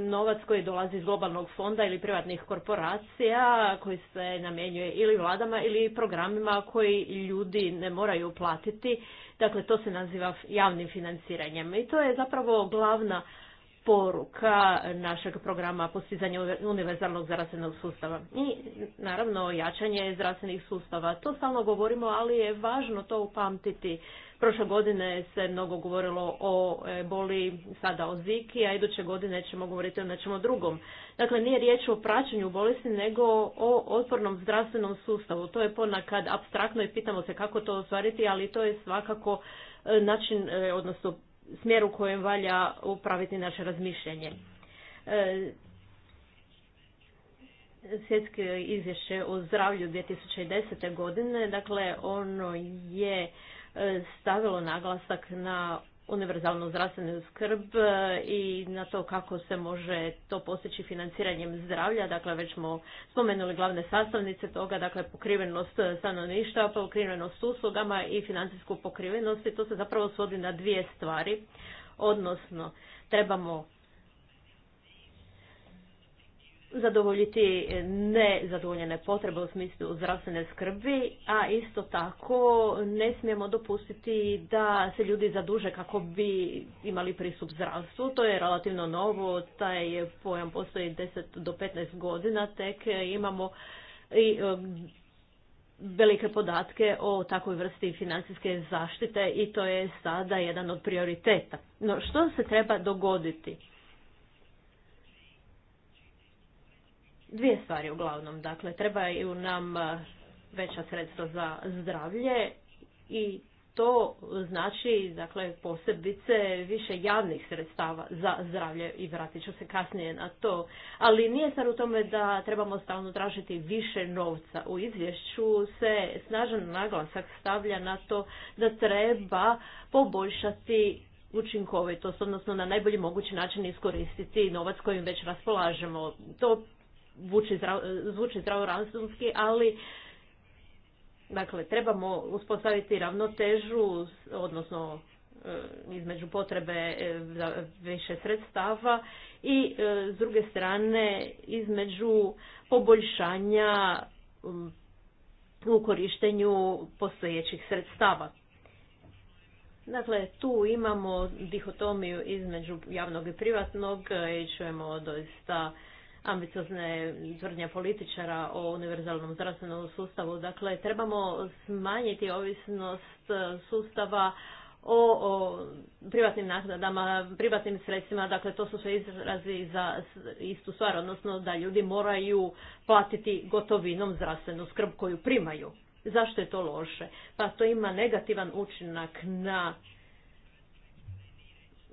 novac koji dolazi iz globalnog fonda ili privatnih korporacija koji se namjenjuje ili vladama ili programima koji ljudi ne moraju platiti. Dakle, to se naziva javnim financiranjem i to je zapravo glavna poruka našeg programa postizanja univerzalnog zdravstvenog sustava. I naravno jačanje zdravstvenih sustava. To stalno govorimo, ali je važno to upamtiti Prošle godine se mnogo govorilo o boli, sada o ziki, a iduće godine ćemo govoriti o nečemu drugom. Dakle, nije riječ o praćenju bolesti, nego o otpornom zdravstvenom sustavu. To je ponakad abstraktno i pitamo se kako to ostvariti, ali to je svakako e, način, e, odnosno smjer u kojem valja upraviti naše razmišljanje. E, Svjetske izvješće o zdravlju 2010. godine, dakle ono je stavilo naglasak na univerzalnu zdravstvenu skrb e, i na to kako se može to postići financiranjem zdravlja. Dakle, već smo spomenuli glavne sastavnice toga, dakle pokrivenost stanovništva, pokrivenost uslugama i financijsku pokrivenost i to se zapravo svodi na dvije stvari. Odnosno, trebamo zadovoljiti nezadovoljene potrebe u smislu zdravstvene skrbi, a isto tako ne smijemo dopustiti da se ljudi zaduže kako bi imali pristup zdravstvu. To je relativno novo, taj pojam postoji 10 do 15 godina, tek imamo i e, velike podatke o takvoj vrsti financijske zaštite i to je sada jedan od prioriteta. No što se treba dogoditi? dvije stvari uglavnom. Dakle, trebaju nam e, veća sredstva za zdravlje i to znači dakle, posebice više javnih sredstava za zdravlje i vratit ću se kasnije na to. Ali nije sad u tome da trebamo stalno tražiti više novca. U izvješću se snažan naglasak stavlja na to da treba poboljšati učinkovitost, odnosno na najbolji mogući način iskoristiti novac kojim već raspolažemo. To zvuči, zravo zvuči zdravorazumski, ali dakle, trebamo uspostaviti ravnotežu, odnosno e, između potrebe e, za više sredstava i e, s druge strane između poboljšanja u korištenju postojećih sredstava. Dakle, tu imamo dihotomiju između javnog i privatnog i čujemo doista ambiciozne tvrdnje političara o univerzalnom zdravstvenom sustavu. Dakle, trebamo smanjiti ovisnost sustava o, privatnim naknadama, privatnim sredstvima, dakle to su sve izrazi za istu stvar, odnosno da ljudi moraju platiti gotovinom zdravstvenu skrb koju primaju. Zašto je to loše? Pa to ima negativan učinak na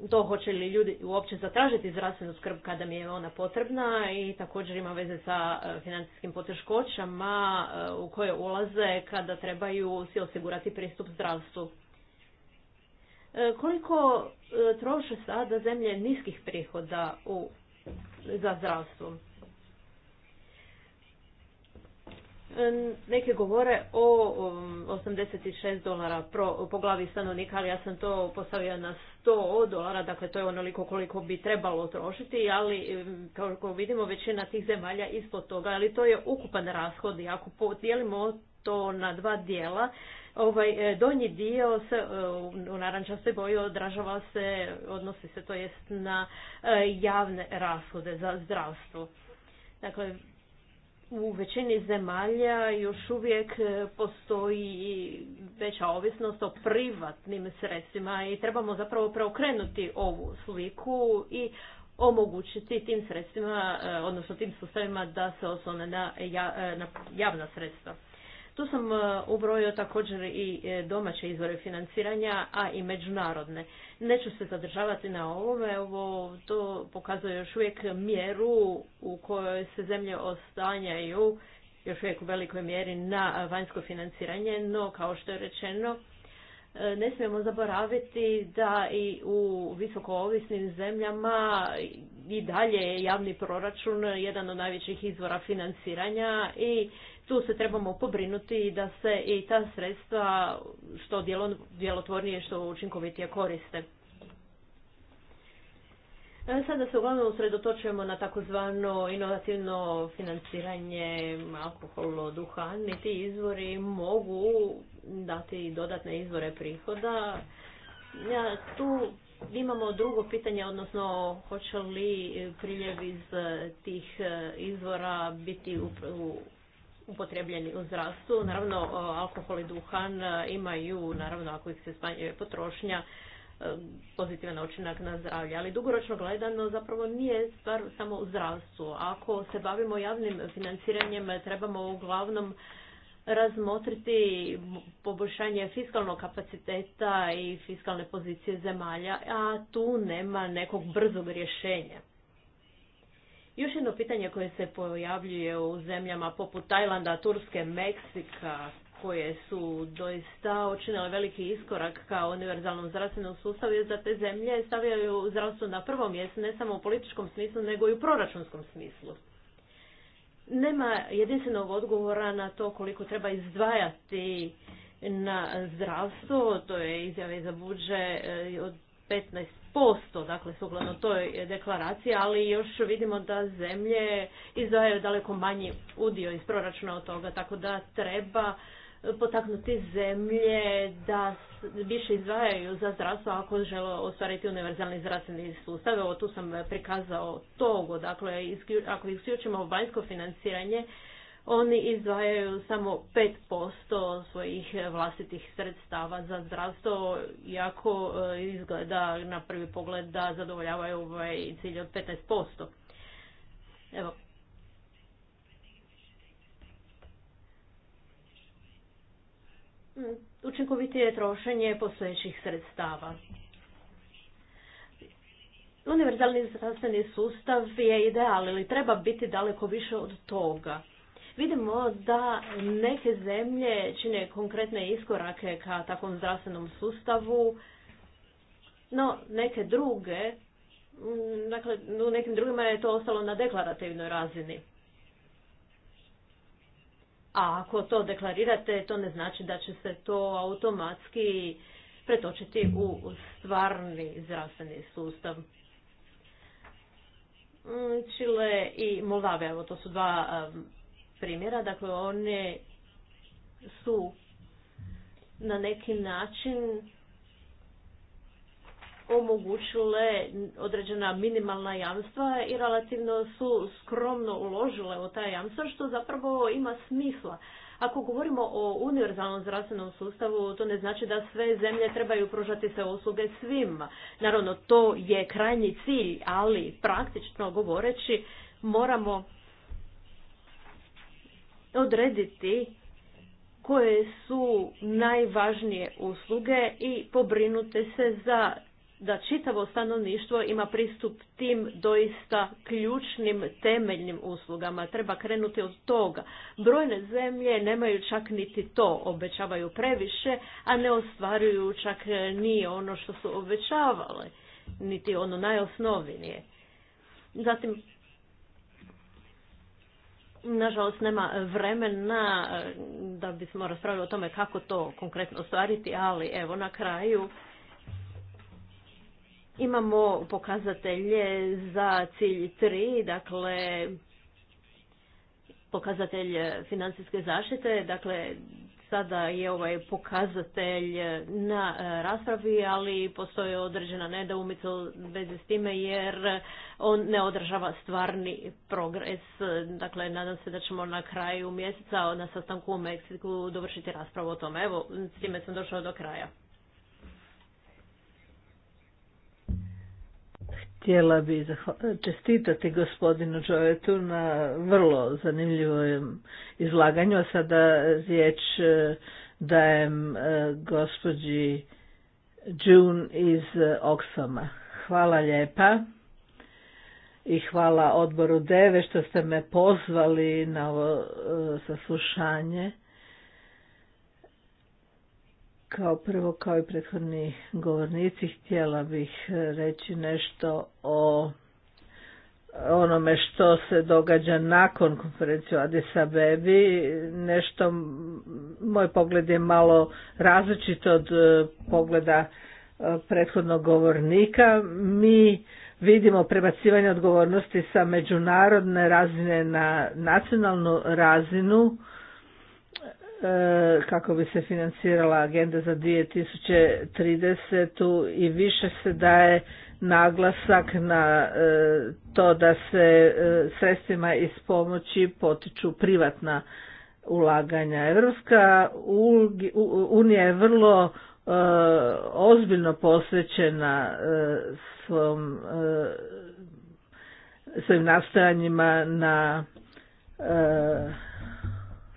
to hoće li ljudi uopće zatražiti zdravstvenu skrb kada mi je ona potrebna i također ima veze sa e, financijskim poteškoćama e, u koje ulaze kada trebaju si osigurati pristup zdravstvu. E, koliko troše sada zemlje niskih prihoda u, za zdravstvo? neke govore o 86 um, dolara po glavi stanovnika, ali ja sam to postavio na 100 dolara, dakle to je onoliko koliko bi trebalo trošiti, ali kako vidimo većina tih zemalja ispod toga, ali to je ukupan rashod i ako podijelimo to na dva dijela, ovaj e, donji dio se e, u narančastoj boji odražava se, odnosi se to jest na e, javne rashode za zdravstvo. Dakle, u većini zemalja još uvijek e, postoji veća ovisnost o privatnim sredstvima i trebamo zapravo preokrenuti ovu sliku i omogućiti tim sredstvima, e, odnosno tim sustavima da se osnovne e, na javna sredstva. Tu sam e, ubrojio također i e, domaće izvore financiranja, a i međunarodne. Neću se zadržavati na ovome, ovo to pokazuje još uvijek mjeru u kojoj se zemlje ostanjaju još uvijek u velikoj mjeri na vanjsko financiranje, no kao što je rečeno, e, ne smijemo zaboraviti da i u visokoovisnim zemljama i dalje je javni proračun jedan od najvećih izvora financiranja i tu se trebamo pobrinuti da se i ta sredstva što djelotvornije, što učinkovitije koriste. E, sada se uglavnom usredotočujemo na takozvano inovativno financiranje alkoholu duhan i ti izvori mogu dati dodatne izvore prihoda. Ja, tu imamo drugo pitanje, odnosno hoće li priljev iz tih e, izvora biti u upotrebljeni u zdravstvu. Naravno, alkohol i duhan e, imaju, naravno, ako ih se smanjuje potrošnja, e, pozitivan učinak na zdravlje, ali dugoročno gledano zapravo nije stvar samo u zdravstvu. Ako se bavimo javnim financiranjem, trebamo uglavnom razmotriti poboljšanje fiskalnog kapaciteta i fiskalne pozicije zemalja, a tu nema nekog brzog rješenja. Još jedno pitanje koje se pojavljuje u zemljama poput Tajlanda, Turske, Meksika, koje su doista učinile veliki iskorak kao univerzalnom zdravstvenom sustavu je da te zemlje stavljaju zdravstvo na prvo mjesto ne samo u političkom smislu nego i u proračunskom smislu. Nema jedinstvenog odgovora na to koliko treba izdvajati na zdravstvo, to je izjave za budže eh, od 15 posto, dakle sukladno toj deklaraciji, ali još vidimo da zemlje izdvajaju daleko manji udio iz proračuna od toga, tako da treba potaknuti zemlje da više izdvajaju za zdravstvo ako žele ostvariti univerzalni zdravstveni sustav. Evo tu sam prikazao togo, dakle ako isključimo vanjsko financiranje, oni izdvajaju samo 5% svojih vlastitih sredstava za zdravstvo, iako e, izgleda na prvi pogled da zadovoljavaju ovaj cilj od 15%. Evo. Učinkovitije trošenje postojećih sredstava. Univerzalni zdravstveni sustav je ideal, ili treba biti daleko više od toga vidimo da neke zemlje čine konkretne iskorake ka takvom zdravstvenom sustavu, no neke druge, mm, dakle, u nekim drugima je to ostalo na deklarativnoj razini. A ako to deklarirate, to ne znači da će se to automatski pretočiti u stvarni zdravstveni sustav. Mm, Čile i Moldavija, evo to su dva primjera. Dakle, one su na neki način omogućile određena minimalna jamstva i relativno su skromno uložile u ta jamstva, što zapravo ima smisla. Ako govorimo o univerzalnom zdravstvenom sustavu, to ne znači da sve zemlje trebaju pružati se usluge svima. Naravno, to je krajnji cilj, ali praktično govoreći moramo odrediti koje su najvažnije usluge i pobrinuti se za da čitavo stanovništvo ima pristup tim doista ključnim temeljnim uslugama. Treba krenuti od toga. Brojne zemlje nemaju čak niti to, obećavaju previše, a ne ostvaruju čak ni ono što su obećavale, niti ono najosnovnije. Zatim Nažalost, nema vremena e, da bismo raspravili o tome kako to konkretno ostvariti, ali evo na kraju imamo pokazatelje za cilj 3, dakle pokazatelj financijske zaštite, dakle sada je ovaj pokazatelj na e, raspravi, ali postoje određena nedoumica u vezi s time jer on ne održava stvarni progres. Dakle, nadam se da ćemo na kraju mjeseca na sastanku u Meksiku dovršiti raspravu o tome. Evo, s time sam došao do kraja. Htjela bi čestitati gospodinu Jovetu na vrlo zanimljivom izlaganju, a sada riječ e, dajem e, gospođi June iz e, Oksama. Hvala lijepa i hvala odboru Deve što ste me pozvali na ovo saslušanje. Kao prvo, kao i prethodni govornici, htjela bih reći nešto o onome što se događa nakon konferencije u Addis Abebi. Nešto, moj pogled je malo različit od e, pogleda e, prethodnog govornika. Mi vidimo prebacivanje odgovornosti sa međunarodne razine na nacionalnu razinu E, kako bi se financirala agenda za 2030. i više se daje naglasak na e, to da se e, sredstvima iz pomoći potiču privatna ulaganja. Evropska unija je vrlo ozbiljno posvećena svom, svojim nastojanjima na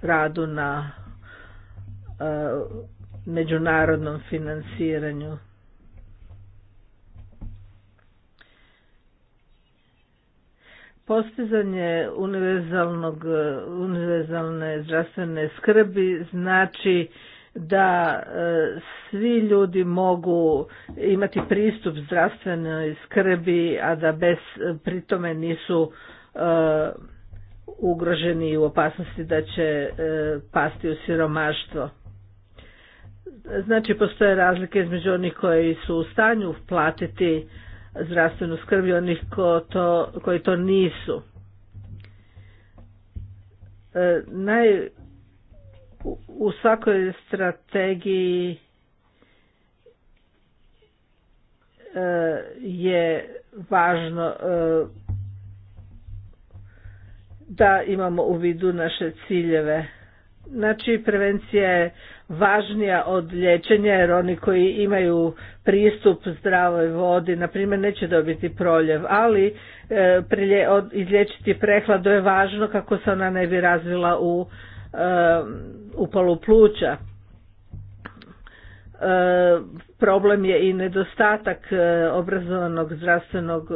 radu na E, međunarodnom financiranju. Postizanje univerzalnog, univerzalne zdravstvene skrbi znači da e, svi ljudi mogu imati pristup zdravstvenoj skrbi, a da bez pritome nisu e, ugroženi u opasnosti da će pasti u siromaštvo. Znači, postoje razlike između onih koji su u stanju platiti zdravstvenu skrb i onih ko to, koji to nisu. E, naj, u, svakoj strategiji e, je važno e, da imamo u vidu naše ciljeve. Znači, prevencija je važnija od liječenja jer oni koji imaju pristup zdravoj vodi na primjer neće dobiti proljev ali e, izlječiti prehladu je važno kako se ona ne bi razvila u e, pluća e, problem je i nedostatak e, obrazovanog zdravstvenog e,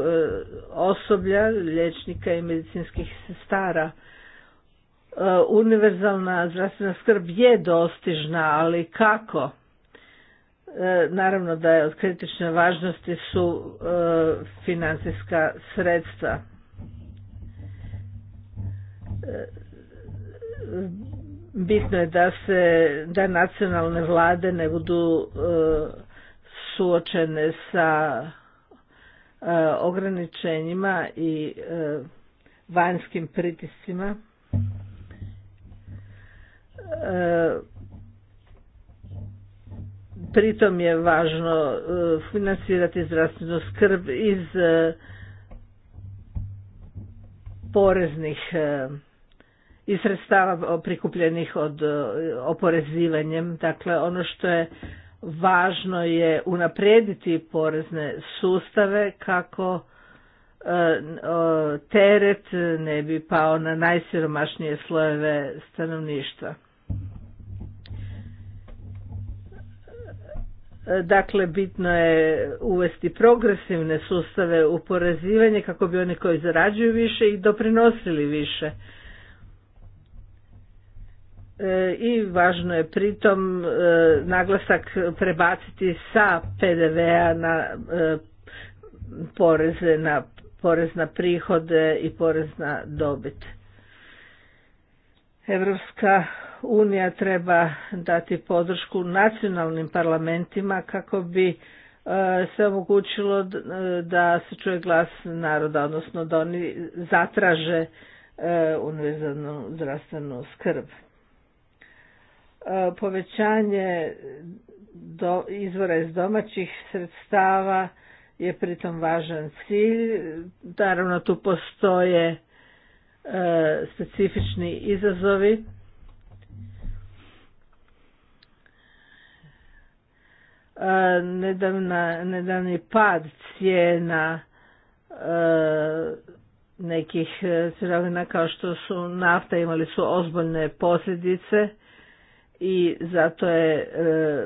osoblja liječnika i medicinskih sestara univerzalna zdravstvena skrb je dostižna, ali kako? E, naravno da je od kritične važnosti su e, financijska sredstva. E, bitno je da se da nacionalne vlade ne budu suočene sa ograničenjima i vanjskim pritiscima. E, pritom je važno e, financirati zdravstvenu skrb iz e, poreznih i sredstava prikupljenih od oporezivanjem. Dakle, ono što je važno je unaprijediti porezne sustave kako teret ne bi pao na najsiromašnije slojeve stanovništva. Dakle, bitno je uvesti progresivne sustave porezivanje kako bi oni koji zarađuju više i doprinosili više. E, I važno je pritom e, naglasak prebaciti sa PDV-a na e, poreze, na porez na prihode i porez na dobit. Evropska unija treba dati podršku nacionalnim parlamentima kako bi e, se omogućilo e, da se čuje glas naroda, odnosno da oni zatraže e, univerzalnu zdravstvenu skrb. Povećanje do izvora iz domaćih sredstava je pritom važan cilj. Naravno tu postoje specifični izazovi nedavna, nedavni pad cijena e, nekih e, sirovina kao što su nafta imali su ozbiljne posljedice i zato je e,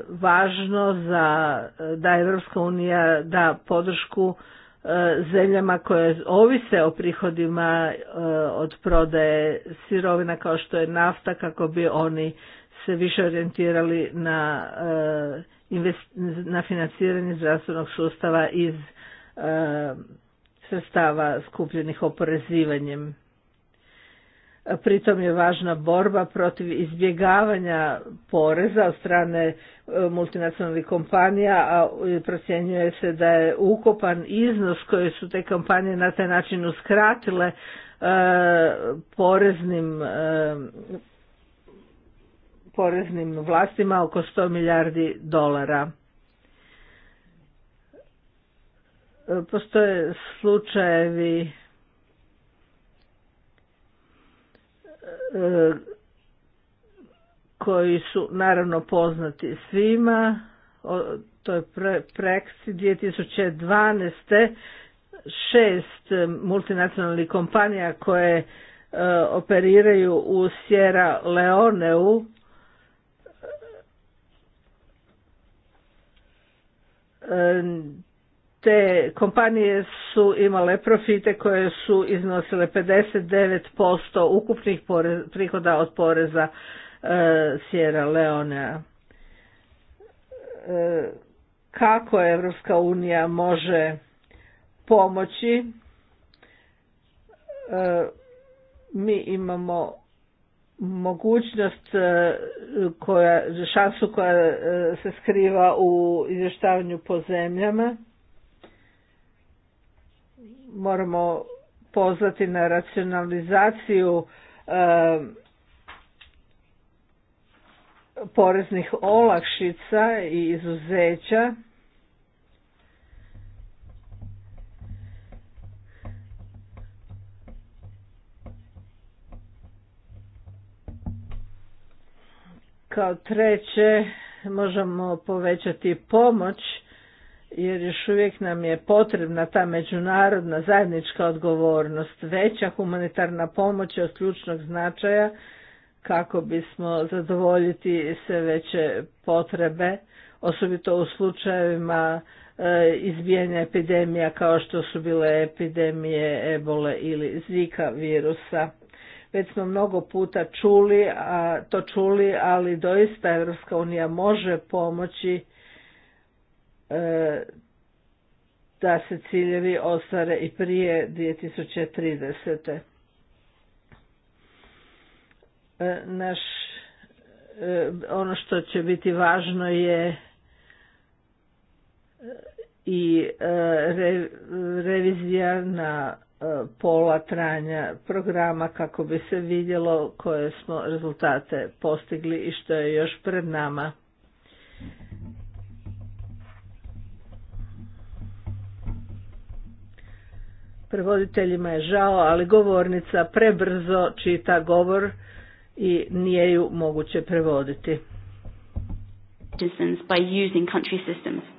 važno za da Europska unija da podršku zemljama koje ovise o prihodima od prodaje sirovina kao što je nafta kako bi oni se više orijentirali na na financiranje zdravstvenog sustava iz eh, sredstava skupljenih oporezivanjem. Pritom je važna borba protiv izbjegavanja poreza od strane eh, multinacionalnih kompanija, a eh, procjenjuje se da je ukopan iznos koji su te kompanije na taj način uskratile poreznim poreznim vlastima oko 100 milijardi dolara. E, postoje slučajevi e, koji su naravno poznati svima. To je pre, preksi 2012. Šest multinacionalnih kompanija koje e, operiraju u Sierra Leoneu te kompanije su imale profite koje su iznosile 59% ukupnih prihoda od poreza e, sierra Leonea. E, kako Evropska unija može pomoći? E, mi imamo mogućnost e, koja, šansu koja e, se skriva u izvještavanju po zemljama. Moramo pozvati na racionalizaciju e, poreznih olakšica i izuzeća Kao treće, možemo povećati pomoć jer još uvijek nam je potrebna ta međunarodna zajednička odgovornost. Veća humanitarna pomoć je od ključnog značaja kako bismo zadovoljiti sve veće potrebe, osobito u slučajevima e, izbijanja epidemija kao što su bile epidemije ebole ili zika virusa. Već smo mnogo puta čuli, a, to čuli, ali doista Europska unija može pomoći e, da se ciljevi ostvare i prije 2030. E, naš, e, ono što će biti važno je e, i revizija na E, pola trajanja programa kako bi se vidjelo koje smo rezultate postigli i što je još pred nama. Prevoditeljima je žao, ali govornica prebrzo čita govor i nije ju moguće prevoditi. By using country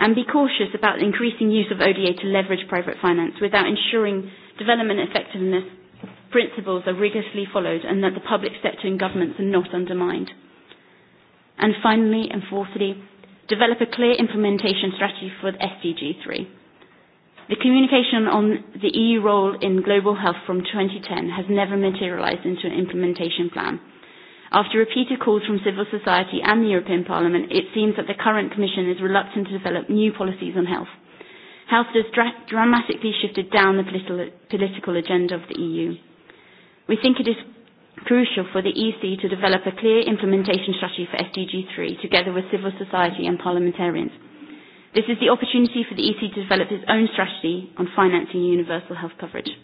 and be cautious about increasing use of ODA to leverage private finance without ensuring development effectiveness principles are rigorously followed and that the public sector and governments are not undermined. And finally, and fourthly, develop a clear implementation strategy for SDG 3. The communication on the EU role in global health from 2010 has never materialized into an implementation plan. After repeated calls from civil society and the European Parliament, it seems that the current Commission is reluctant to develop new policies on health. Health has dramatically shifted down the political, political agenda of the EU. We think it is crucial for the EC to develop a clear implementation strategy for SDG 3 together with civil society and parliamentarians. This is the opportunity for the EC to develop its own strategy on financing universal health coverage.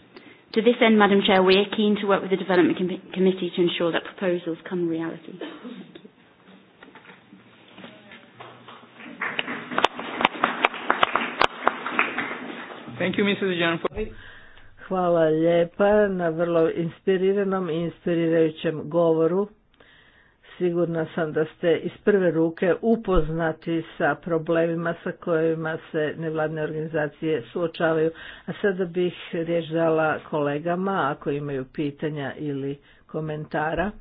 To this end, Madam Chair, we are keen to work with the Development Com Committee to ensure that proposals come reality. Thank you. Mrs. Hvala lijepa na vrlo inspiriranom i inspirirajućem govoru sigurna sam da ste iz prve ruke upoznati sa problemima sa kojima se nevladne organizacije suočavaju. A sada bih riječ dala kolegama ako imaju pitanja ili komentara.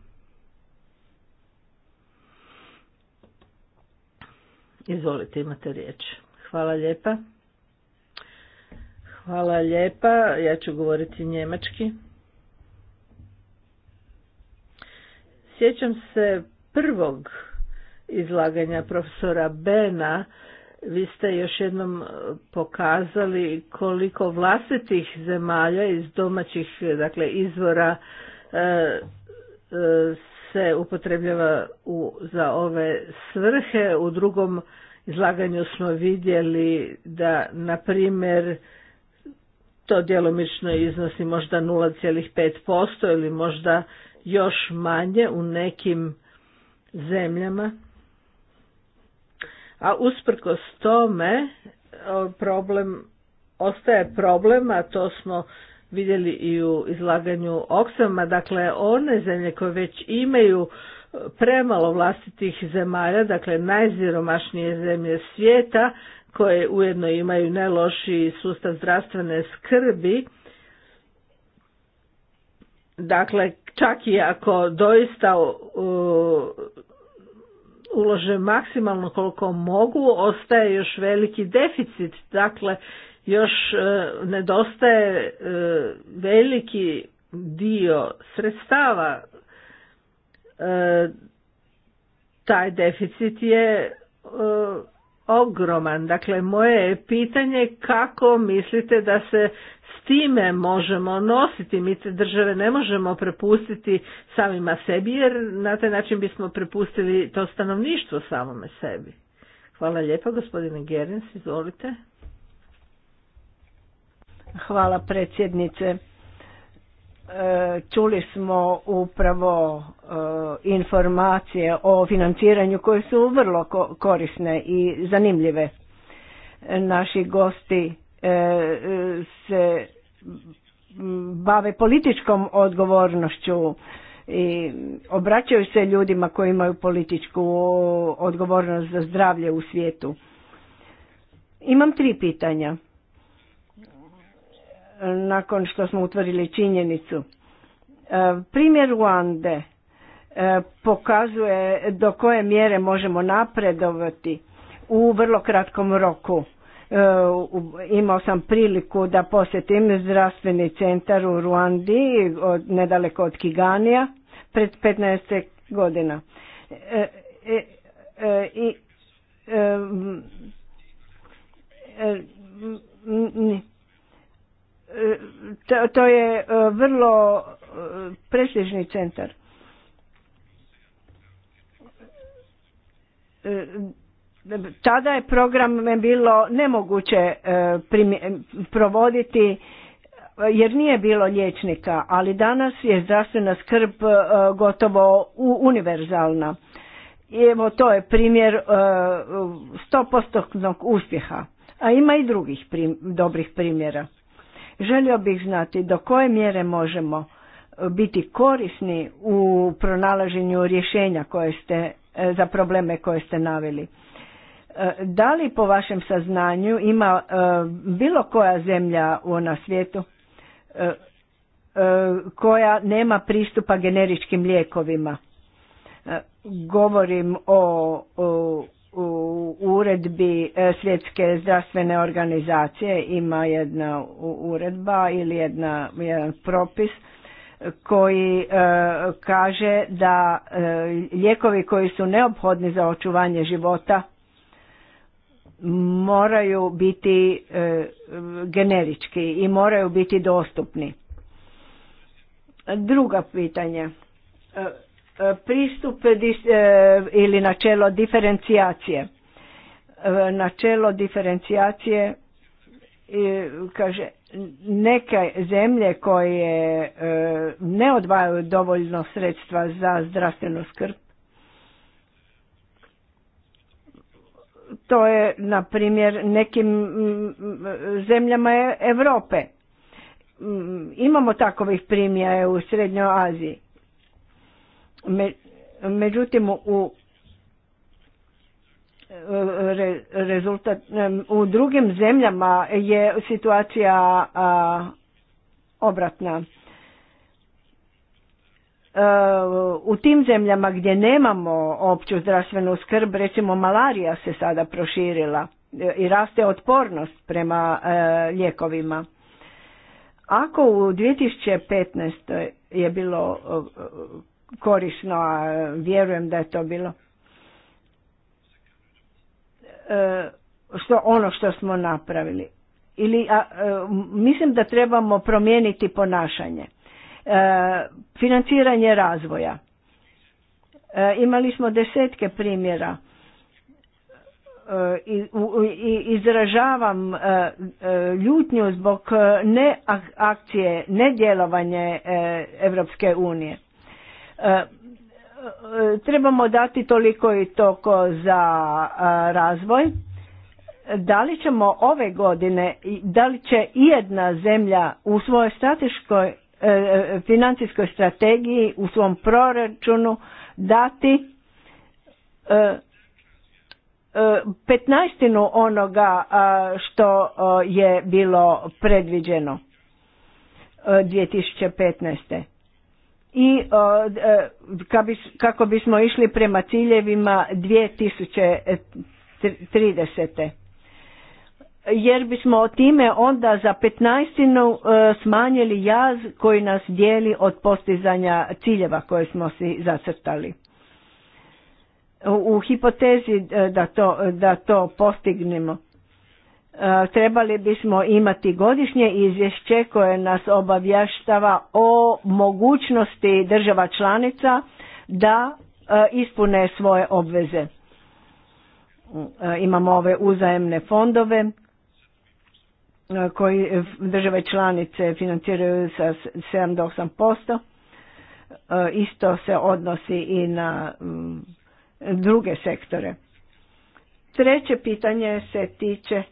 Izvolite, imate riječ. Hvala lijepa. Hvala lijepa, ja ću govoriti njemački. Sjećam se prvog izlaganja profesora Bena, vi ste još jednom pokazali koliko vlastitih zemalja iz domaćih dakle, izvora e, e, se upotrebljava u, za ove svrhe. U drugom izlaganju smo vidjeli da, na primjer, to djelomično iznosi možda 0,5% ili možda još manje u nekim zemljama. A usprkos tome e, problem ostaje problem, a to smo vidjeli i u izlaganju Oksama, dakle one zemlje koje već imaju premalo vlastitih zemalja, dakle najziromašnije zemlje svijeta, koje ujedno imaju najlošiji sustav zdravstvene skrbi, dakle čak i ako doista ulože maksimalno koliko mogu, ostaje još veliki deficit, dakle još e, nedostaje e, veliki dio sredstava. E, taj deficit je ogroman. Dakle, moje je pitanje kako mislite da se time možemo nositi. Mi te države ne možemo prepustiti samima sebi jer na taj način bismo prepustili to stanovništvo samome sebi. Hvala lijepa gospodine Gerens, izvolite. Hvala predsjednice. E, čuli smo upravo e, informacije o financiranju koje su vrlo korisne i zanimljive. E, naši gosti se bave političkom odgovornošću i obraćaju se ljudima koji imaju političku odgovornost za zdravlje u svijetu. Imam tri pitanja. Nakon što smo utvrdili činjenicu. E, primjer Ruande e, pokazuje do koje mjere možemo napredovati u vrlo kratkom roku. E, imao sam priliku da posjetim zdravstveni centar u Ruandi nedaleko od Kiganija pred 15 godina. E, e, I to, to je vrlo prestižni centar tada je program bilo nemoguće e, provoditi e, jer nije bilo liječnika, ali danas je zdravstvena skrb e, gotovo univerzalna. evo to je primjer 100% uspjeha, a ima i drugih dobrih primjera. Želio bih znati do koje mjere možemo biti korisni u pronalaženju rješenja koje ste, za probleme koje ste naveli. Da li po vašem saznanju ima e, bilo koja zemlja na svijetu e, e, koja nema pristupa generičkim lijekovima? Govorim o, uredbi svjetske zdravstvene organizacije ima jedna uredba ili jedna, jedan propis koji kaže da lijekovi koji su neophodni za očuvanje života moraju biti e, generički i moraju biti dostupni. Druga pitanje. E, pristup e, ili načelo diferencijacije. Načelo diferencijacije kaže neke zemlje koje ne odvajaju dovoljno sredstva za zdravstvenu skrb to je na primjer nekim mm, zemljama Europe. Mm, imamo takovih primjera u Srednjoj Aziji. Međutim, u rezultat u drugim zemljama je situacija obratna. E, u tim zemljama gdje nemamo opću zdravstvenu skrb, recimo malarija se sada proširila e, i raste otpornost prema e, lijekovima. Ako u 2015. je bilo korisno, a vjerujem da je to bilo, što ono što smo napravili. Ili a, mislim da trebamo promijeniti ponašanje. E, financiranje razvoja. E, imali smo desetke primjera e, i izražavam ljutnju zbog ne akcije, ne Evropske unije. Trebamo dati toliko i toko za razvoj. Da li ćemo ove godine, da li će jedna zemlja u svojoj strateškoj E, financijskoj strategiji u svom proračunu dati e, e, petnaestinu onoga što je bilo predviđeno 2015. I kako bismo išli prema ciljevima 2030 jer bismo time onda za petnaestinu e, smanjili jaz koji nas dijeli od postizanja ciljeva koje smo si zacrtali. U hipotezi e, da to, da to postignemo, e, trebali bismo imati godišnje izvješće koje nas obavještava o mogućnosti država članica da ispune svoje obveze. Imamo ove uzajemne fondove E, koji e, države članice financiraju sa 7 do 8%. E, isto se odnosi i na druge sektore. Treće pitanje se tiče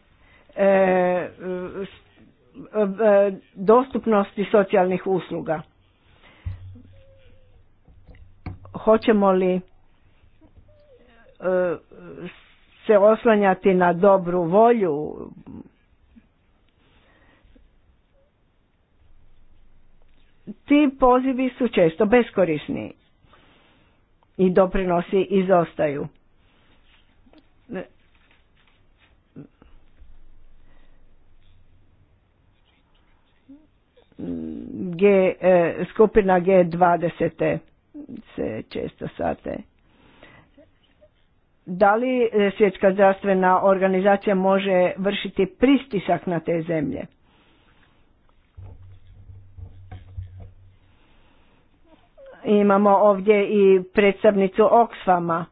dostupnosti socijalnih usluga. Hoćemo li se oslanjati na dobru volju Ti pozivi su često beskorisni i doprinosi izostaju. G, e, skupina G20 se često sate. Da li svjetska zdravstvena organizacija može vršiti pristisak na te zemlje? Imamo ovdje i predstavnicu Oxfama.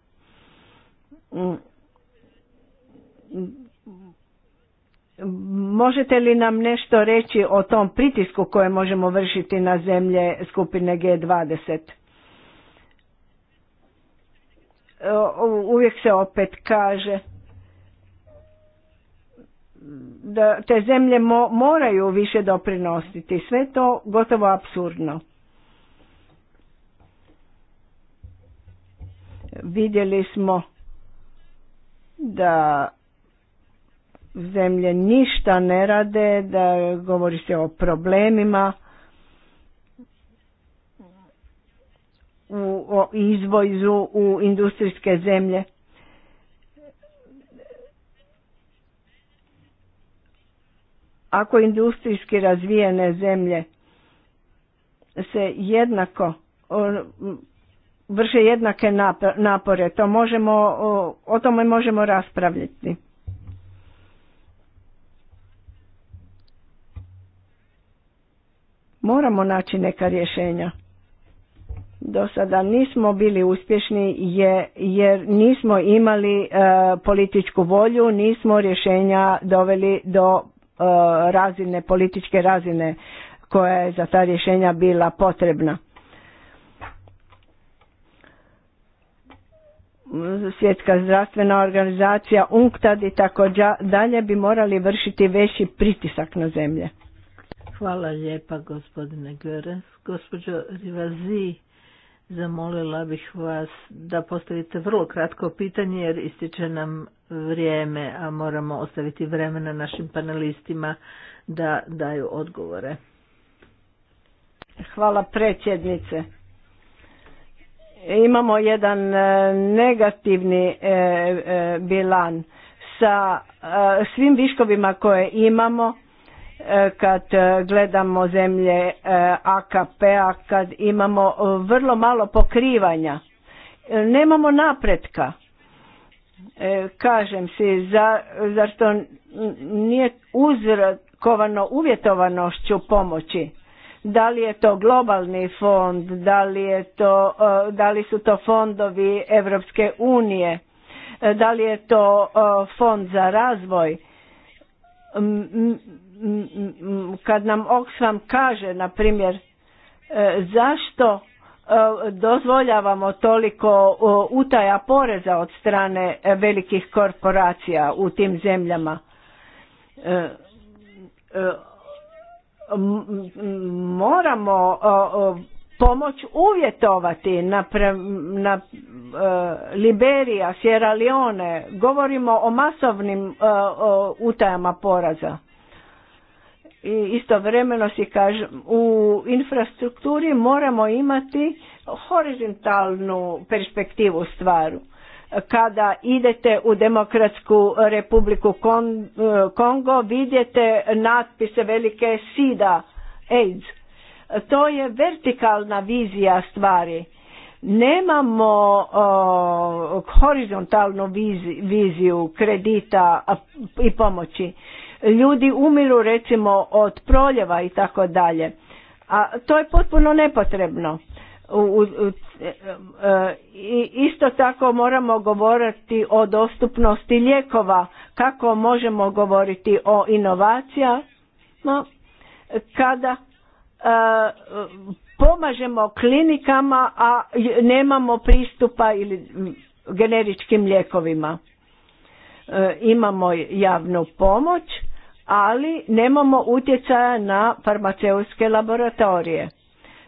Možete li nam nešto reći o tom pritisku koje možemo vršiti na zemlje skupine G20? Uvijek se opet kaže da te zemlje moraju više doprinositi. Sve to gotovo apsurdno. vidjeli smo da zemlje ništa ne rade, da govori se o problemima, u, o izvozu u industrijske zemlje. Ako industrijski razvijene zemlje se jednako vrše jednake napore. To možemo, o tome možemo raspravljati. Moramo naći neka rješenja. Do sada nismo bili uspješni jer nismo imali e, političku volju, nismo rješenja doveli do e, razine, političke razine koja je za ta rješenja bila potrebna. svjetska zdravstvena organizacija, UNCTAD i tako dalje bi morali vršiti veći pritisak na zemlje. Hvala lijepa gospodine Görens. Gospođo Rivazi, zamolila bih vas da postavite vrlo kratko pitanje jer ističe nam vrijeme, a moramo ostaviti vremena našim panelistima da daju odgovore. Hvala predsjednice imamo jedan e, negativni e, e, bilan sa svim viškovima koje imamo kad gledamo zemlje AKP-a, kad imamo vrlo malo pokrivanja. Nemamo napretka. Kažem si, zašto nije uzrokovano uvjetovanošću pomoći? da li je to globalni fond, da li, je to, e, da li su to fondovi Europske unije, e, da li je to e, fond za razvoj. Kad nam Oxfam kaže, na primjer, zašto dozvoljavamo toliko utaja poreza od strane velikih korporacija u tim zemljama moramo pomoć uvjetovati na, na e, Liberija, Sierra Leone, govorimo o masovnim e, utajama poraza. I istovremeno si kažem, u infrastrukturi moramo imati horizontalnu perspektivu stvaru kada idete u Demokratsku republiku e, Kongo vidjete natpise velike SIDA, AIDS. To je vertikalna vizija stvari. Nemamo o, horizontalnu viziju kredita i pomoći. Ljudi umiru recimo od proljeva i tako dalje. A to je potpuno nepotrebno. E, e, isto tako moramo govoriti o dostupnosti lijekova, kako možemo govoriti o inovacijama kada e, pomažemo klinikama, a nemamo pristupa ili generičkim lijekovima. Imamo javnu pomoć, ali nemamo utjecaja na farmaceutske laboratorije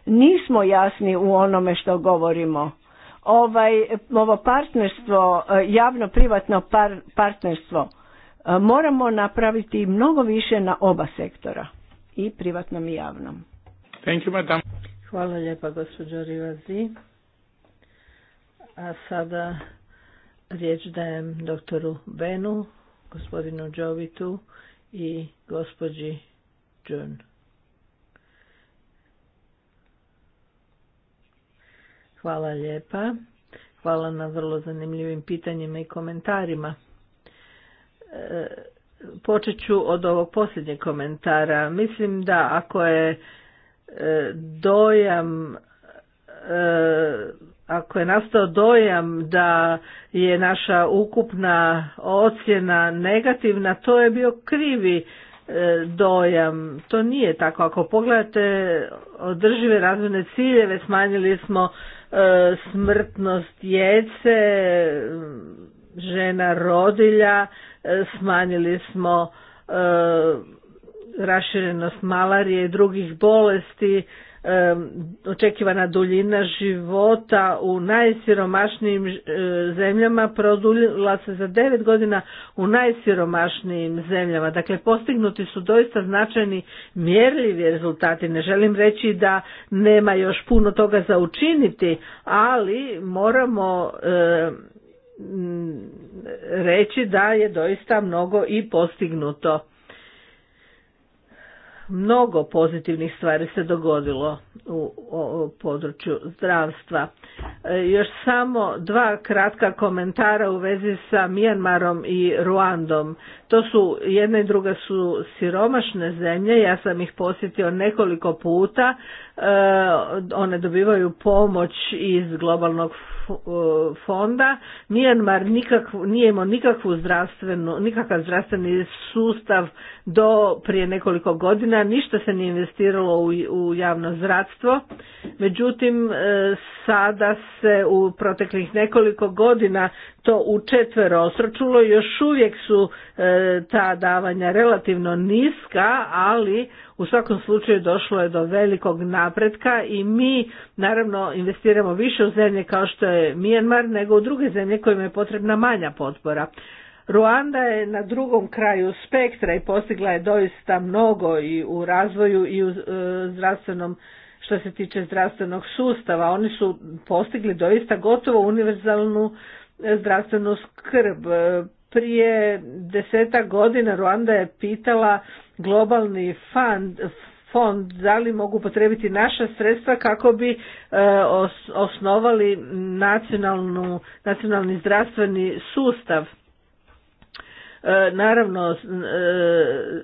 nismo jasni u onome što govorimo. Ovaj, ovo partnerstvo, e, javno-privatno par, partnerstvo, e, moramo napraviti mnogo više na oba sektora, i privatnom i javnom. Hvala lijepa, gospođo Rivazi. A sada riječ dajem doktoru Benu, gospodinu Jovitu i gospođi June. Hvala lijepa. Hvala na vrlo zanimljivim pitanjima i komentarima. E, počet ću od ovog posljednjeg komentara. Mislim da ako je e, dojam e, ako je nastao dojam da je naša ukupna ocjena negativna, to je bio krivi dojam. To nije tako. Ako pogledate održive razvojne ciljeve, smanjili smo E, smrtnost djece, žena rodilja, e, smanjili smo e, raširenost malarije i drugih bolesti, očekivana duljina života u najsiromašnijim e, zemljama produljila se za 9 godina u najsiromašnijim zemljama. Dakle, postignuti su doista značajni mjerljivi rezultati. Ne želim reći da nema još puno toga za učiniti, ali moramo reći da je doista mnogo i postignuto mnogo pozitivnih stvari se dogodilo u području zdravstva. E, još samo dva kratka komentara u vezi sa Mijanmarom i Ruandom. To su jedna i druga su siromašne zemlje, ja sam ih posjetio nekoliko puta, e, one dobivaju pomoć iz globalnog fonda. Mijanmar nikakvu, nije imao nikakvu zdravstvenu, nikakav zdravstveni sustav do prije nekoliko godina. Ništa se nije investiralo u, u javno zdravstvo. Međutim, e, sada se u proteklih nekoliko godina to u četvero osročulo. Još uvijek su e, ta davanja relativno niska, ali u svakom slučaju došlo je do velikog napretka i mi naravno investiramo više u zemlje kao što je Mijenmar nego u druge zemlje kojima je potrebna manja potpora. Ruanda je na drugom kraju spektra i postigla je doista mnogo i u razvoju i u e, zdravstvenom što se tiče zdravstvenog sustava. Oni su postigli doista gotovo univerzalnu e, zdravstvenu skrb prije deseta godina Ruanda je pitala globalni fund, fond da li mogu potrebiti naša sredstva kako bi e, osnovali nacionalnu, nacionalni zdravstveni sustav. E, naravno, e,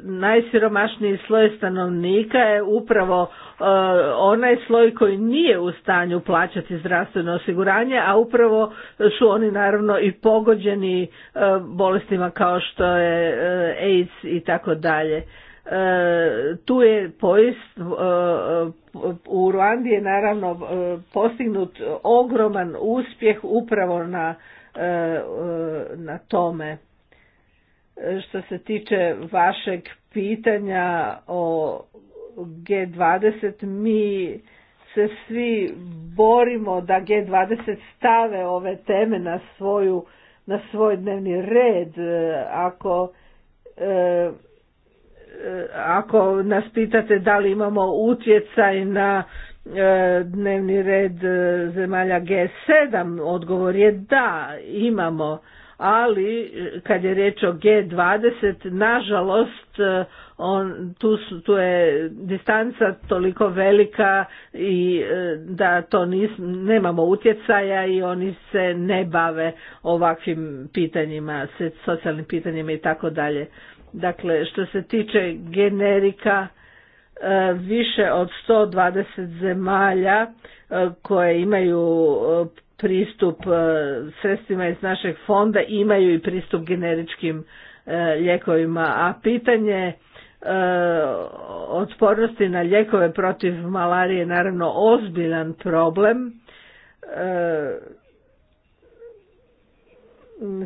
najsiromašniji sloj stanovnika je upravo e, onaj sloj koji nije u stanju plaćati zdravstveno osiguranje, a upravo su oni naravno i pogođeni bolestima kao što je AIDS i tako dalje. tu je poist, u Ruandi je naravno postignut ogroman uspjeh upravo na, na tome. Što se tiče vašeg pitanja o G20, mi se svi borimo da G20 stave ove teme na svoju na svoj dnevni red e, ako e, e, ako nas pitate da li imamo utjecaj na dnevni red zemalja G7 odgovor je da imamo ali e, kad je riječ o G20, nažalost, e, on, tu, je distanca toliko velika i e, da to nis, nemamo utjecaja i oni se ne bave ovakvim pitanjima, socijalnim pitanjima i tako dalje. Dakle, što se tiče generika, više od 120 zemalja koje imaju pristup e, sredstvima iz našeg fonda imaju i pristup generičkim e, lijekovima, a pitanje e, otpornosti na lijekove protiv malarije je naravno ozbiljan problem.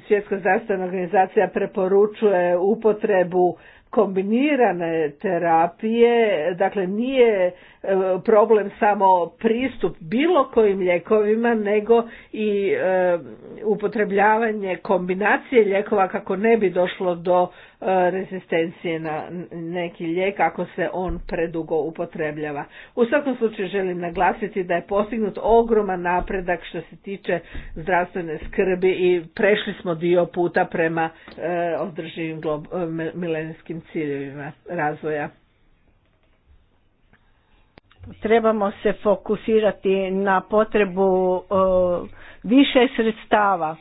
Svjetska zdravstvena organizacija preporučuje upotrebu kombinirane terapije, dakle nije e, problem samo pristup bilo kojim lijekovima, nego i e, upotrebljavanje kombinacije lijekova kako ne bi došlo do E, rezistencije na neki lijek ako se on predugo upotrebljava. U svakom slučaju želim naglasiti da je postignut ogroman napredak što se tiče zdravstvene skrbi i prešli smo dio puta prema e, održivim e, milenijskim ciljevima razvoja. Trebamo se fokusirati na potrebu više sredstava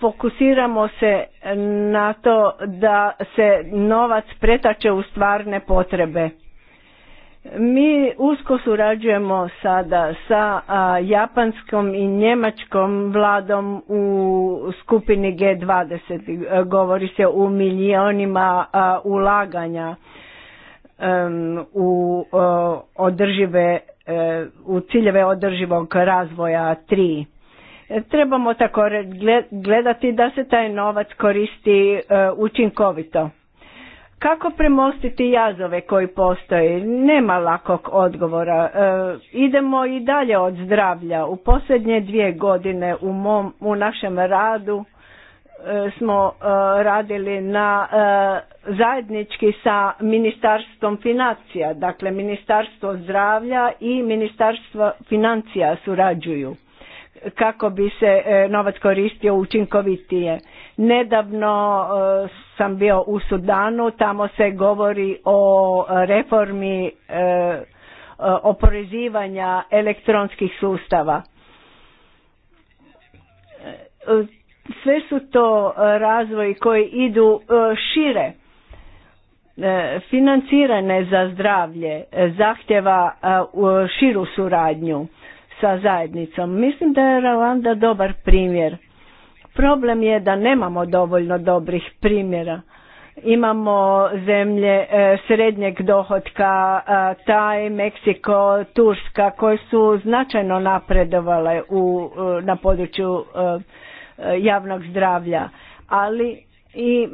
fokusiramo se na to da se novac pretače u stvarne potrebe. Mi usko surađujemo sada sa japanskom i njemačkom vladom u skupini G20. Govori se u milionima ulaganja u održive e, u ciljeve održivog razvoja 3. Trebamo tako gledati da se taj novac koristi e, učinkovito. Kako premostiti jazove koji postoje? Nema lakog odgovora. E, idemo i dalje od zdravlja. U posljednje dvije godine u, mom, u našem radu e, smo radili na zajednički sa Ministarstvom financija. Dakle, Ministarstvo zdravlja i Ministarstvo financija surađuju kako bi se e, novac koristio učinkovitije. Nedavno e, sam bio u Sudanu, tamo se govori o reformi e, oporezivanja elektronskih sustava. Sve su to razvoji koji idu šire financirane za zdravlje zahtjeva širu suradnju sa zajednicom. Mislim da je Rwanda dobar primjer. Problem je da nemamo dovoljno dobrih primjera. Imamo zemlje e, srednjeg dohotka, e, Taj, Meksiko, Turska koje su značajno napredovale u, e, na području javnog zdravlja, ali i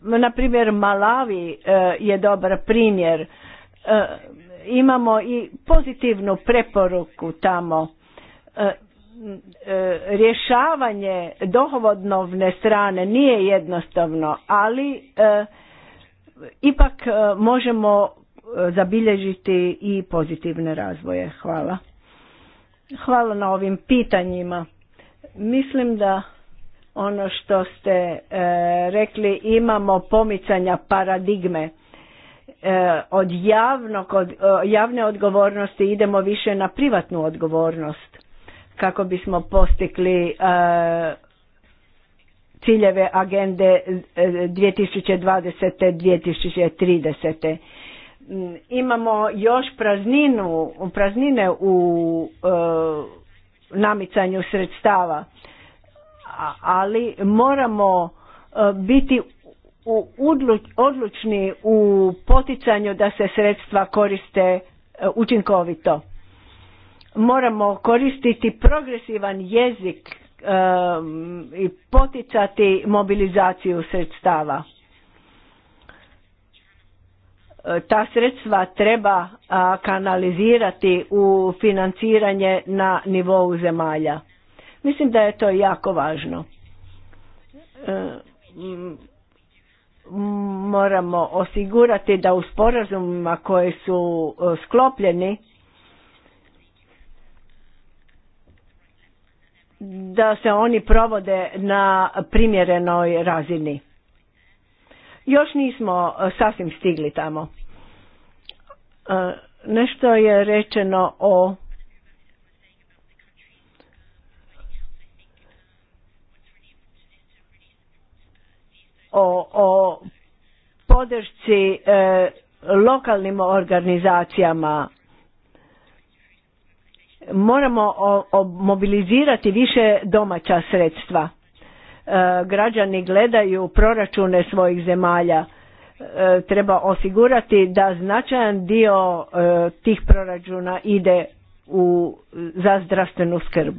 na primjer Malavi je dobar primjer imamo i pozitivnu preporuku tamo e, e, rješavanje dohovodnovne strane nije jednostavno ali e, ipak možemo zabilježiti i pozitivne razvoje hvala hvala na ovim pitanjima mislim da ono što ste rekli imamo pomicanja paradigme E, od javnog, od e, javne odgovornosti idemo više na privatnu odgovornost kako bismo postikli e, ciljeve agende 2020-2030. Mm, imamo još prazninu, praznine u namicanju sredstava, ali moramo biti odlučni u poticanju da se sredstva koriste e, učinkovito. Moramo koristiti progresivan jezik e, i poticati mobilizaciju sredstava. E, ta sredstva treba kanalizirati u financiranje na nivou zemalja. Mislim da je to jako važno moramo osigurati da u sporazumima koji su e, sklopljeni da se oni provode na primjerenoj razini. Još nismo e, sasvim stigli tamo. E, nešto je rečeno o o, podršci e, lokalnim organizacijama moramo mobilizirati više domaća sredstva e, građani gledaju proračune svojih zemalja e, treba osigurati da značajan dio tih proračuna ide u, za zdravstvenu skrb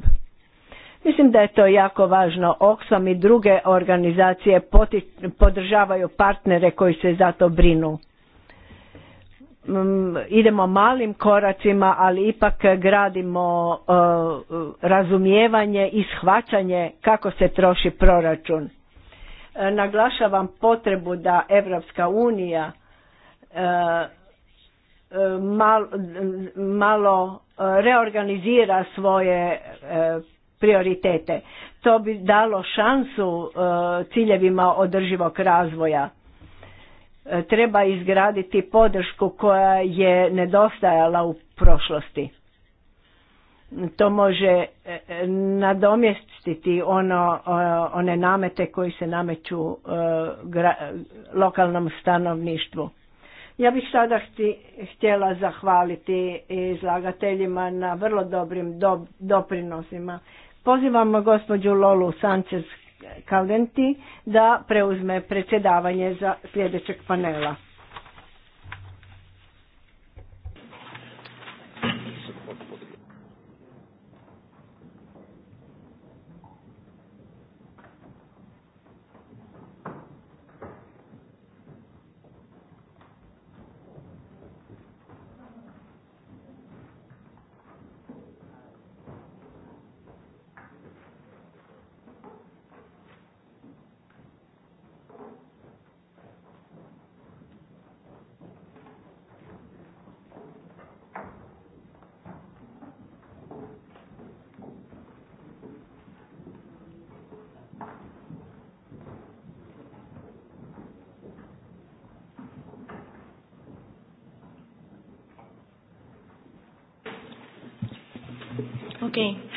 Mislim da je to jako važno. Oxfam i druge organizacije podržavaju partnere koji se za to brinu. Mm, idemo malim koracima, ali ipak gradimo e, razumijevanje i shvaćanje kako se troši proračun. E, naglašavam potrebu da Evropska unija e, malo reorganizira svoje prioritete. To bi dalo šansu e, ciljevima održivog razvoja. E, treba izgraditi podršku koja je nedostajala u prošlosti. To može e, nadomjestiti ono, one namete koji se nameću lokalnom stanovništvu. Ja bih sada htjela zahvaliti izlagateljima na vrlo dobrim doprinosima Pozivamo gospođu Lolu Sanchez Calenti da preuzme predsjedavanje za sljedećeg panela.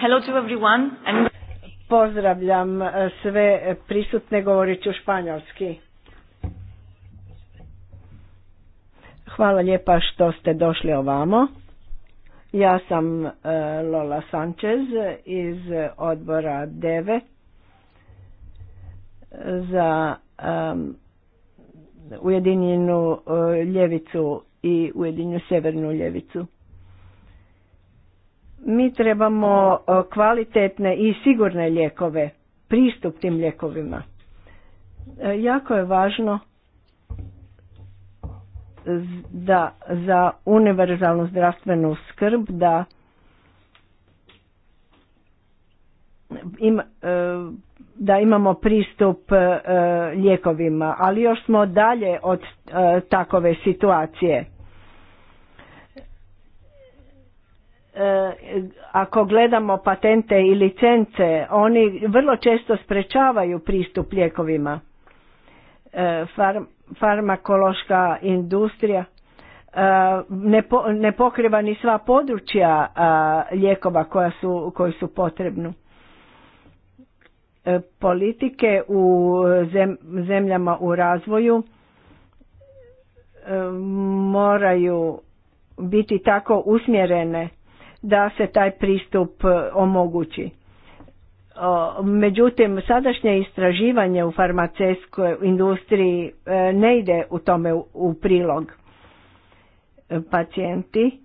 Hello Pozdravljam e, sve prisutne govorit ću španjolski. Hvala lijepa što ste došli ovamo. Ja sam e, Lola Sanchez iz odbora DEVE za Ujedinjenu e, ljevicu i Ujedinjenu sjevernu ljevicu. Mi trebamo e, kvalitetne i sigurne lijekove, pristup tim lijekovima. E, jako je važno da za univerzalnu zdravstvenu skrb da e, da imamo pristup lijekovima, ali još smo dalje od takove situacije. E, ako gledamo patente i licence, oni vrlo često sprečavaju pristup lijekovima. E, farmakološka industrija e, ne, pokriva ni sva područja lijekova koja su, koji su Politike u zemljama u razvoju moraju biti tako usmjerene da se taj pristup e, omogući. E, međutim, sadašnje istraživanje u farmaceutskoj industriji e, ne ide u tome u prilog. Pacijenti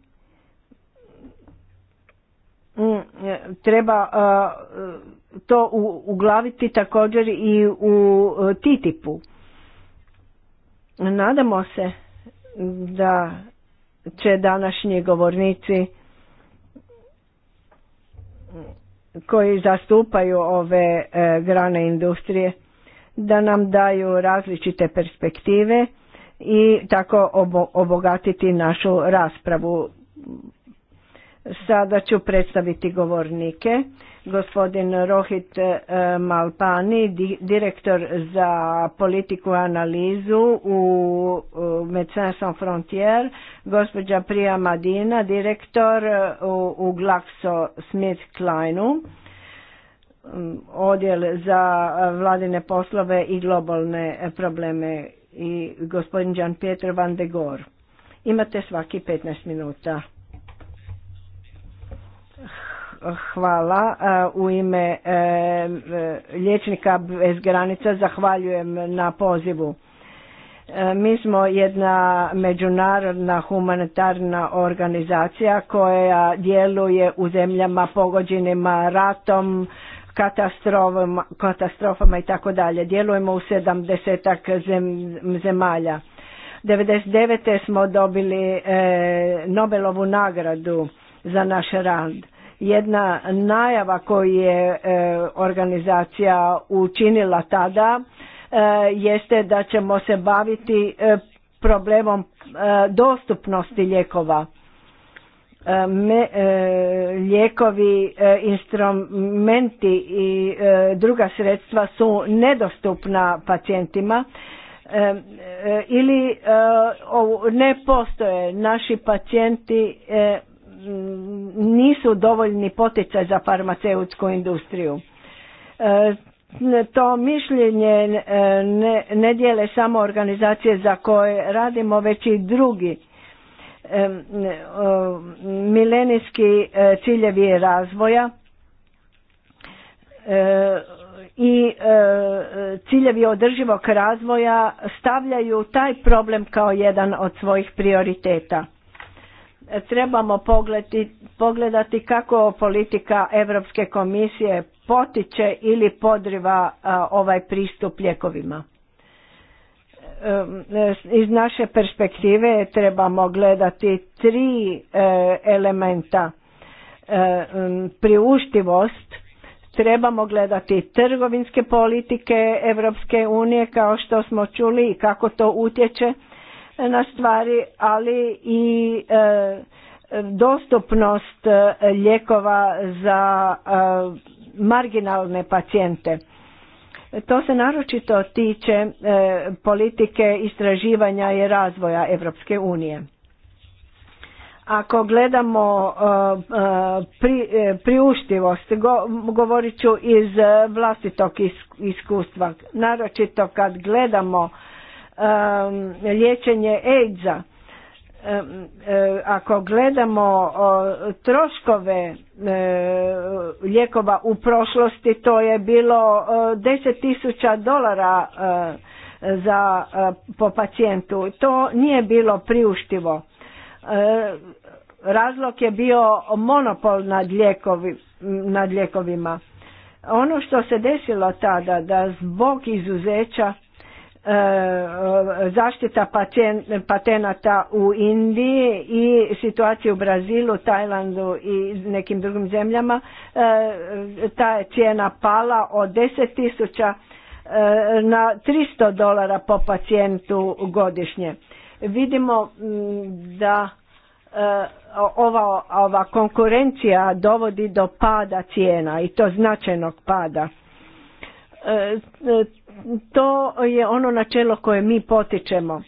mm, treba to uglaviti također i u TTIP-u. Nadamo se da će današnji govornici koji zastupaju ove e, grane industrije da nam daju različite perspektive i tako obogatiti našu raspravu Sada ću predstaviti govornike. Gospodin Rohit eh, Malpani, direktor za politiku analizu u Médecins Sans Frontières, gospođa Prija Madina, direktor eh, u Glaxo Smith Kleinu, mm, odjel za vladine poslove i globalne probleme i gospodin jean Pietro van de Gore. Imate svaki 15 minuta hvala e, u ime e, e, liječnika bez granica zahvaljujem na pozivu mi smo jedna međunarodna humanitarna organizacija koja djeluje u zemljama pogođenima ratom, katastrofama, i tako dalje. Djelujemo u sedamdesetak zemalja. 99. smo dobili Nobelovu nagradu za naš rad. Jedna najava koju je e, organizacija učinila tada e, jeste da ćemo se baviti e, problemom dostupnosti lijekova. Me, lijekovi, instrumenti i druga sredstva su nedostupna pacijentima ili ne postoje. Naši pacijenti nisu dovoljni poticaj za farmaceutsku industriju. E, to mišljenje e, ne, ne dijele samo organizacije za koje radimo, već i drugi e, milenijski ciljevi razvoja i ciljevi održivog razvoja stavljaju taj problem kao jedan od svojih prioriteta trebamo pogledati, pogledati kako politika Europske komisije potiče ili podriva ovaj pristup ljekovima. E, iz naše perspektive trebamo gledati tri e, elementa. E, priuštivost, trebamo gledati trgovinske politike Europske unije kao što smo čuli i kako to utječe na stvari, ali i e, dostupnost e, lijekova za e, marginalne pacijente. To se naročito tiče politike istraživanja i razvoja Europske unije. Ako gledamo priuštivost, govorit ću iz vlastitog iskustva, naročito kad gledamo Um, liječenje AIDS-a. Um, uh, ako gledamo troškove uh, lijekova u prošlosti, to je bilo 10.000 dolara uh, za, po pacijentu. To nije bilo priuštivo. Razlog je bio monopol nad, nad lijekovima. Ono što se desilo tada da zbog izuzeća E, e, zaštita patenata u Indiji i situacija u Brazilu, Tajlandu i nekim drugim zemljama, e, ta je cijena pala od 10.000 na 300 dolara po pacijentu godišnje. Vidimo da ova, ova konkurencija dovodi do pada cijena i to značajnog pada. To je ono načelo koje mi potičemo.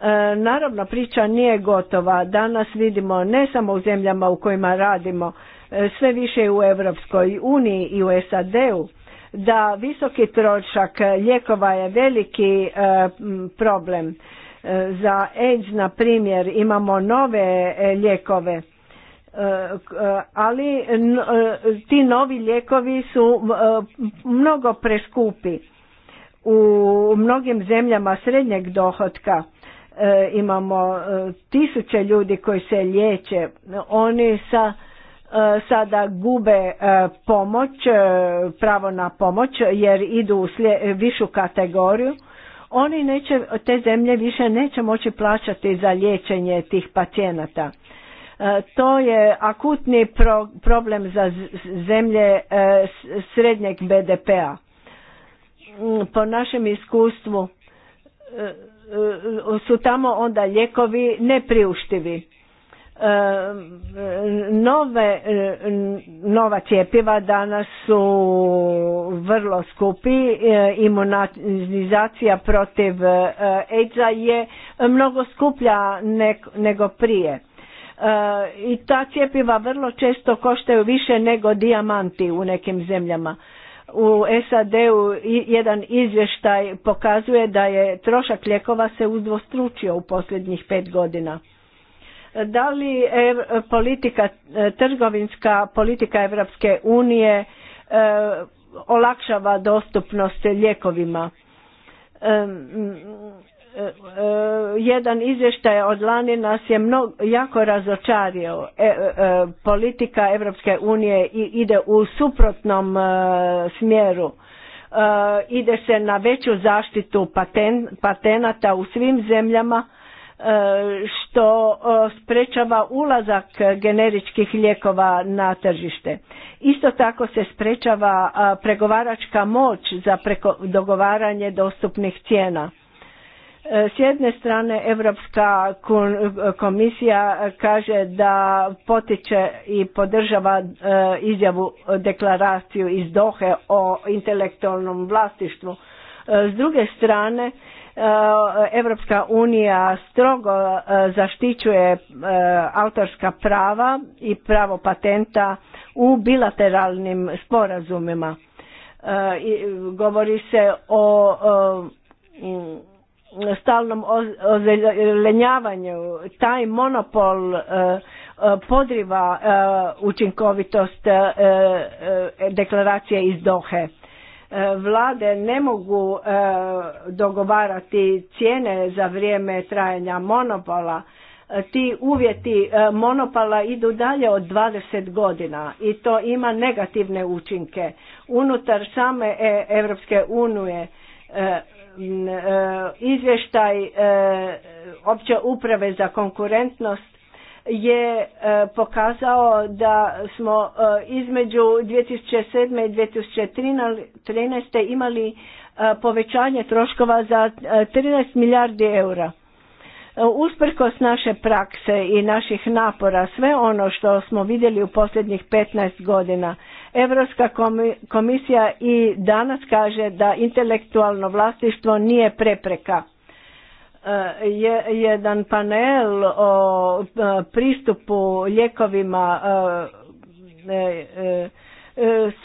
E, naravno, priča nije gotova. Danas vidimo ne samo u zemljama u kojima radimo, e, sve više u Europskoj uniji i u SAD-u, da visoki trošak lijekova je veliki e, problem. Za AIDS, na primjer, imamo nove lijekove Eh, ali eh, ti novi lijekovi su eh, mnogo preskupi. U mnogim zemljama srednjeg dohotka imamo tisuće ljudi koji se liječe. Oni sa, sada gube pomoć, pravo na pomoć jer idu u višu kategoriju. Oni neće, te zemlje više neće moći plaćati za liječenje tih pacijenata E, to je akutni problem za zemlje e, srednjeg BDP-a. Mm, po našem iskustvu e, su tamo onda lijekovi nepriuštivi. Nove, nova cjepiva danas su vrlo skupi, imunizacija protiv AIDS-a je mnogo skuplja nego prije i ta cjepiva vrlo često koštaju više nego dijamanti u nekim zemljama. U SAD-u jedan izvještaj pokazuje da je trošak lijekova se udvostručio u posljednjih pet godina. Da li politika, e, trgovinska politika Europske unije e, olakšava dostupnost lijekovima? E, E, e, jedan izvještaj od lani nas je mnog, jako razočario. E, e politika Europske unije ide u suprotnom smjeru. Ide se na veću zaštitu paten, patenata u svim zemljama što sprečava ulazak generičkih lijekova na tržište. Isto tako se sprečava pregovaračka moć za preko, dogovaranje dostupnih cijena s jedne strane Europska komisija kaže da potiče i podržava e, izjavu deklaraciju iz Dohe o intelektualnom vlasništvu. E, s druge strane Europska unija strogo e, zaštićuje autorska prava i pravo patenta u bilateralnim sporazumima. Govori se o stalnom ozelenjavanju taj monopol e, e, podriva e, učinkovitost deklaracije iz Dohe. Vlade ne mogu dogovarati cijene za vrijeme trajanja monopola. Ti uvjeti monopola idu dalje od 20 godina i to ima negativne učinke. Unutar same Europske unije E, izvještaj e, opće uprave za konkurentnost je e, pokazao da smo između 2007. i 2013. imali povećanje troškova za 13 milijardi eura. Usprkos naše prakse i naših napora, sve ono što smo vidjeli u posljednjih 15 godina, Europska komisija i danas kaže da intelektualno vlasništvo nije prepreka. E, je, jedan panel o e, pristupu ljekovima e,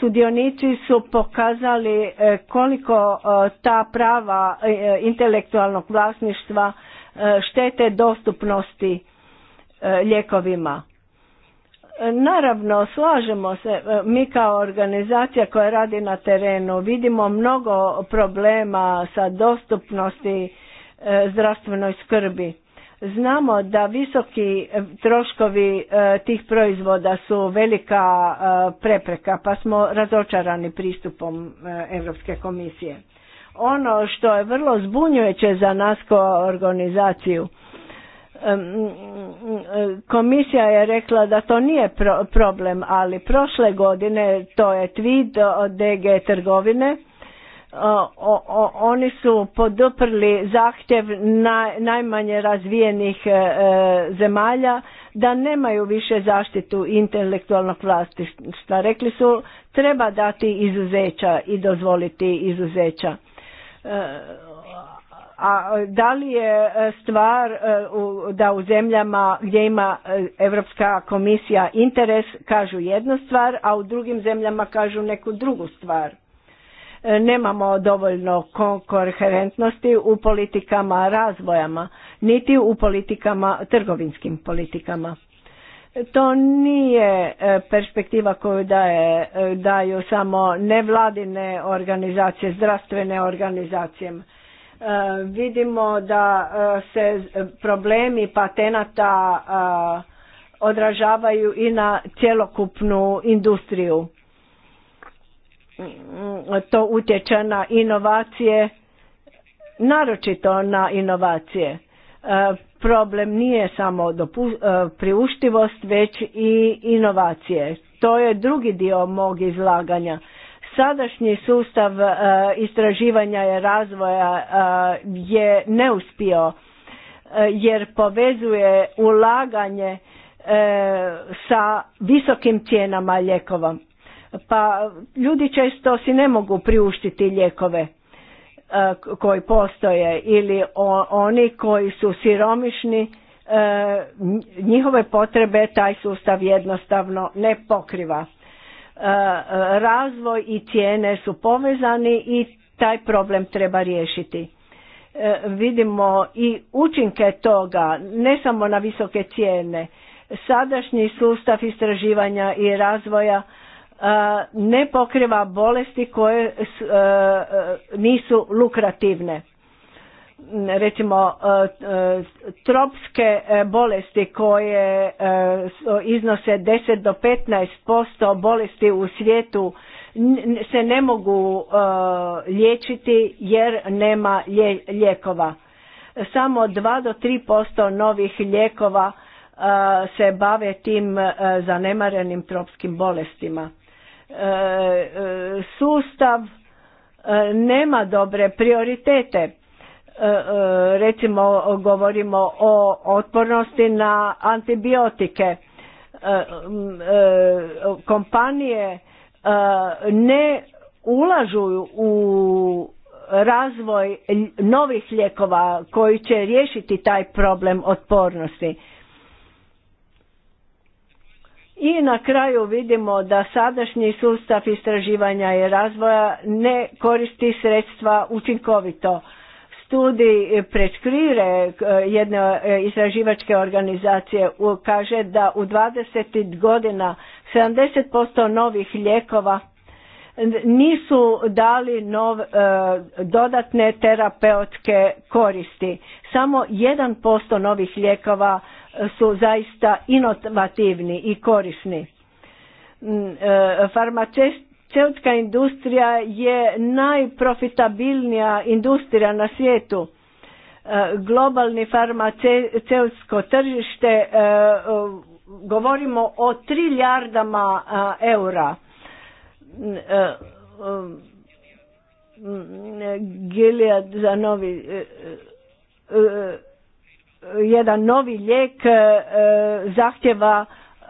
sudionici su pokazali koliko ta prava intelektualnog vlasništva štete dostupnosti e, ljekovima. Naravno, slažemo se, e, mi kao organizacija koja radi na terenu vidimo mnogo problema sa dostupnosti e, zdravstvenoj skrbi. Znamo da visoki troškovi tih proizvoda su velika prepreka, pa smo razočarani pristupom Europske komisije. Ono što je vrlo zbunjujeće za nas kao organizaciju, komisija je rekla da to nije problem, ali prošle godine to je tweet od DG trgovine, oni su poduprli zahtjev najmanje razvijenih e, e, zemalja da nemaju više zaštitu intelektualnog vlasništva. Rekli su treba dati izuzeća i dozvoliti izuzeća a da li je e, stvar e, da u zemljama gdje ima e, Europska komisija interes kažu jednu stvar, a u drugim zemljama kažu neku drugu stvar. Nemamo dovoljno konkurentnosti u politikama razvojama, niti u politikama, trgovinskim politikama. To nije e, perspektiva koju daje, e, daju samo nevladine organizacije, zdravstvene organizacije. E, vidimo da se problemi patenata odražavaju i na cjelokupnu industriju. To utječe na inovacije, naročito na inovacije problem nije samo e, priuštivost, već i inovacije. To je drugi dio mog izlaganja. Sadašnji sustav e, istraživanja i razvoja e, je neuspio jer povezuje ulaganje sa visokim cijenama lijekova. Pa ljudi često si ne mogu priuštiti lijekove E, koji postoje ili oni koji su siromišni e, njihove potrebe taj sustav jednostavno ne pokriva. E, razvoj i cijene su povezani i taj problem treba riješiti. Vidimo i učinke toga, ne samo na visoke cijene. Sadašnji sustav istraživanja i razvoja ne pokriva bolesti koje nisu lukrativne. Recimo tropske e, bolesti koje e, iznose 10 do 15% bolesti u svijetu se ne mogu e, liječiti jer nema lijekova. Samo 2 do 3% novih lijekova se bave tim zanemarenim tropskim bolestima E, sustav e, nema dobre prioritete. E, recimo govorimo o otpornosti na antibiotike. Kompanije ne ulažu u razvoj novih lijekova koji će riješiti taj problem otpornosti i na kraju vidimo da sadašnji sustav istraživanja i razvoja ne koristi sredstva učinkovito. Studij preskrire eh, jedne eh, istraživačke organizacije kaže da u 20 godina 70% novih lijekova nisu dali nov, eh, dodatne terapeutske koristi. Samo 1% novih lijekova su zaista inovativni i korisni. Mm, e, farmaceutska industrija je najprofitabilnija industrija na svijetu. E, globalni farmaceutsko tržište, e, govorimo o trilijardama eura. Mm, mm, Gilead za novi jedan novi lijek e, e, zahtjeva e,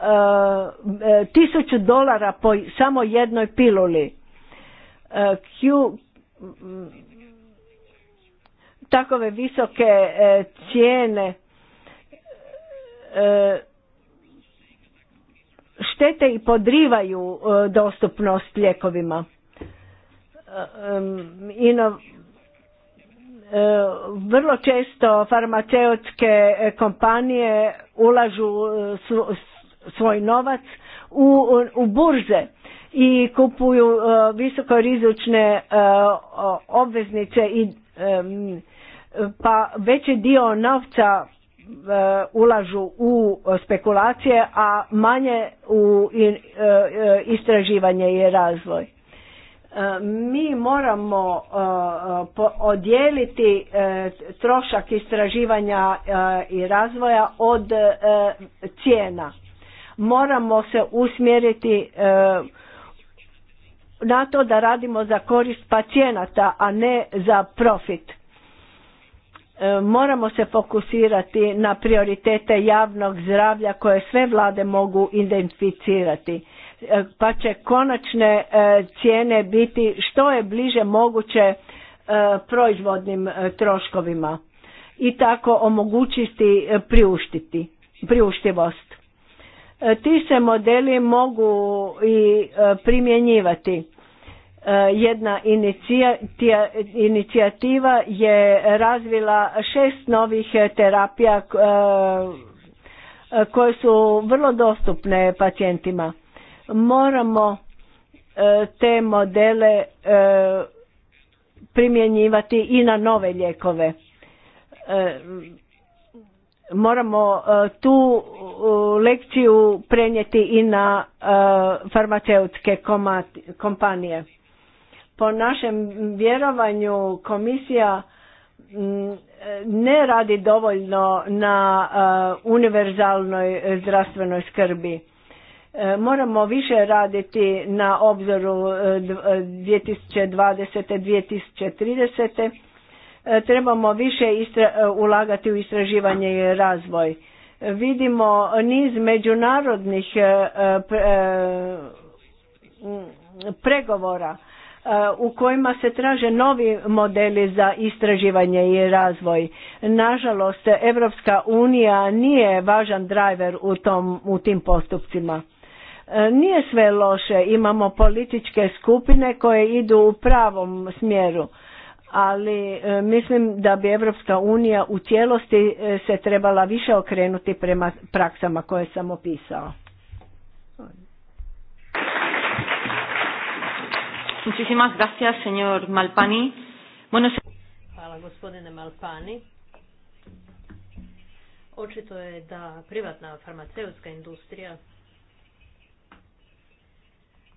tisuću dolara po samo jednoj piluli. takove visoke cijene štete i podrivaju dostupnost lijekovima. E, vrlo često farmaceutske e, kompanije ulažu e, svoj novac u, burze i kupuju rizične obveznice i pa veći dio novca ulažu u spekulacije, a manje u istraživanje i razvoj. E, mi moramo e, odijeliti e, trošak istraživanja i razvoja od cijena. Moramo se usmjeriti na to da radimo za korist pacijenata, a ne za profit. Moramo se fokusirati na prioritete javnog zdravlja koje sve vlade mogu identificirati E, pa će konačne e, cijene biti što je bliže moguće e, proizvodnim troškovima i tako omogućiti priuštiti, priuštivost. Ti se modeli mogu i primjenjivati. Jedna inicijativa je razvila šest novih terapija koje su vrlo dostupne pacijentima moramo e, te modele e, primjenjivati i na nove ljekove. E, moramo tu lekciju prenijeti i na farmaceutske kompanije. Po našem vjerovanju komisija ne radi dovoljno na univerzalnoj zdravstvenoj skrbi E, moramo više raditi na obzoru 2020. E, 2030. E, trebamo više ulagati u istraživanje i razvoj. Vidimo niz međunarodnih pregovora u kojima se traže novi modeli za istraživanje i razvoj. Nažalost, Evropska unija nije važan driver u, tom, u tim postupcima. E, nije sve loše, imamo političke skupine koje idu u pravom smjeru, ali e, mislim da bi Evropska unija u cijelosti e, se trebala više okrenuti prema praksama koje sam opisao. Malpani. Hvala, gospodine Malpani. Očito je da privatna farmaceutska industrija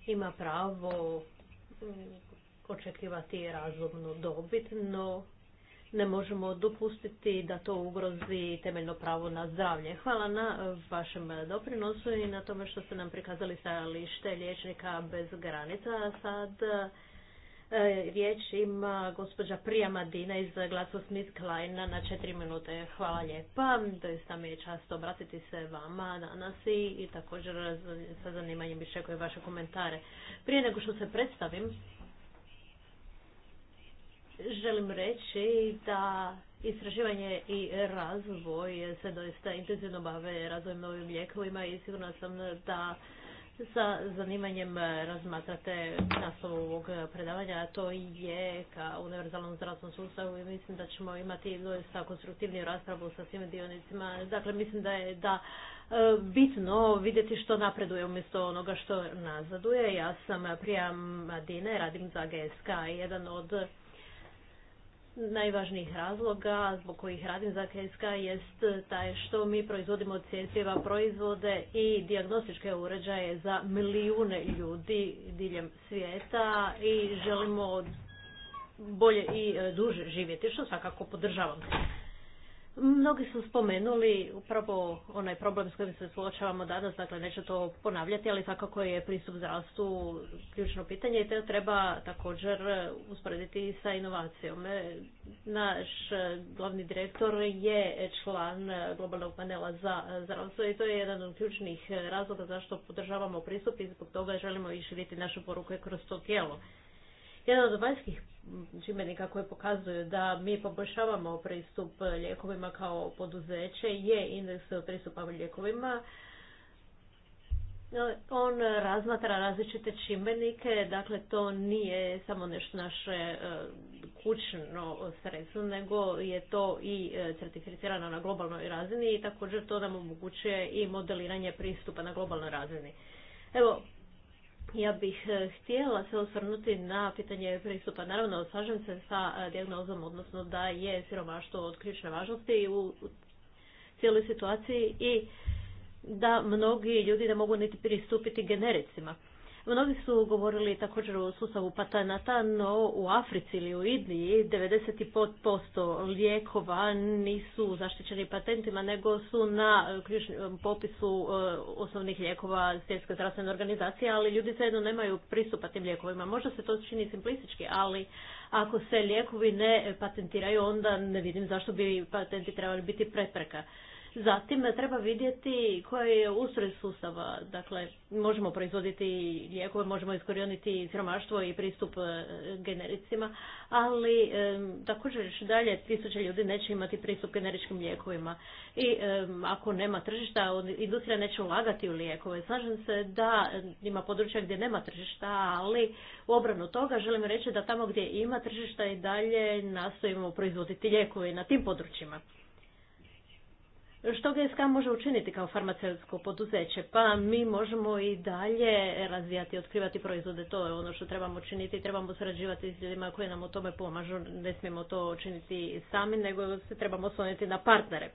ima pravo mm, očekivati razumnu dobit, no ne možemo dopustiti da to ugrozi temeljno pravo na zdravlje. Hvala na vašem doprinosu i na tome što ste nam prikazali stajalište liječnika bez granica. Sad E, riječ ima gospođa Prija Madina iz Glasu Smith Klein na četiri minute. Hvala lijepa. Doista mi je často obratiti se vama danas i, također sa zanimanjem iščekujem vaše komentare. Prije nego što se predstavim, želim reći da istraživanje i razvoj se doista intenzivno bave razvojem novim lijekovima i sigurna sam da sa zanimanjem e, razmatrate naslov ovog predavanja, a to je ka univerzalnom zdravstvenom sustavu i mislim da ćemo imati doista konstruktivniju raspravu sa svim dionicima. Dakle, mislim da je da e, bitno vidjeti što napreduje umjesto onoga što nazaduje. Ja sam Prijam Madine, radim za GSK, jedan od najvažnijih razloga zbog kojih radim za KSK jest taj što mi proizvodimo od proizvode i diagnostičke uređaje za milijune ljudi diljem svijeta i želimo bolje i e, duže živjeti, što svakako podržavam. Mnogi su spomenuli upravo onaj problem s kojim se suočavamo danas, dakle neću to ponavljati, ali svakako je pristup zdravstvu ključno pitanje i to treba također usporediti sa inovacijom. Naš glavni direktor je član globalnog panela za zdravstvo i to je jedan od ključnih razloga zašto podržavamo pristup i zbog toga želimo i širiti našu poruku kroz to tijelo jedan od vanjskih čimbenika koji pokazuju da mi poboljšavamo pristup lijekovima kao poduzeće je indeks pristupa lijekovima. On razmatra različite čimbenike, dakle to nije samo nešto naše e, kućno sredstvo, nego je to i e, certificirano na globalnoj razini i također to nam omogućuje i modeliranje pristupa na globalnoj razini. Evo, ja bih e, htjela se osvrnuti na pitanje pristupa. Naravno, slažem se sa e, dijagnozom, odnosno da je siromaštvo od ključne važnosti u cijeloj situaciji i da mnogi ljudi ne mogu niti pristupiti genericima. Mnogi su govorili također o sustavu patenata, no u Africi ili u Indiji 95% lijekova nisu zaštićeni patentima, nego su na ključnom popisu e, osnovnih lijekova Svjetske zdravstvene organizacije, ali ljudi jedno nemaju pristupa tim lijekovima. Možda se to čini simplistički, ali ako se lijekovi ne patentiraju, onda ne vidim zašto bi patenti trebali biti prepreka. Zatim treba vidjeti koji je ustroj sustava. Dakle, možemo proizvoditi lijekove, možemo iskorioniti siromaštvo i pristup e, genericima, ali e, također još dalje tisuće ljudi neće imati pristup generičkim lijekovima. I e, ako nema tržišta, industrija neće ulagati u lijekove. Slažem se da ima područja gdje nema tržišta, ali u obranu toga želim reći da tamo gdje ima tržišta i dalje nastojimo proizvoditi lijekove na tim područjima. Što GSK može učiniti kao farmaceutsko poduzeće? Pa mi možemo i dalje razvijati, otkrivati proizvode. To je ono što trebamo činiti. Trebamo surađivati s ljudima koji nam u tome pomažu. Ne smijemo to učiniti sami, nego se trebamo osloniti na partnere.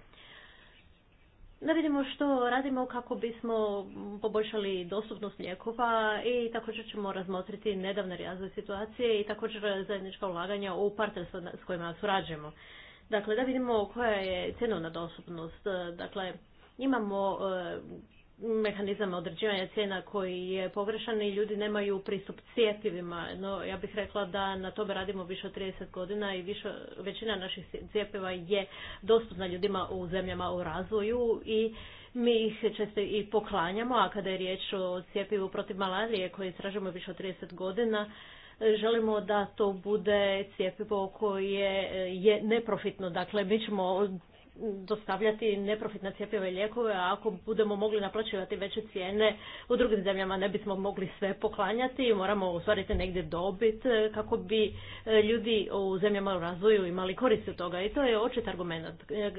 Da vidimo što radimo kako bismo poboljšali dostupnost lijekova i također ćemo razmotriti nedavne razvoj situacije i također zajednička ulaganja u partnerstva s kojima surađujemo. Dakle, da vidimo koja je cenovna dostupnost. E, dakle, imamo e, mehanizam određivanja cijena koji je pogrešan i ljudi nemaju pristup cijepivima. No, ja bih rekla da na tome radimo više od 30 godina i više, većina naših cijepiva je dostupna ljudima u zemljama u razvoju i mi ih često i poklanjamo, a kada je riječ o cijepivu protiv malarije koje istražujemo više od 30 godina, želimo da to bude cijepivo koje je neprofitno. Dakle, mi ćemo dostavljati neprofitne cjepive i lijekove, a ako budemo mogli naplaćivati veće cijene, u drugim zemljama ne bismo mogli sve poklanjati i moramo ostvariti negdje dobit kako bi e, ljudi u zemljama u razvoju imali korist od toga. I to je očit argument.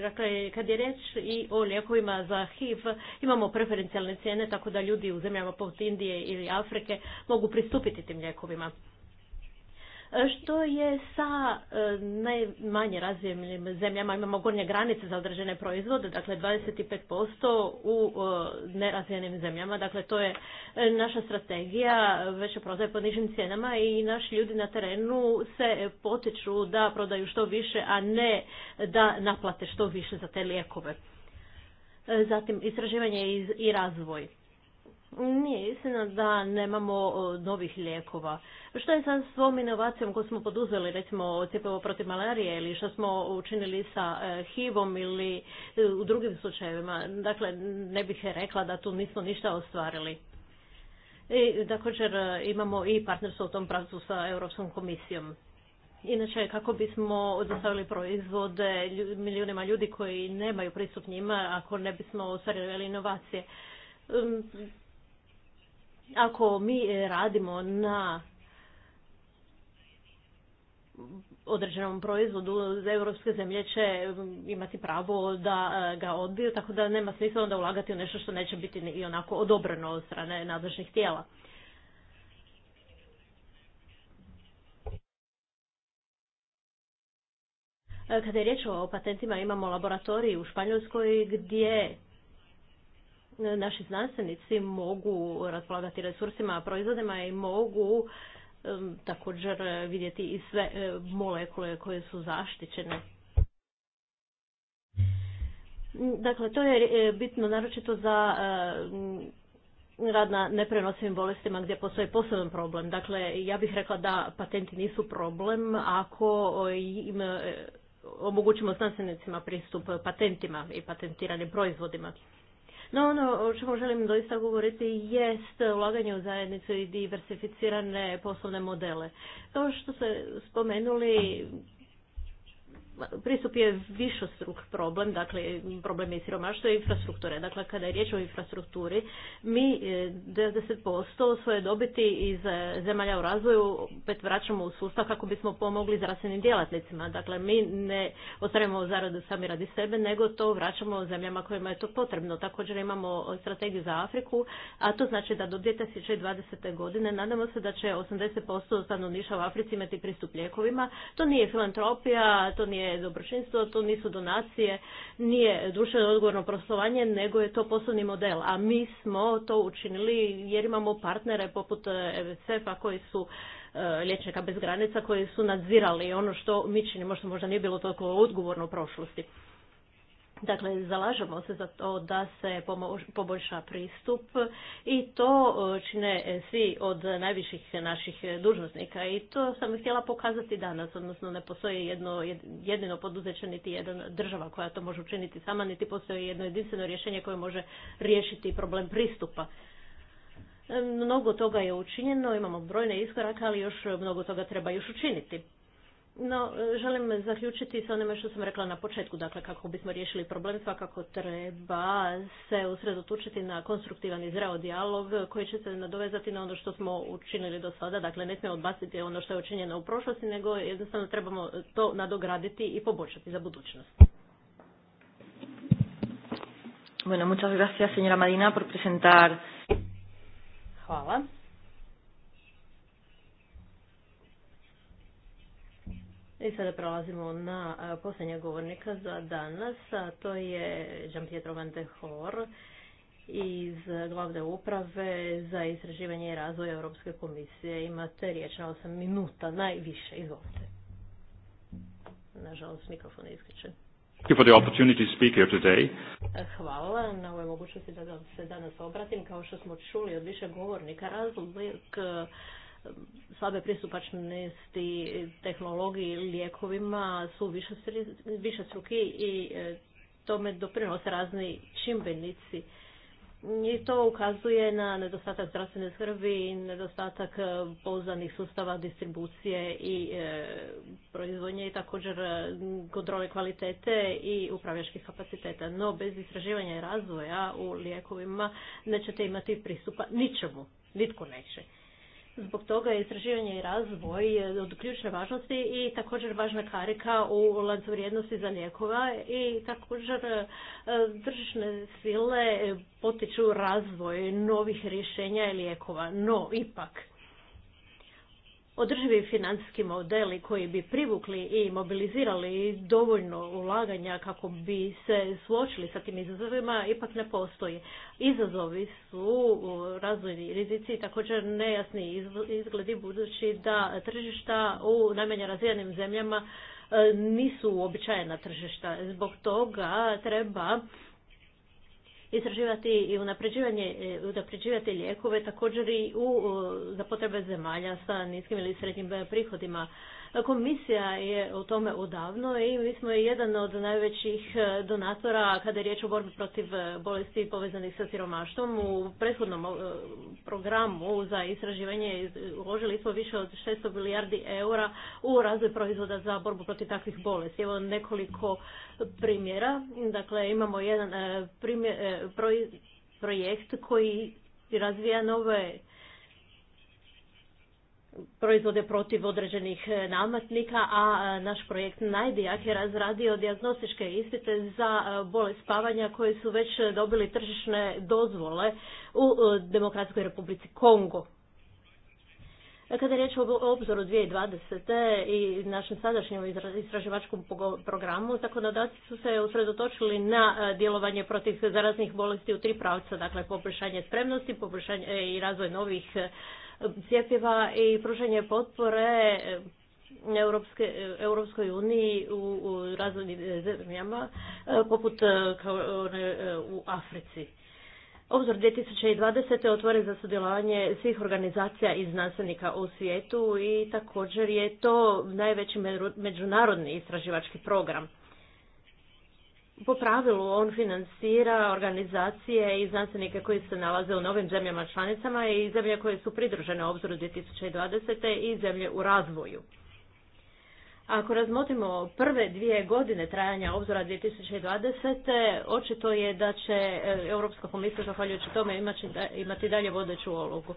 Dakle, kad je riječ i o lijekovima za HIV, imamo preferencijalne cijene tako da ljudi u zemljama poput Indije ili Afrike mogu pristupiti tim lijekovima. Što je sa e, najmanje razvijenim zemljama? Imamo gornje granice za određene proizvode, dakle 25% u e, nerazvijenim zemljama. Dakle, to je e, naša strategija, veća prodaje po nižim cijenama i naši ljudi na terenu se potiču da prodaju što više, a ne da naplate što više za te lijekove. Zatim, istraživanje i razvoj. Nije istina da nemamo novih lijekova. Što je sa svom inovacijom koju smo poduzeli, recimo cjepivo protiv malarije ili što smo učinili sa e, HIV-om ili e, u drugim slučajevima? Dakle, ne bih rekla da tu nismo ništa ostvarili. I također e, imamo i partnerstvo u tom pravcu sa Europskom komisijom. Inače, kako bismo dostavili proizvode milijunima ljudi koji nemaju pristup njima, ako ne bismo ostvarili inovacije. Ako mi radimo na određenom proizvodu za europske zemlje će mm, imati pravo da e, ga odbiju, tako da nema smisla onda ulagati u nešto što neće biti i onako odobreno od strane nadležnih tijela. E, kada je riječ o patentima, imamo laboratorij u Španjolskoj gdje e, naši znanstvenici mogu raspolagati resursima, proizvodima i mogu također e, vidjeti i sve e, molekule koje su zaštićene. Dakle, to je e, bitno naročito za rad na neprenosivim bolestima gdje postoji poseban problem. Dakle, ja bih rekla da patenti nisu problem ako im omogućimo znanstvenicima pristup patentima i patentiranim proizvodima. No ono o čemu želim doista govoriti jest ulaganje u zajednicu i diversificirane poslovne modele. To što ste spomenuli pristup je višostruk problem, dakle problem je siromaštvo i infrastrukture. Dakle, kada je riječ o infrastrukturi, mi 90% e, svoje dobiti iz e, zemalja u razvoju opet vraćamo u sustav kako bismo pomogli zdravstvenim djelatnicima. Dakle, mi ne ostvarujemo zaradu sami radi sebe, nego to vraćamo zemljama kojima je to potrebno. Također imamo strategiju za Afriku, a to znači da do 2020. godine nadamo se da će 80% stanovništva u Africi imati pristup lijekovima. To nije filantropija, to nije nije dobročinstvo, to nisu donacije, nije društveno odgovorno poslovanje, nego je to poslovni model. A mi smo to učinili jer imamo partnere poput EVCF-a eh, koji su eh, liječnika bez granica koji su nadzirali ono što mi činimo, što možda nije bilo toliko odgovorno u prošlosti. Dakle, zalažemo se za to da se poboljša pristup i to e, čine e, svi od najviših naših dužnosnika i to sam htjela pokazati danas, odnosno ne postoji jedno, jedino poduzeće niti jedna država koja to može učiniti sama, niti postoji jedno jedinstveno rješenje koje može riješiti problem pristupa. E, mnogo toga je učinjeno, imamo brojne iskorake, ali još mnogo toga treba još učiniti. No, želim zaključiti sa onime što sam rekla na početku, dakle kako bismo riješili problem svakako treba se usredotočiti na konstruktivan i zdrav dijalog koji će se nadovezati na ono što smo učinili do sada, dakle ne smijemo odbaciti ono što je učinjeno u prošlosti, nego jednostavno trebamo to nadograditi i poboljšati za budućnost. Bueno, muchas gracias señora Marina por presentar. Hvala. I sada prelazimo na e, posljednjeg govornika za danas, a to je Jean Pietro Van de Hoor iz glavne uprave za istraživanje i razvoj Europske komisije. Imate riječ na 8 minuta, najviše, izvolite. Nažalost, mikrofon je isključen. Hvala na ovoj mogućnosti da se danas obratim. Kao što smo čuli od više govornika, razlog slabe pristupačnosti tehnologiji lijekovima su više, više struki i e, tome doprinose razni čimbenici. I to ukazuje na nedostatak zdravstvene skrbi i nedostatak e, pouzdanih sustava distribucije i e, proizvodnje i također kontrole kvalitete i upravljačkih kapaciteta. No, bez istraživanja i razvoja u lijekovima nećete imati pristupa ničemu. Nitko neće. Zbog toga je istraživanje i razvoj od ključne važnosti i također važna karika u lancu vrijednosti za lijekova i također držišne e, sile potiču razvoj novih rješenja i lijekova. No, ipak, održivi financijski modeli koji bi privukli i mobilizirali dovoljno ulaganja kako bi se suočili sa tim izazovima ipak ne postoji. Izazovi su razvojni rizici također nejasni izgledi budući da tržišta u najmanje razvijenim zemljama e, nisu uobičajena tržišta. Zbog toga treba istraživati i e, unapređivati lijekove također i u, za potrebe zemalja sa niskim ili srednjim e, prihodima. Komisija je o tome odavno i mi smo jedan od najvećih e, donatora kada je riječ o borbi protiv e, bolesti povezanih sa siromaštvom. U prethodnom e, programu za istraživanje uložili smo više od 600 milijardi eura u razvoj proizvoda za borbu protiv takvih bolesti. Evo nekoliko primjera. Dakle, imamo jedan projekt koji razvija nove proizvode protiv određenih e, namatnika, a e, naš projekt Najdijak je razradio diagnostičke ispite za e, bolest spavanja koje su već dobili tržišne dozvole u Demokratskoj republici Kongo. Kada je riječ o obzoru 2020. i našem sadašnjem istraživačkom programu, zakonodavci su se usredotočili na djelovanje protiv zaraznih bolesti u tri pravca, dakle poboljšanje spremnosti poboljšanje i razvoj novih cjepiva i pružanje potpore eh, Europske, eh, Europskoj uniji u, razvojnim zemljama, eh, poput u Africi. Obzor 2020. je otvoren za sudjelovanje svih organizacija i znanstvenika u svijetu i također je to najveći međunarodni istraživački program po pravilu on financira organizacije i znanstvenike koji se nalaze u novim zemljama članicama i zemlje koje su pridružene obzoru 2020. i zemlje u razvoju. Ako razmotimo prve dvije godine trajanja obzora 2020. očito je da će e, Europska komisija zahvaljujući tome imati dalje vodeću ulogu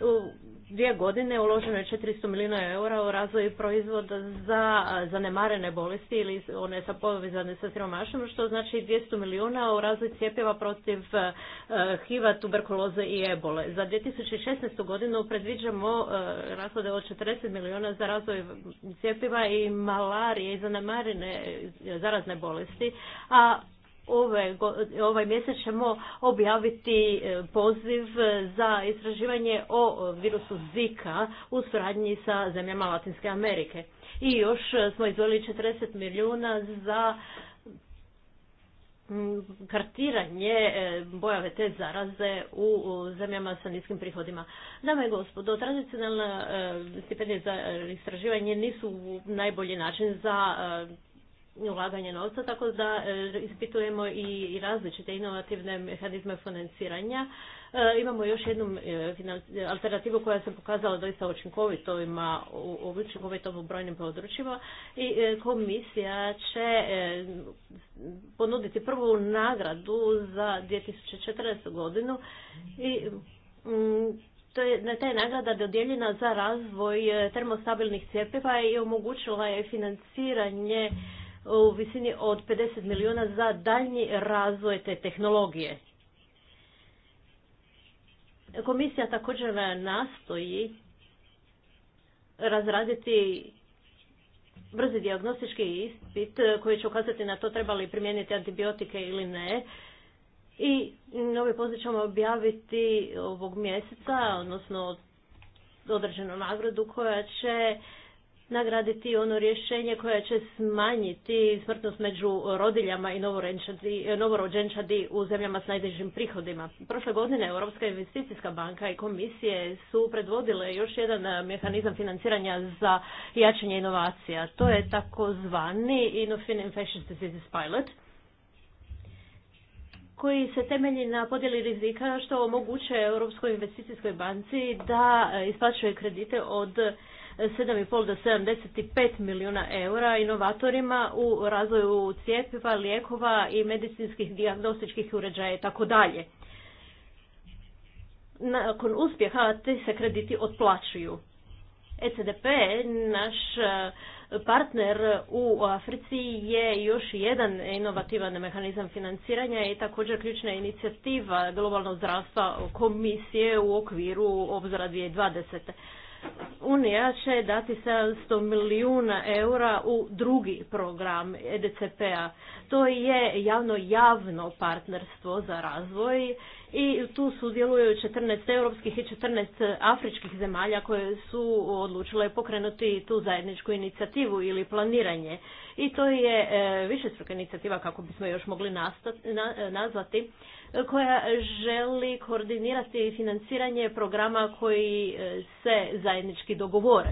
u dvije godine uloženo je 400 milijuna eura u razvoj proizvoda za zanemarene bolesti ili one sa povezane sa siromašom, što znači 200 milijuna u razvoj cijepiva protiv e, HIV-a, tuberkuloze i ebole. Za 2016. godinu predviđamo e, rashode od 40 milijuna za razvoj cijepiva i malarije i zanemarene zarazne bolesti, a ove, ovaj mjesec ćemo objaviti e, poziv za istraživanje o virusu Zika u suradnji sa zemljama Latinske Amerike. I još smo izvojili 40 milijuna za kartiranje e, bojave te zaraze u zemljama sa niskim prihodima. Dame i gospodo, tradicionalna e, stipendije za istraživanje nisu najbolji način za ulaganje novca, tako da e, ispitujemo i različite inovativne mehanizme financiranja. E, imamo još jednu e, alternativu koja se pokazala doista učinkovitovima, učinkovitom u brojnim područjima i komisija će ponuditi prvu nagradu za 2014. godinu i mm, to je, ta je nagrada dodijeljena za razvoj termostabilnih cjepiva i omogućila je financiranje u visini od 50 milijuna za daljnji razvoj te tehnologije. Komisija također nastoji razraditi brzi dijagnostički ispit koji će ukazati na to treba li primijeniti antibiotike ili ne. I novi poziv ćemo objaviti ovog mjeseca, odnosno određenu nagradu koja će nagraditi ono rješenje koje će smanjiti smrtnost među rodiljama i novorođenčadi u zemljama s najnižim prihodima. Prošle godine Europska investicijska banka i komisije su predvodile još jedan eh, mehanizam financiranja za jačanje inovacija. To je takozvani Innofin Infectious Diseases Pilot koji se temelji na podjeli rizika što omogućuje Europskoj investicijskoj banci da eh, isplaćuje kredite od 7,5 do 75 milijuna eura inovatorima u razvoju cijepiva, lijekova i medicinskih dijagnostičkih uređaja i tako dalje. Nakon uspjeha ti se krediti otplaćuju. ECDP, naš e, partner u Africi je još jedan inovativan mehanizam financiranja i također ključna inicijativa globalnog zdravstva komisije u okviru obzora 2020. Unija će dati 700 milijuna eura u drugi program EDCP-a. To je javno-javno partnerstvo za razvoj i tu sudjeluju 14 europskih i 14 afričkih zemalja koje su odlučile pokrenuti tu zajedničku inicijativu ili planiranje. I to je e, višestruka inicijativa kako bismo još mogli nazvati koja želi koordinirati financiranje programa koji e, se zajednički dogovore.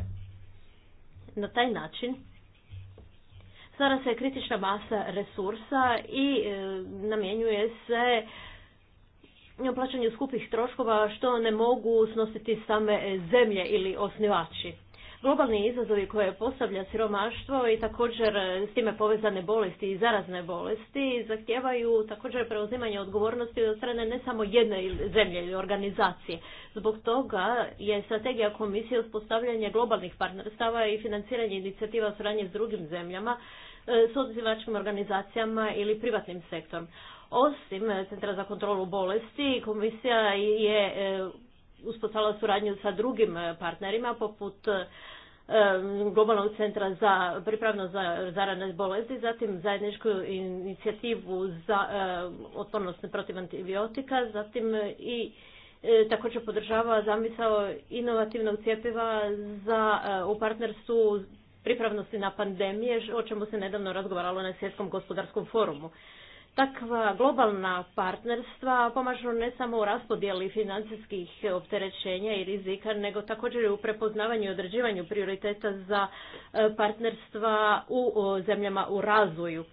Na taj način stvara se kritična masa resursa i e, namjenjuje se plaćanju skupih troškova što ne mogu snositi same zemlje ili osnivači globalni izazovi koje postavlja siromaštvo i također e, s time povezane bolesti i zarazne bolesti zahtijevaju također preuzimanje odgovornosti od strane ne samo jedne zemlje ili organizacije. Zbog toga je strategija komisije uspostavljanje globalnih partnerstava i financiranje inicijativa u s drugim zemljama, e, s odzivačkim organizacijama ili privatnim sektorom. Osim e, Centra za kontrolu bolesti, komisija je uspostavila suradnju sa drugim partnerima poput globalnog centra za pripravno za zaradne bolesti, zatim zajedničku inicijativu za otpornost protiv antibiotika, zatim i e, također podržava zamisao inovativnog cjepiva za e, u partnerstvu pripravnosti na pandemije, o čemu se nedavno razgovaralo na Svjetskom gospodarskom forumu. Takva globalna partnerstva pomažu ne samo u raspodjeli financijskih opterećenja i rizika, nego također i u prepoznavanju i određivanju prioriteta za e, partnerstva u zemljama u razvoju.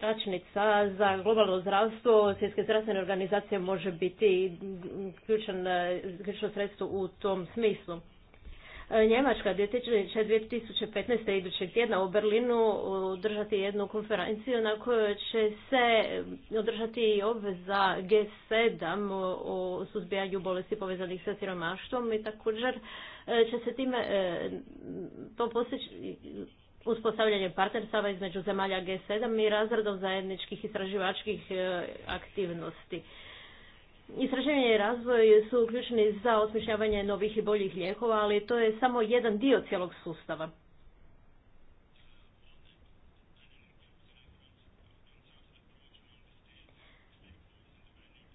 Račnica za globalno zdravstvo Svjetske zdravstvene organizacije može biti e, ključno sredstvo u tom smislu. Njemačka 2015. idućeg tjedna u Berlinu održati jednu konferenciju na kojoj će se održati i obveza G7 o suzbijanju bolesti povezanih sa siromaštvom i također e, će se time e, to postići uspostavljanje partnerstava između zemalja G7 i razradom zajedničkih istraživačkih e, aktivnosti. Istraživanje i razvoj su uključeni za osmišljavanje novih i boljih lijekova, ali to je samo jedan dio cijelog sustava.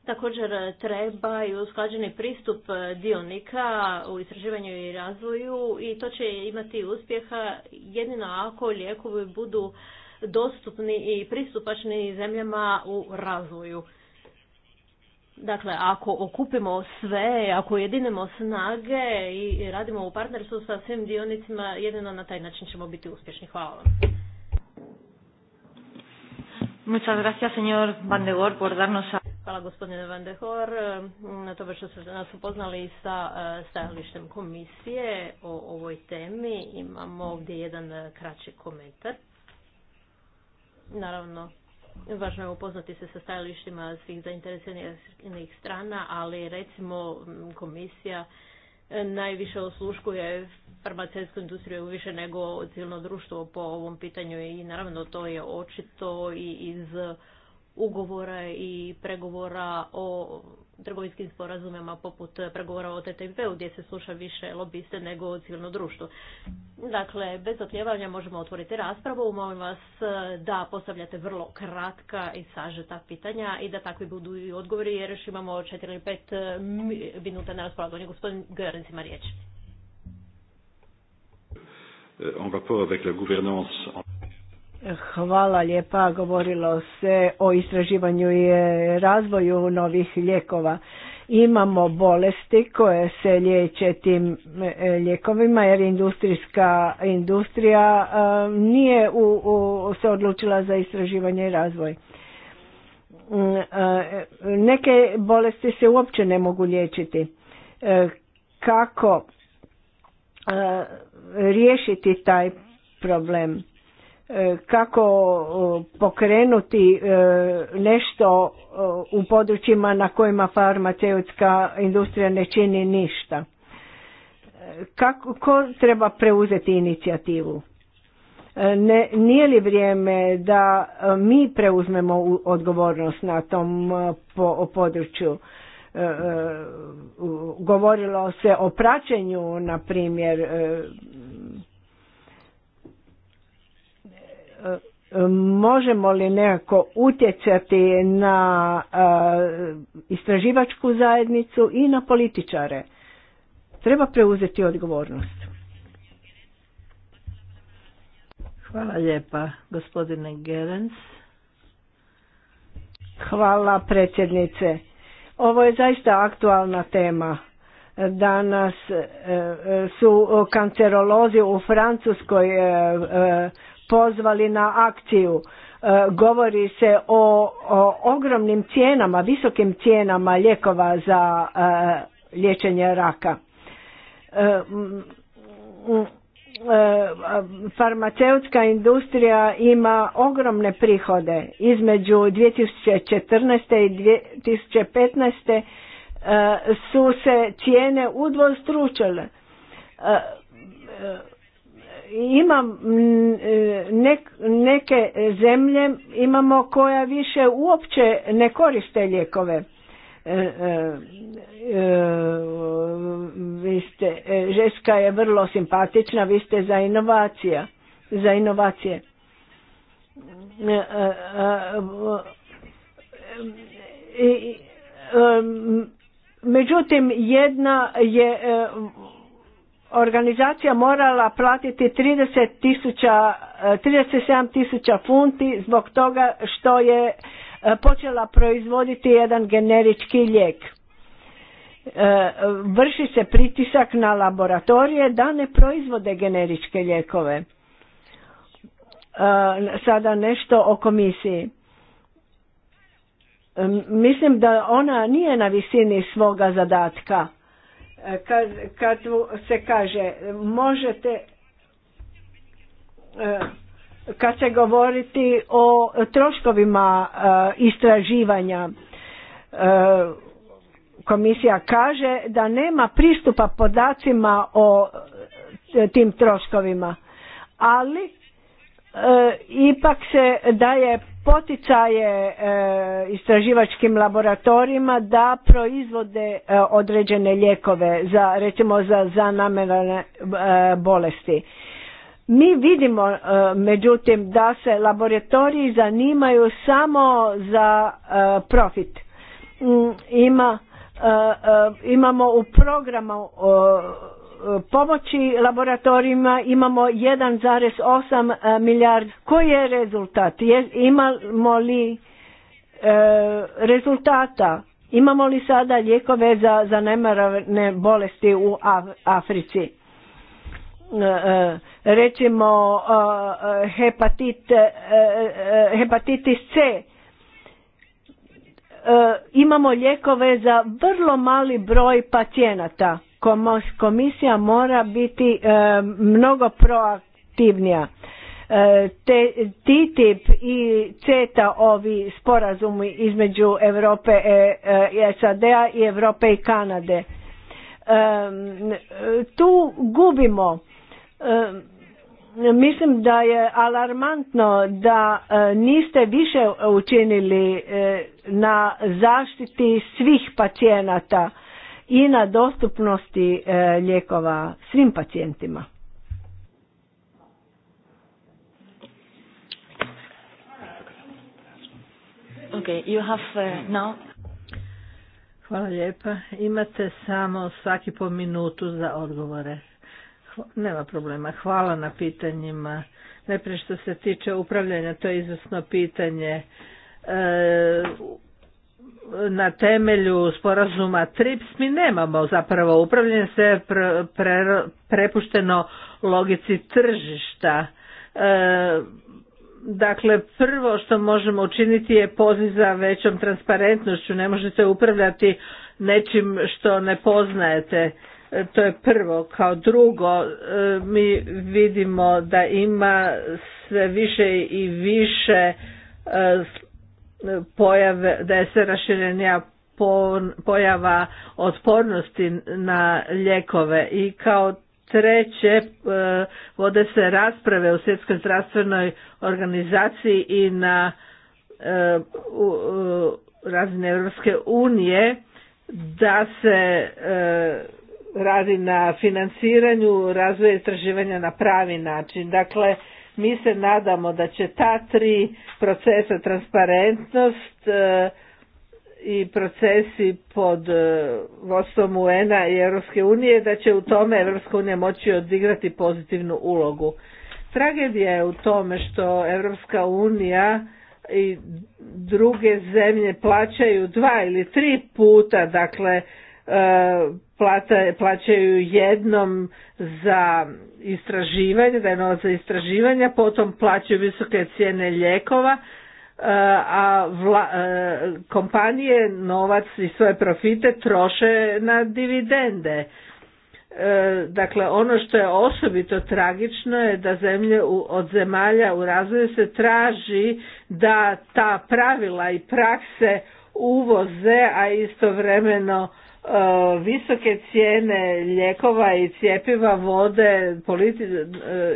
Također treba i usklađeni pristup dionika u istraživanju i razvoju i to će imati uspjeha jedino ako lijekovi budu dostupni i pristupačni zemljama u razvoju. Dakle, ako okupimo sve, ako jedinemo snage i radimo u partnerstvu sa svim dionicima, jedino na taj način ćemo biti uspješni. Hvala vam. Hvala gospodine Van de Hoor. Mm, na tome što ste nas upoznali sa e, stajalištem komisije o ovoj temi. Imamo ovdje jedan e, kraći komentar. Naravno, Važno je upoznati se sa stajalištima svih zainteresiranih strana, ali recimo komisija e, najviše osluškuje farmaceutsku industriju više nego civilno društvo po ovom pitanju i naravno to je očito i iz ugovora i pregovora o trgovinskim sporazumima poput pregovora o TTIP-u gdje se sluša više lobiste nego civilno društvo. Dakle, bez otljevanja možemo otvoriti raspravu. Molim vas e, da postavljate vrlo kratka i sažeta pitanja i da takvi budu i odgovori jer još imamo 4 ili 5 e, minuta na raspravu. Gospodin Görens ima riječ. E, Hvala lijepa. Govorilo se o istraživanju i razvoju novih lijekova. Imamo bolesti koje se liječe tim e, lijekovima jer industrijska industrija e, nije u, u, se odlučila za istraživanje i razvoj. Mm, e, neke bolesti se uopće ne mogu liječiti. Kako riješiti taj problem? E, kako e, pokrenuti e, nešto u područjima na kojima farmaceutska industrija ne čini ništa. Kako, ko treba preuzeti inicijativu? Ne, nije li vrijeme da mi preuzmemo odgovornost na tom po, području? govorilo se o praćenju, na primjer, možemo li nekako utjecati na e, istraživačku zajednicu i na političare. Treba preuzeti odgovornost. Hvala lijepa, gospodine Gerens. Hvala predsjednice. Ovo je zaista aktualna tema. Danas e, e, su kancerolozi u Francuskoj pozvali na akciju. E, govori se o, ogromnim cijenama, visokim cijenama lijekova za e, liječenje raka. E, farmaceutska industrija ima ogromne prihode. Između 2014. i 2015 su se cijene udvostručile imam e, neke zemlje imamo koja više uopće ne koriste lijekove e, e, vi Žeska je vrlo simpatična vi ste za inovacija za inovacije međutim jedna je organizacija morala platiti 30 e, sedam tisuća funti zbog toga što je e, počela proizvoditi jedan generički lijek. E, vrši se pritisak na laboratorije da ne proizvode generičke lijekove. Sada nešto o komisiji. Mislim da ona nije na visini svoga zadatka kad, kad se kaže možete e, kad se govoriti o troškovima e, istraživanja e, komisija kaže da nema pristupa podacima o tim troškovima ali ipak se daje poticaje e, istraživačkim laboratorijima da proizvode e, određene lijekove za recimo za e, bolesti. Mi vidimo e, međutim da se laboratoriji zanimaju samo za profit. Mm, ima, imamo u programu pomoći laboratorijima imamo 1,8 e, milijardi. Koji je rezultat? Imamo li e, rezultata? Imamo li sada lijekove za nemaravne bolesti u Africi? E, recimo hepatit, hepatitis C. Imamo lijekove za vrlo mali broj pacijenata Komisija mora biti e, mnogo proaktivnija. E, te, TTIP i CETA ovi sporazumi između Europe i e, SAD-a i Europe i Kanade. Tu gubimo. Mislim da je alarmantno da niste više učinili na zaštiti svih pacijenata i na dostupnosti e, lijekova svim pacijentima. Okay, you have uh, now. Hvala lijepa. Imate samo svaki po minutu za odgovore. Nema problema. Hvala na pitanjima. Najprije što se tiče upravljanja, to je izvrsno pitanje. E, na temelju sporazuma TRIPS mi nemamo zapravo upravljanje sve pre, prepušteno logici tržišta. E, dakle, prvo što možemo učiniti je poziv za većom transparentnošću. Ne možete upravljati nečim što ne poznajete. E, to je prvo. Kao drugo, e, mi vidimo da ima sve više i više pojave, da je sve raširenija pojava otpornosti na ljekove i kao treće e, vode se rasprave u svjetskoj zdravstvenoj organizaciji i na e, razine Europske unije da se e, radi na financiranju razvoja istraživanja na pravi način. Dakle, mi se nadamo da će ta tri procesa transparentnost e, i procesi pod e, vodstvom UN-a i Europske unije da će u tome Europska unija moći odigrati pozitivnu ulogu. Tragedija je u tome što Europska unija i druge zemlje plaćaju dva ili tri puta, dakle plata, plaćaju jednom za istraživanje, da je novac za istraživanja, potom plaćaju visoke cijene lijekova, e, a vla, e, kompanije novac i svoje profite troše na dividende. E, dakle, ono što je osobito tragično je da zemlje od zemalja u razvoju se traži da ta pravila i prakse uvoze, a istovremeno Eh, visoke cijene lijekova i cijepiva vode politi, eh,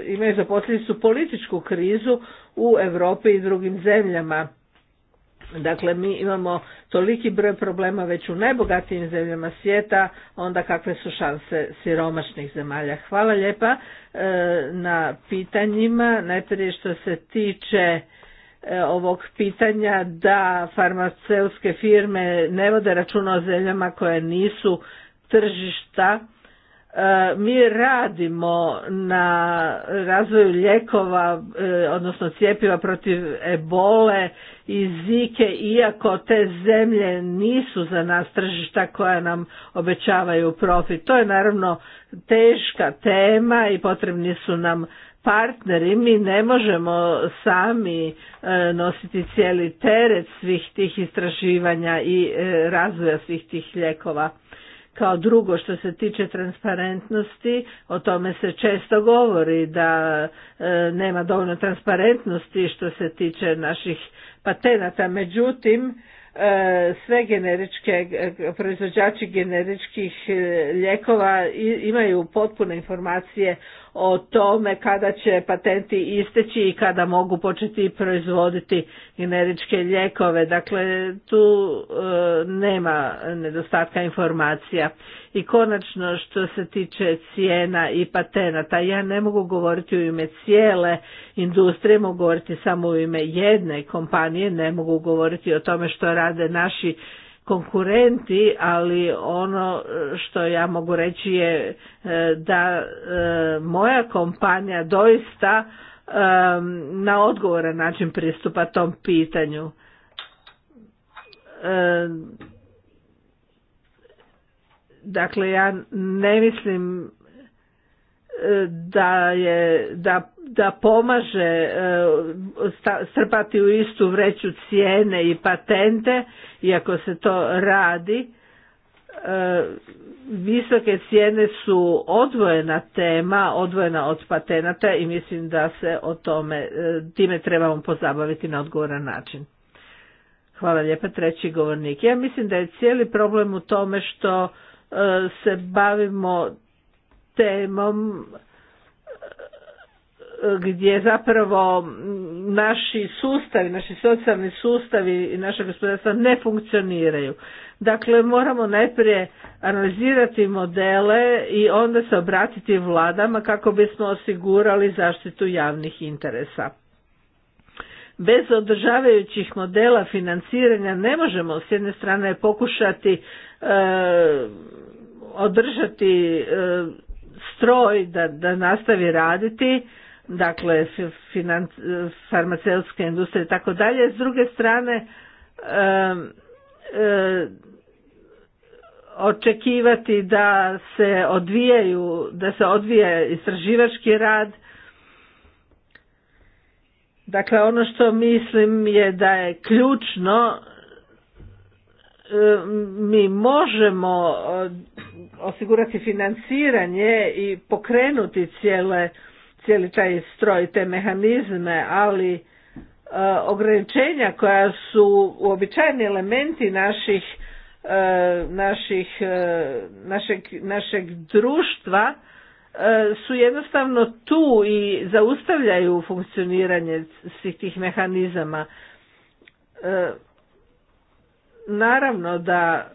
imaju za posljedicu političku krizu u Europi i drugim zemljama. Dakle, mi imamo toliki broj problema već u najbogatijim zemljama svijeta, onda kakve su šanse siromašnih zemalja. Hvala lijepa eh, na pitanjima. Najprije što se tiče E, ovog pitanja da farmaceutske firme ne vode računa o zemljama koje nisu tržišta. E, mi radimo na razvoju lijekova, e, odnosno cijepiva protiv ebole i zike, iako te zemlje nisu za nas tržišta koja nam obećavaju profit. To je naravno teška tema i potrebni su nam partneri, mi ne možemo sami e, nositi cijeli teret svih tih istraživanja i e, razvoja svih tih lijekova. Kao drugo što se tiče transparentnosti, o tome se često govori da e, nema dovoljno transparentnosti što se tiče naših patenata, međutim sve generičke, proizvođači generičkih ljekova imaju potpune informacije o tome kada će patenti isteći i kada mogu početi proizvoditi generičke lijekove. Dakle, tu e, nema nedostatka informacija. I konačno što se tiče cijena i patenata, ja ne mogu govoriti u ime cijele industrije, mogu govoriti samo u ime jedne kompanije, ne mogu govoriti o tome što rade naši konkurenti, ali ono e, što ja mogu reći je e, da e, moja kompanija doista na odgovoran način pristupa tom pitanju. Dakle, ja ne mislim da je da da pomaže e, strpati u istu vreću cijene i patente, iako se to radi, e, visoke cijene su odvojena tema, odvojena od patenata i mislim da se o tome, e, time trebamo pozabaviti na odgovoran način. Hvala lijepa, treći govornik. Ja mislim da je cijeli problem u tome što se bavimo temom gdje zapravo naši sustavi, naši socijalni sustavi i naša gospodarstva ne funkcioniraju. Dakle, moramo najprije analizirati modele i onda se obratiti vladama kako bismo osigurali zaštitu javnih interesa. Bez održavajućih modela financiranja ne možemo s jedne strane pokušati e, održati e, stroj da nastavi raditi, dakle finan, farmaceutske industrije i tako dalje. S druge strane očekivati da se odvijaju, da se odvija istraživački rad. Dakle, ono što mislim je da je ključno mi možemo eh, osigurati financiranje i pokrenuti cijele cijeli taj stroj, te mehanizme, ali e, ograničenja koja su uobičajeni elementi naših, e, naših, e, našeg, našeg društva su jednostavno tu i zaustavljaju funkcioniranje svih tih mehanizama. Naravno da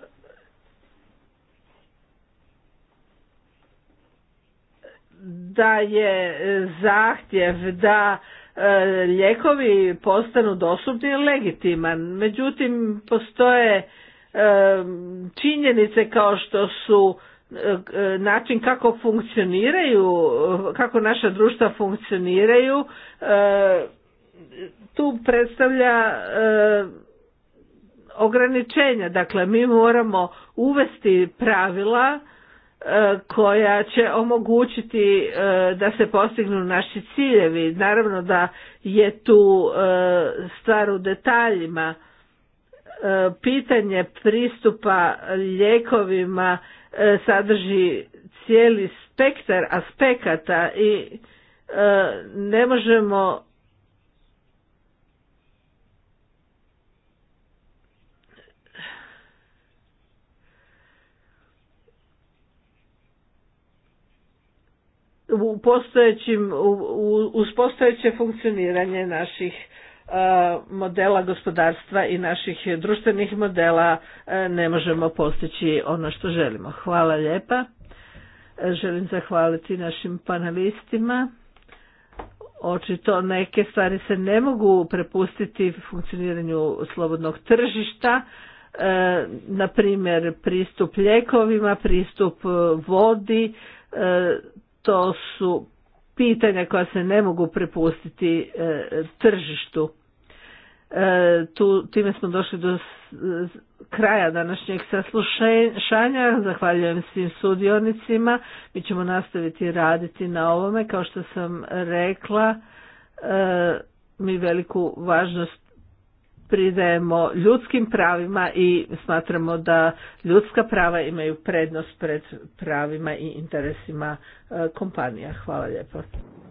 da je e, zahtjev da e, lijekovi postanu dostupni legitiman. Međutim, postoje e, činjenice kao što su način kako funkcioniraju, kako naša društva funkcioniraju, tu predstavlja ograničenja. Dakle, mi moramo uvesti pravila koja će omogućiti e, da se postignu naši ciljevi. Naravno da je tu e, stvar u detaljima. E, pitanje pristupa ljekovima sadrži cijeli spektar aspekata i ne možemo u postojećim, u, uz postojeće funkcioniranje naših e, modela gospodarstva i naših društvenih modela e, ne možemo postići ono što želimo. Hvala lijepa. E, želim zahvaliti našim panelistima. Očito neke stvari se ne mogu prepustiti funkcioniranju slobodnog tržišta, na primjer pristup ljekovima, pristup vodi, to su pitanja koja se ne mogu prepustiti e, tržištu. E, tu, time smo došli do kraja današnjeg saslušanja. Zahvaljujem svim sudionicima. Mi ćemo nastaviti raditi na ovome. Kao što sam rekla, e, mi veliku važnost pridajemo ljudskim pravima i smatramo da ljudska prava imaju prednost pred pravima i interesima e, kompanija. Hvala lijepo.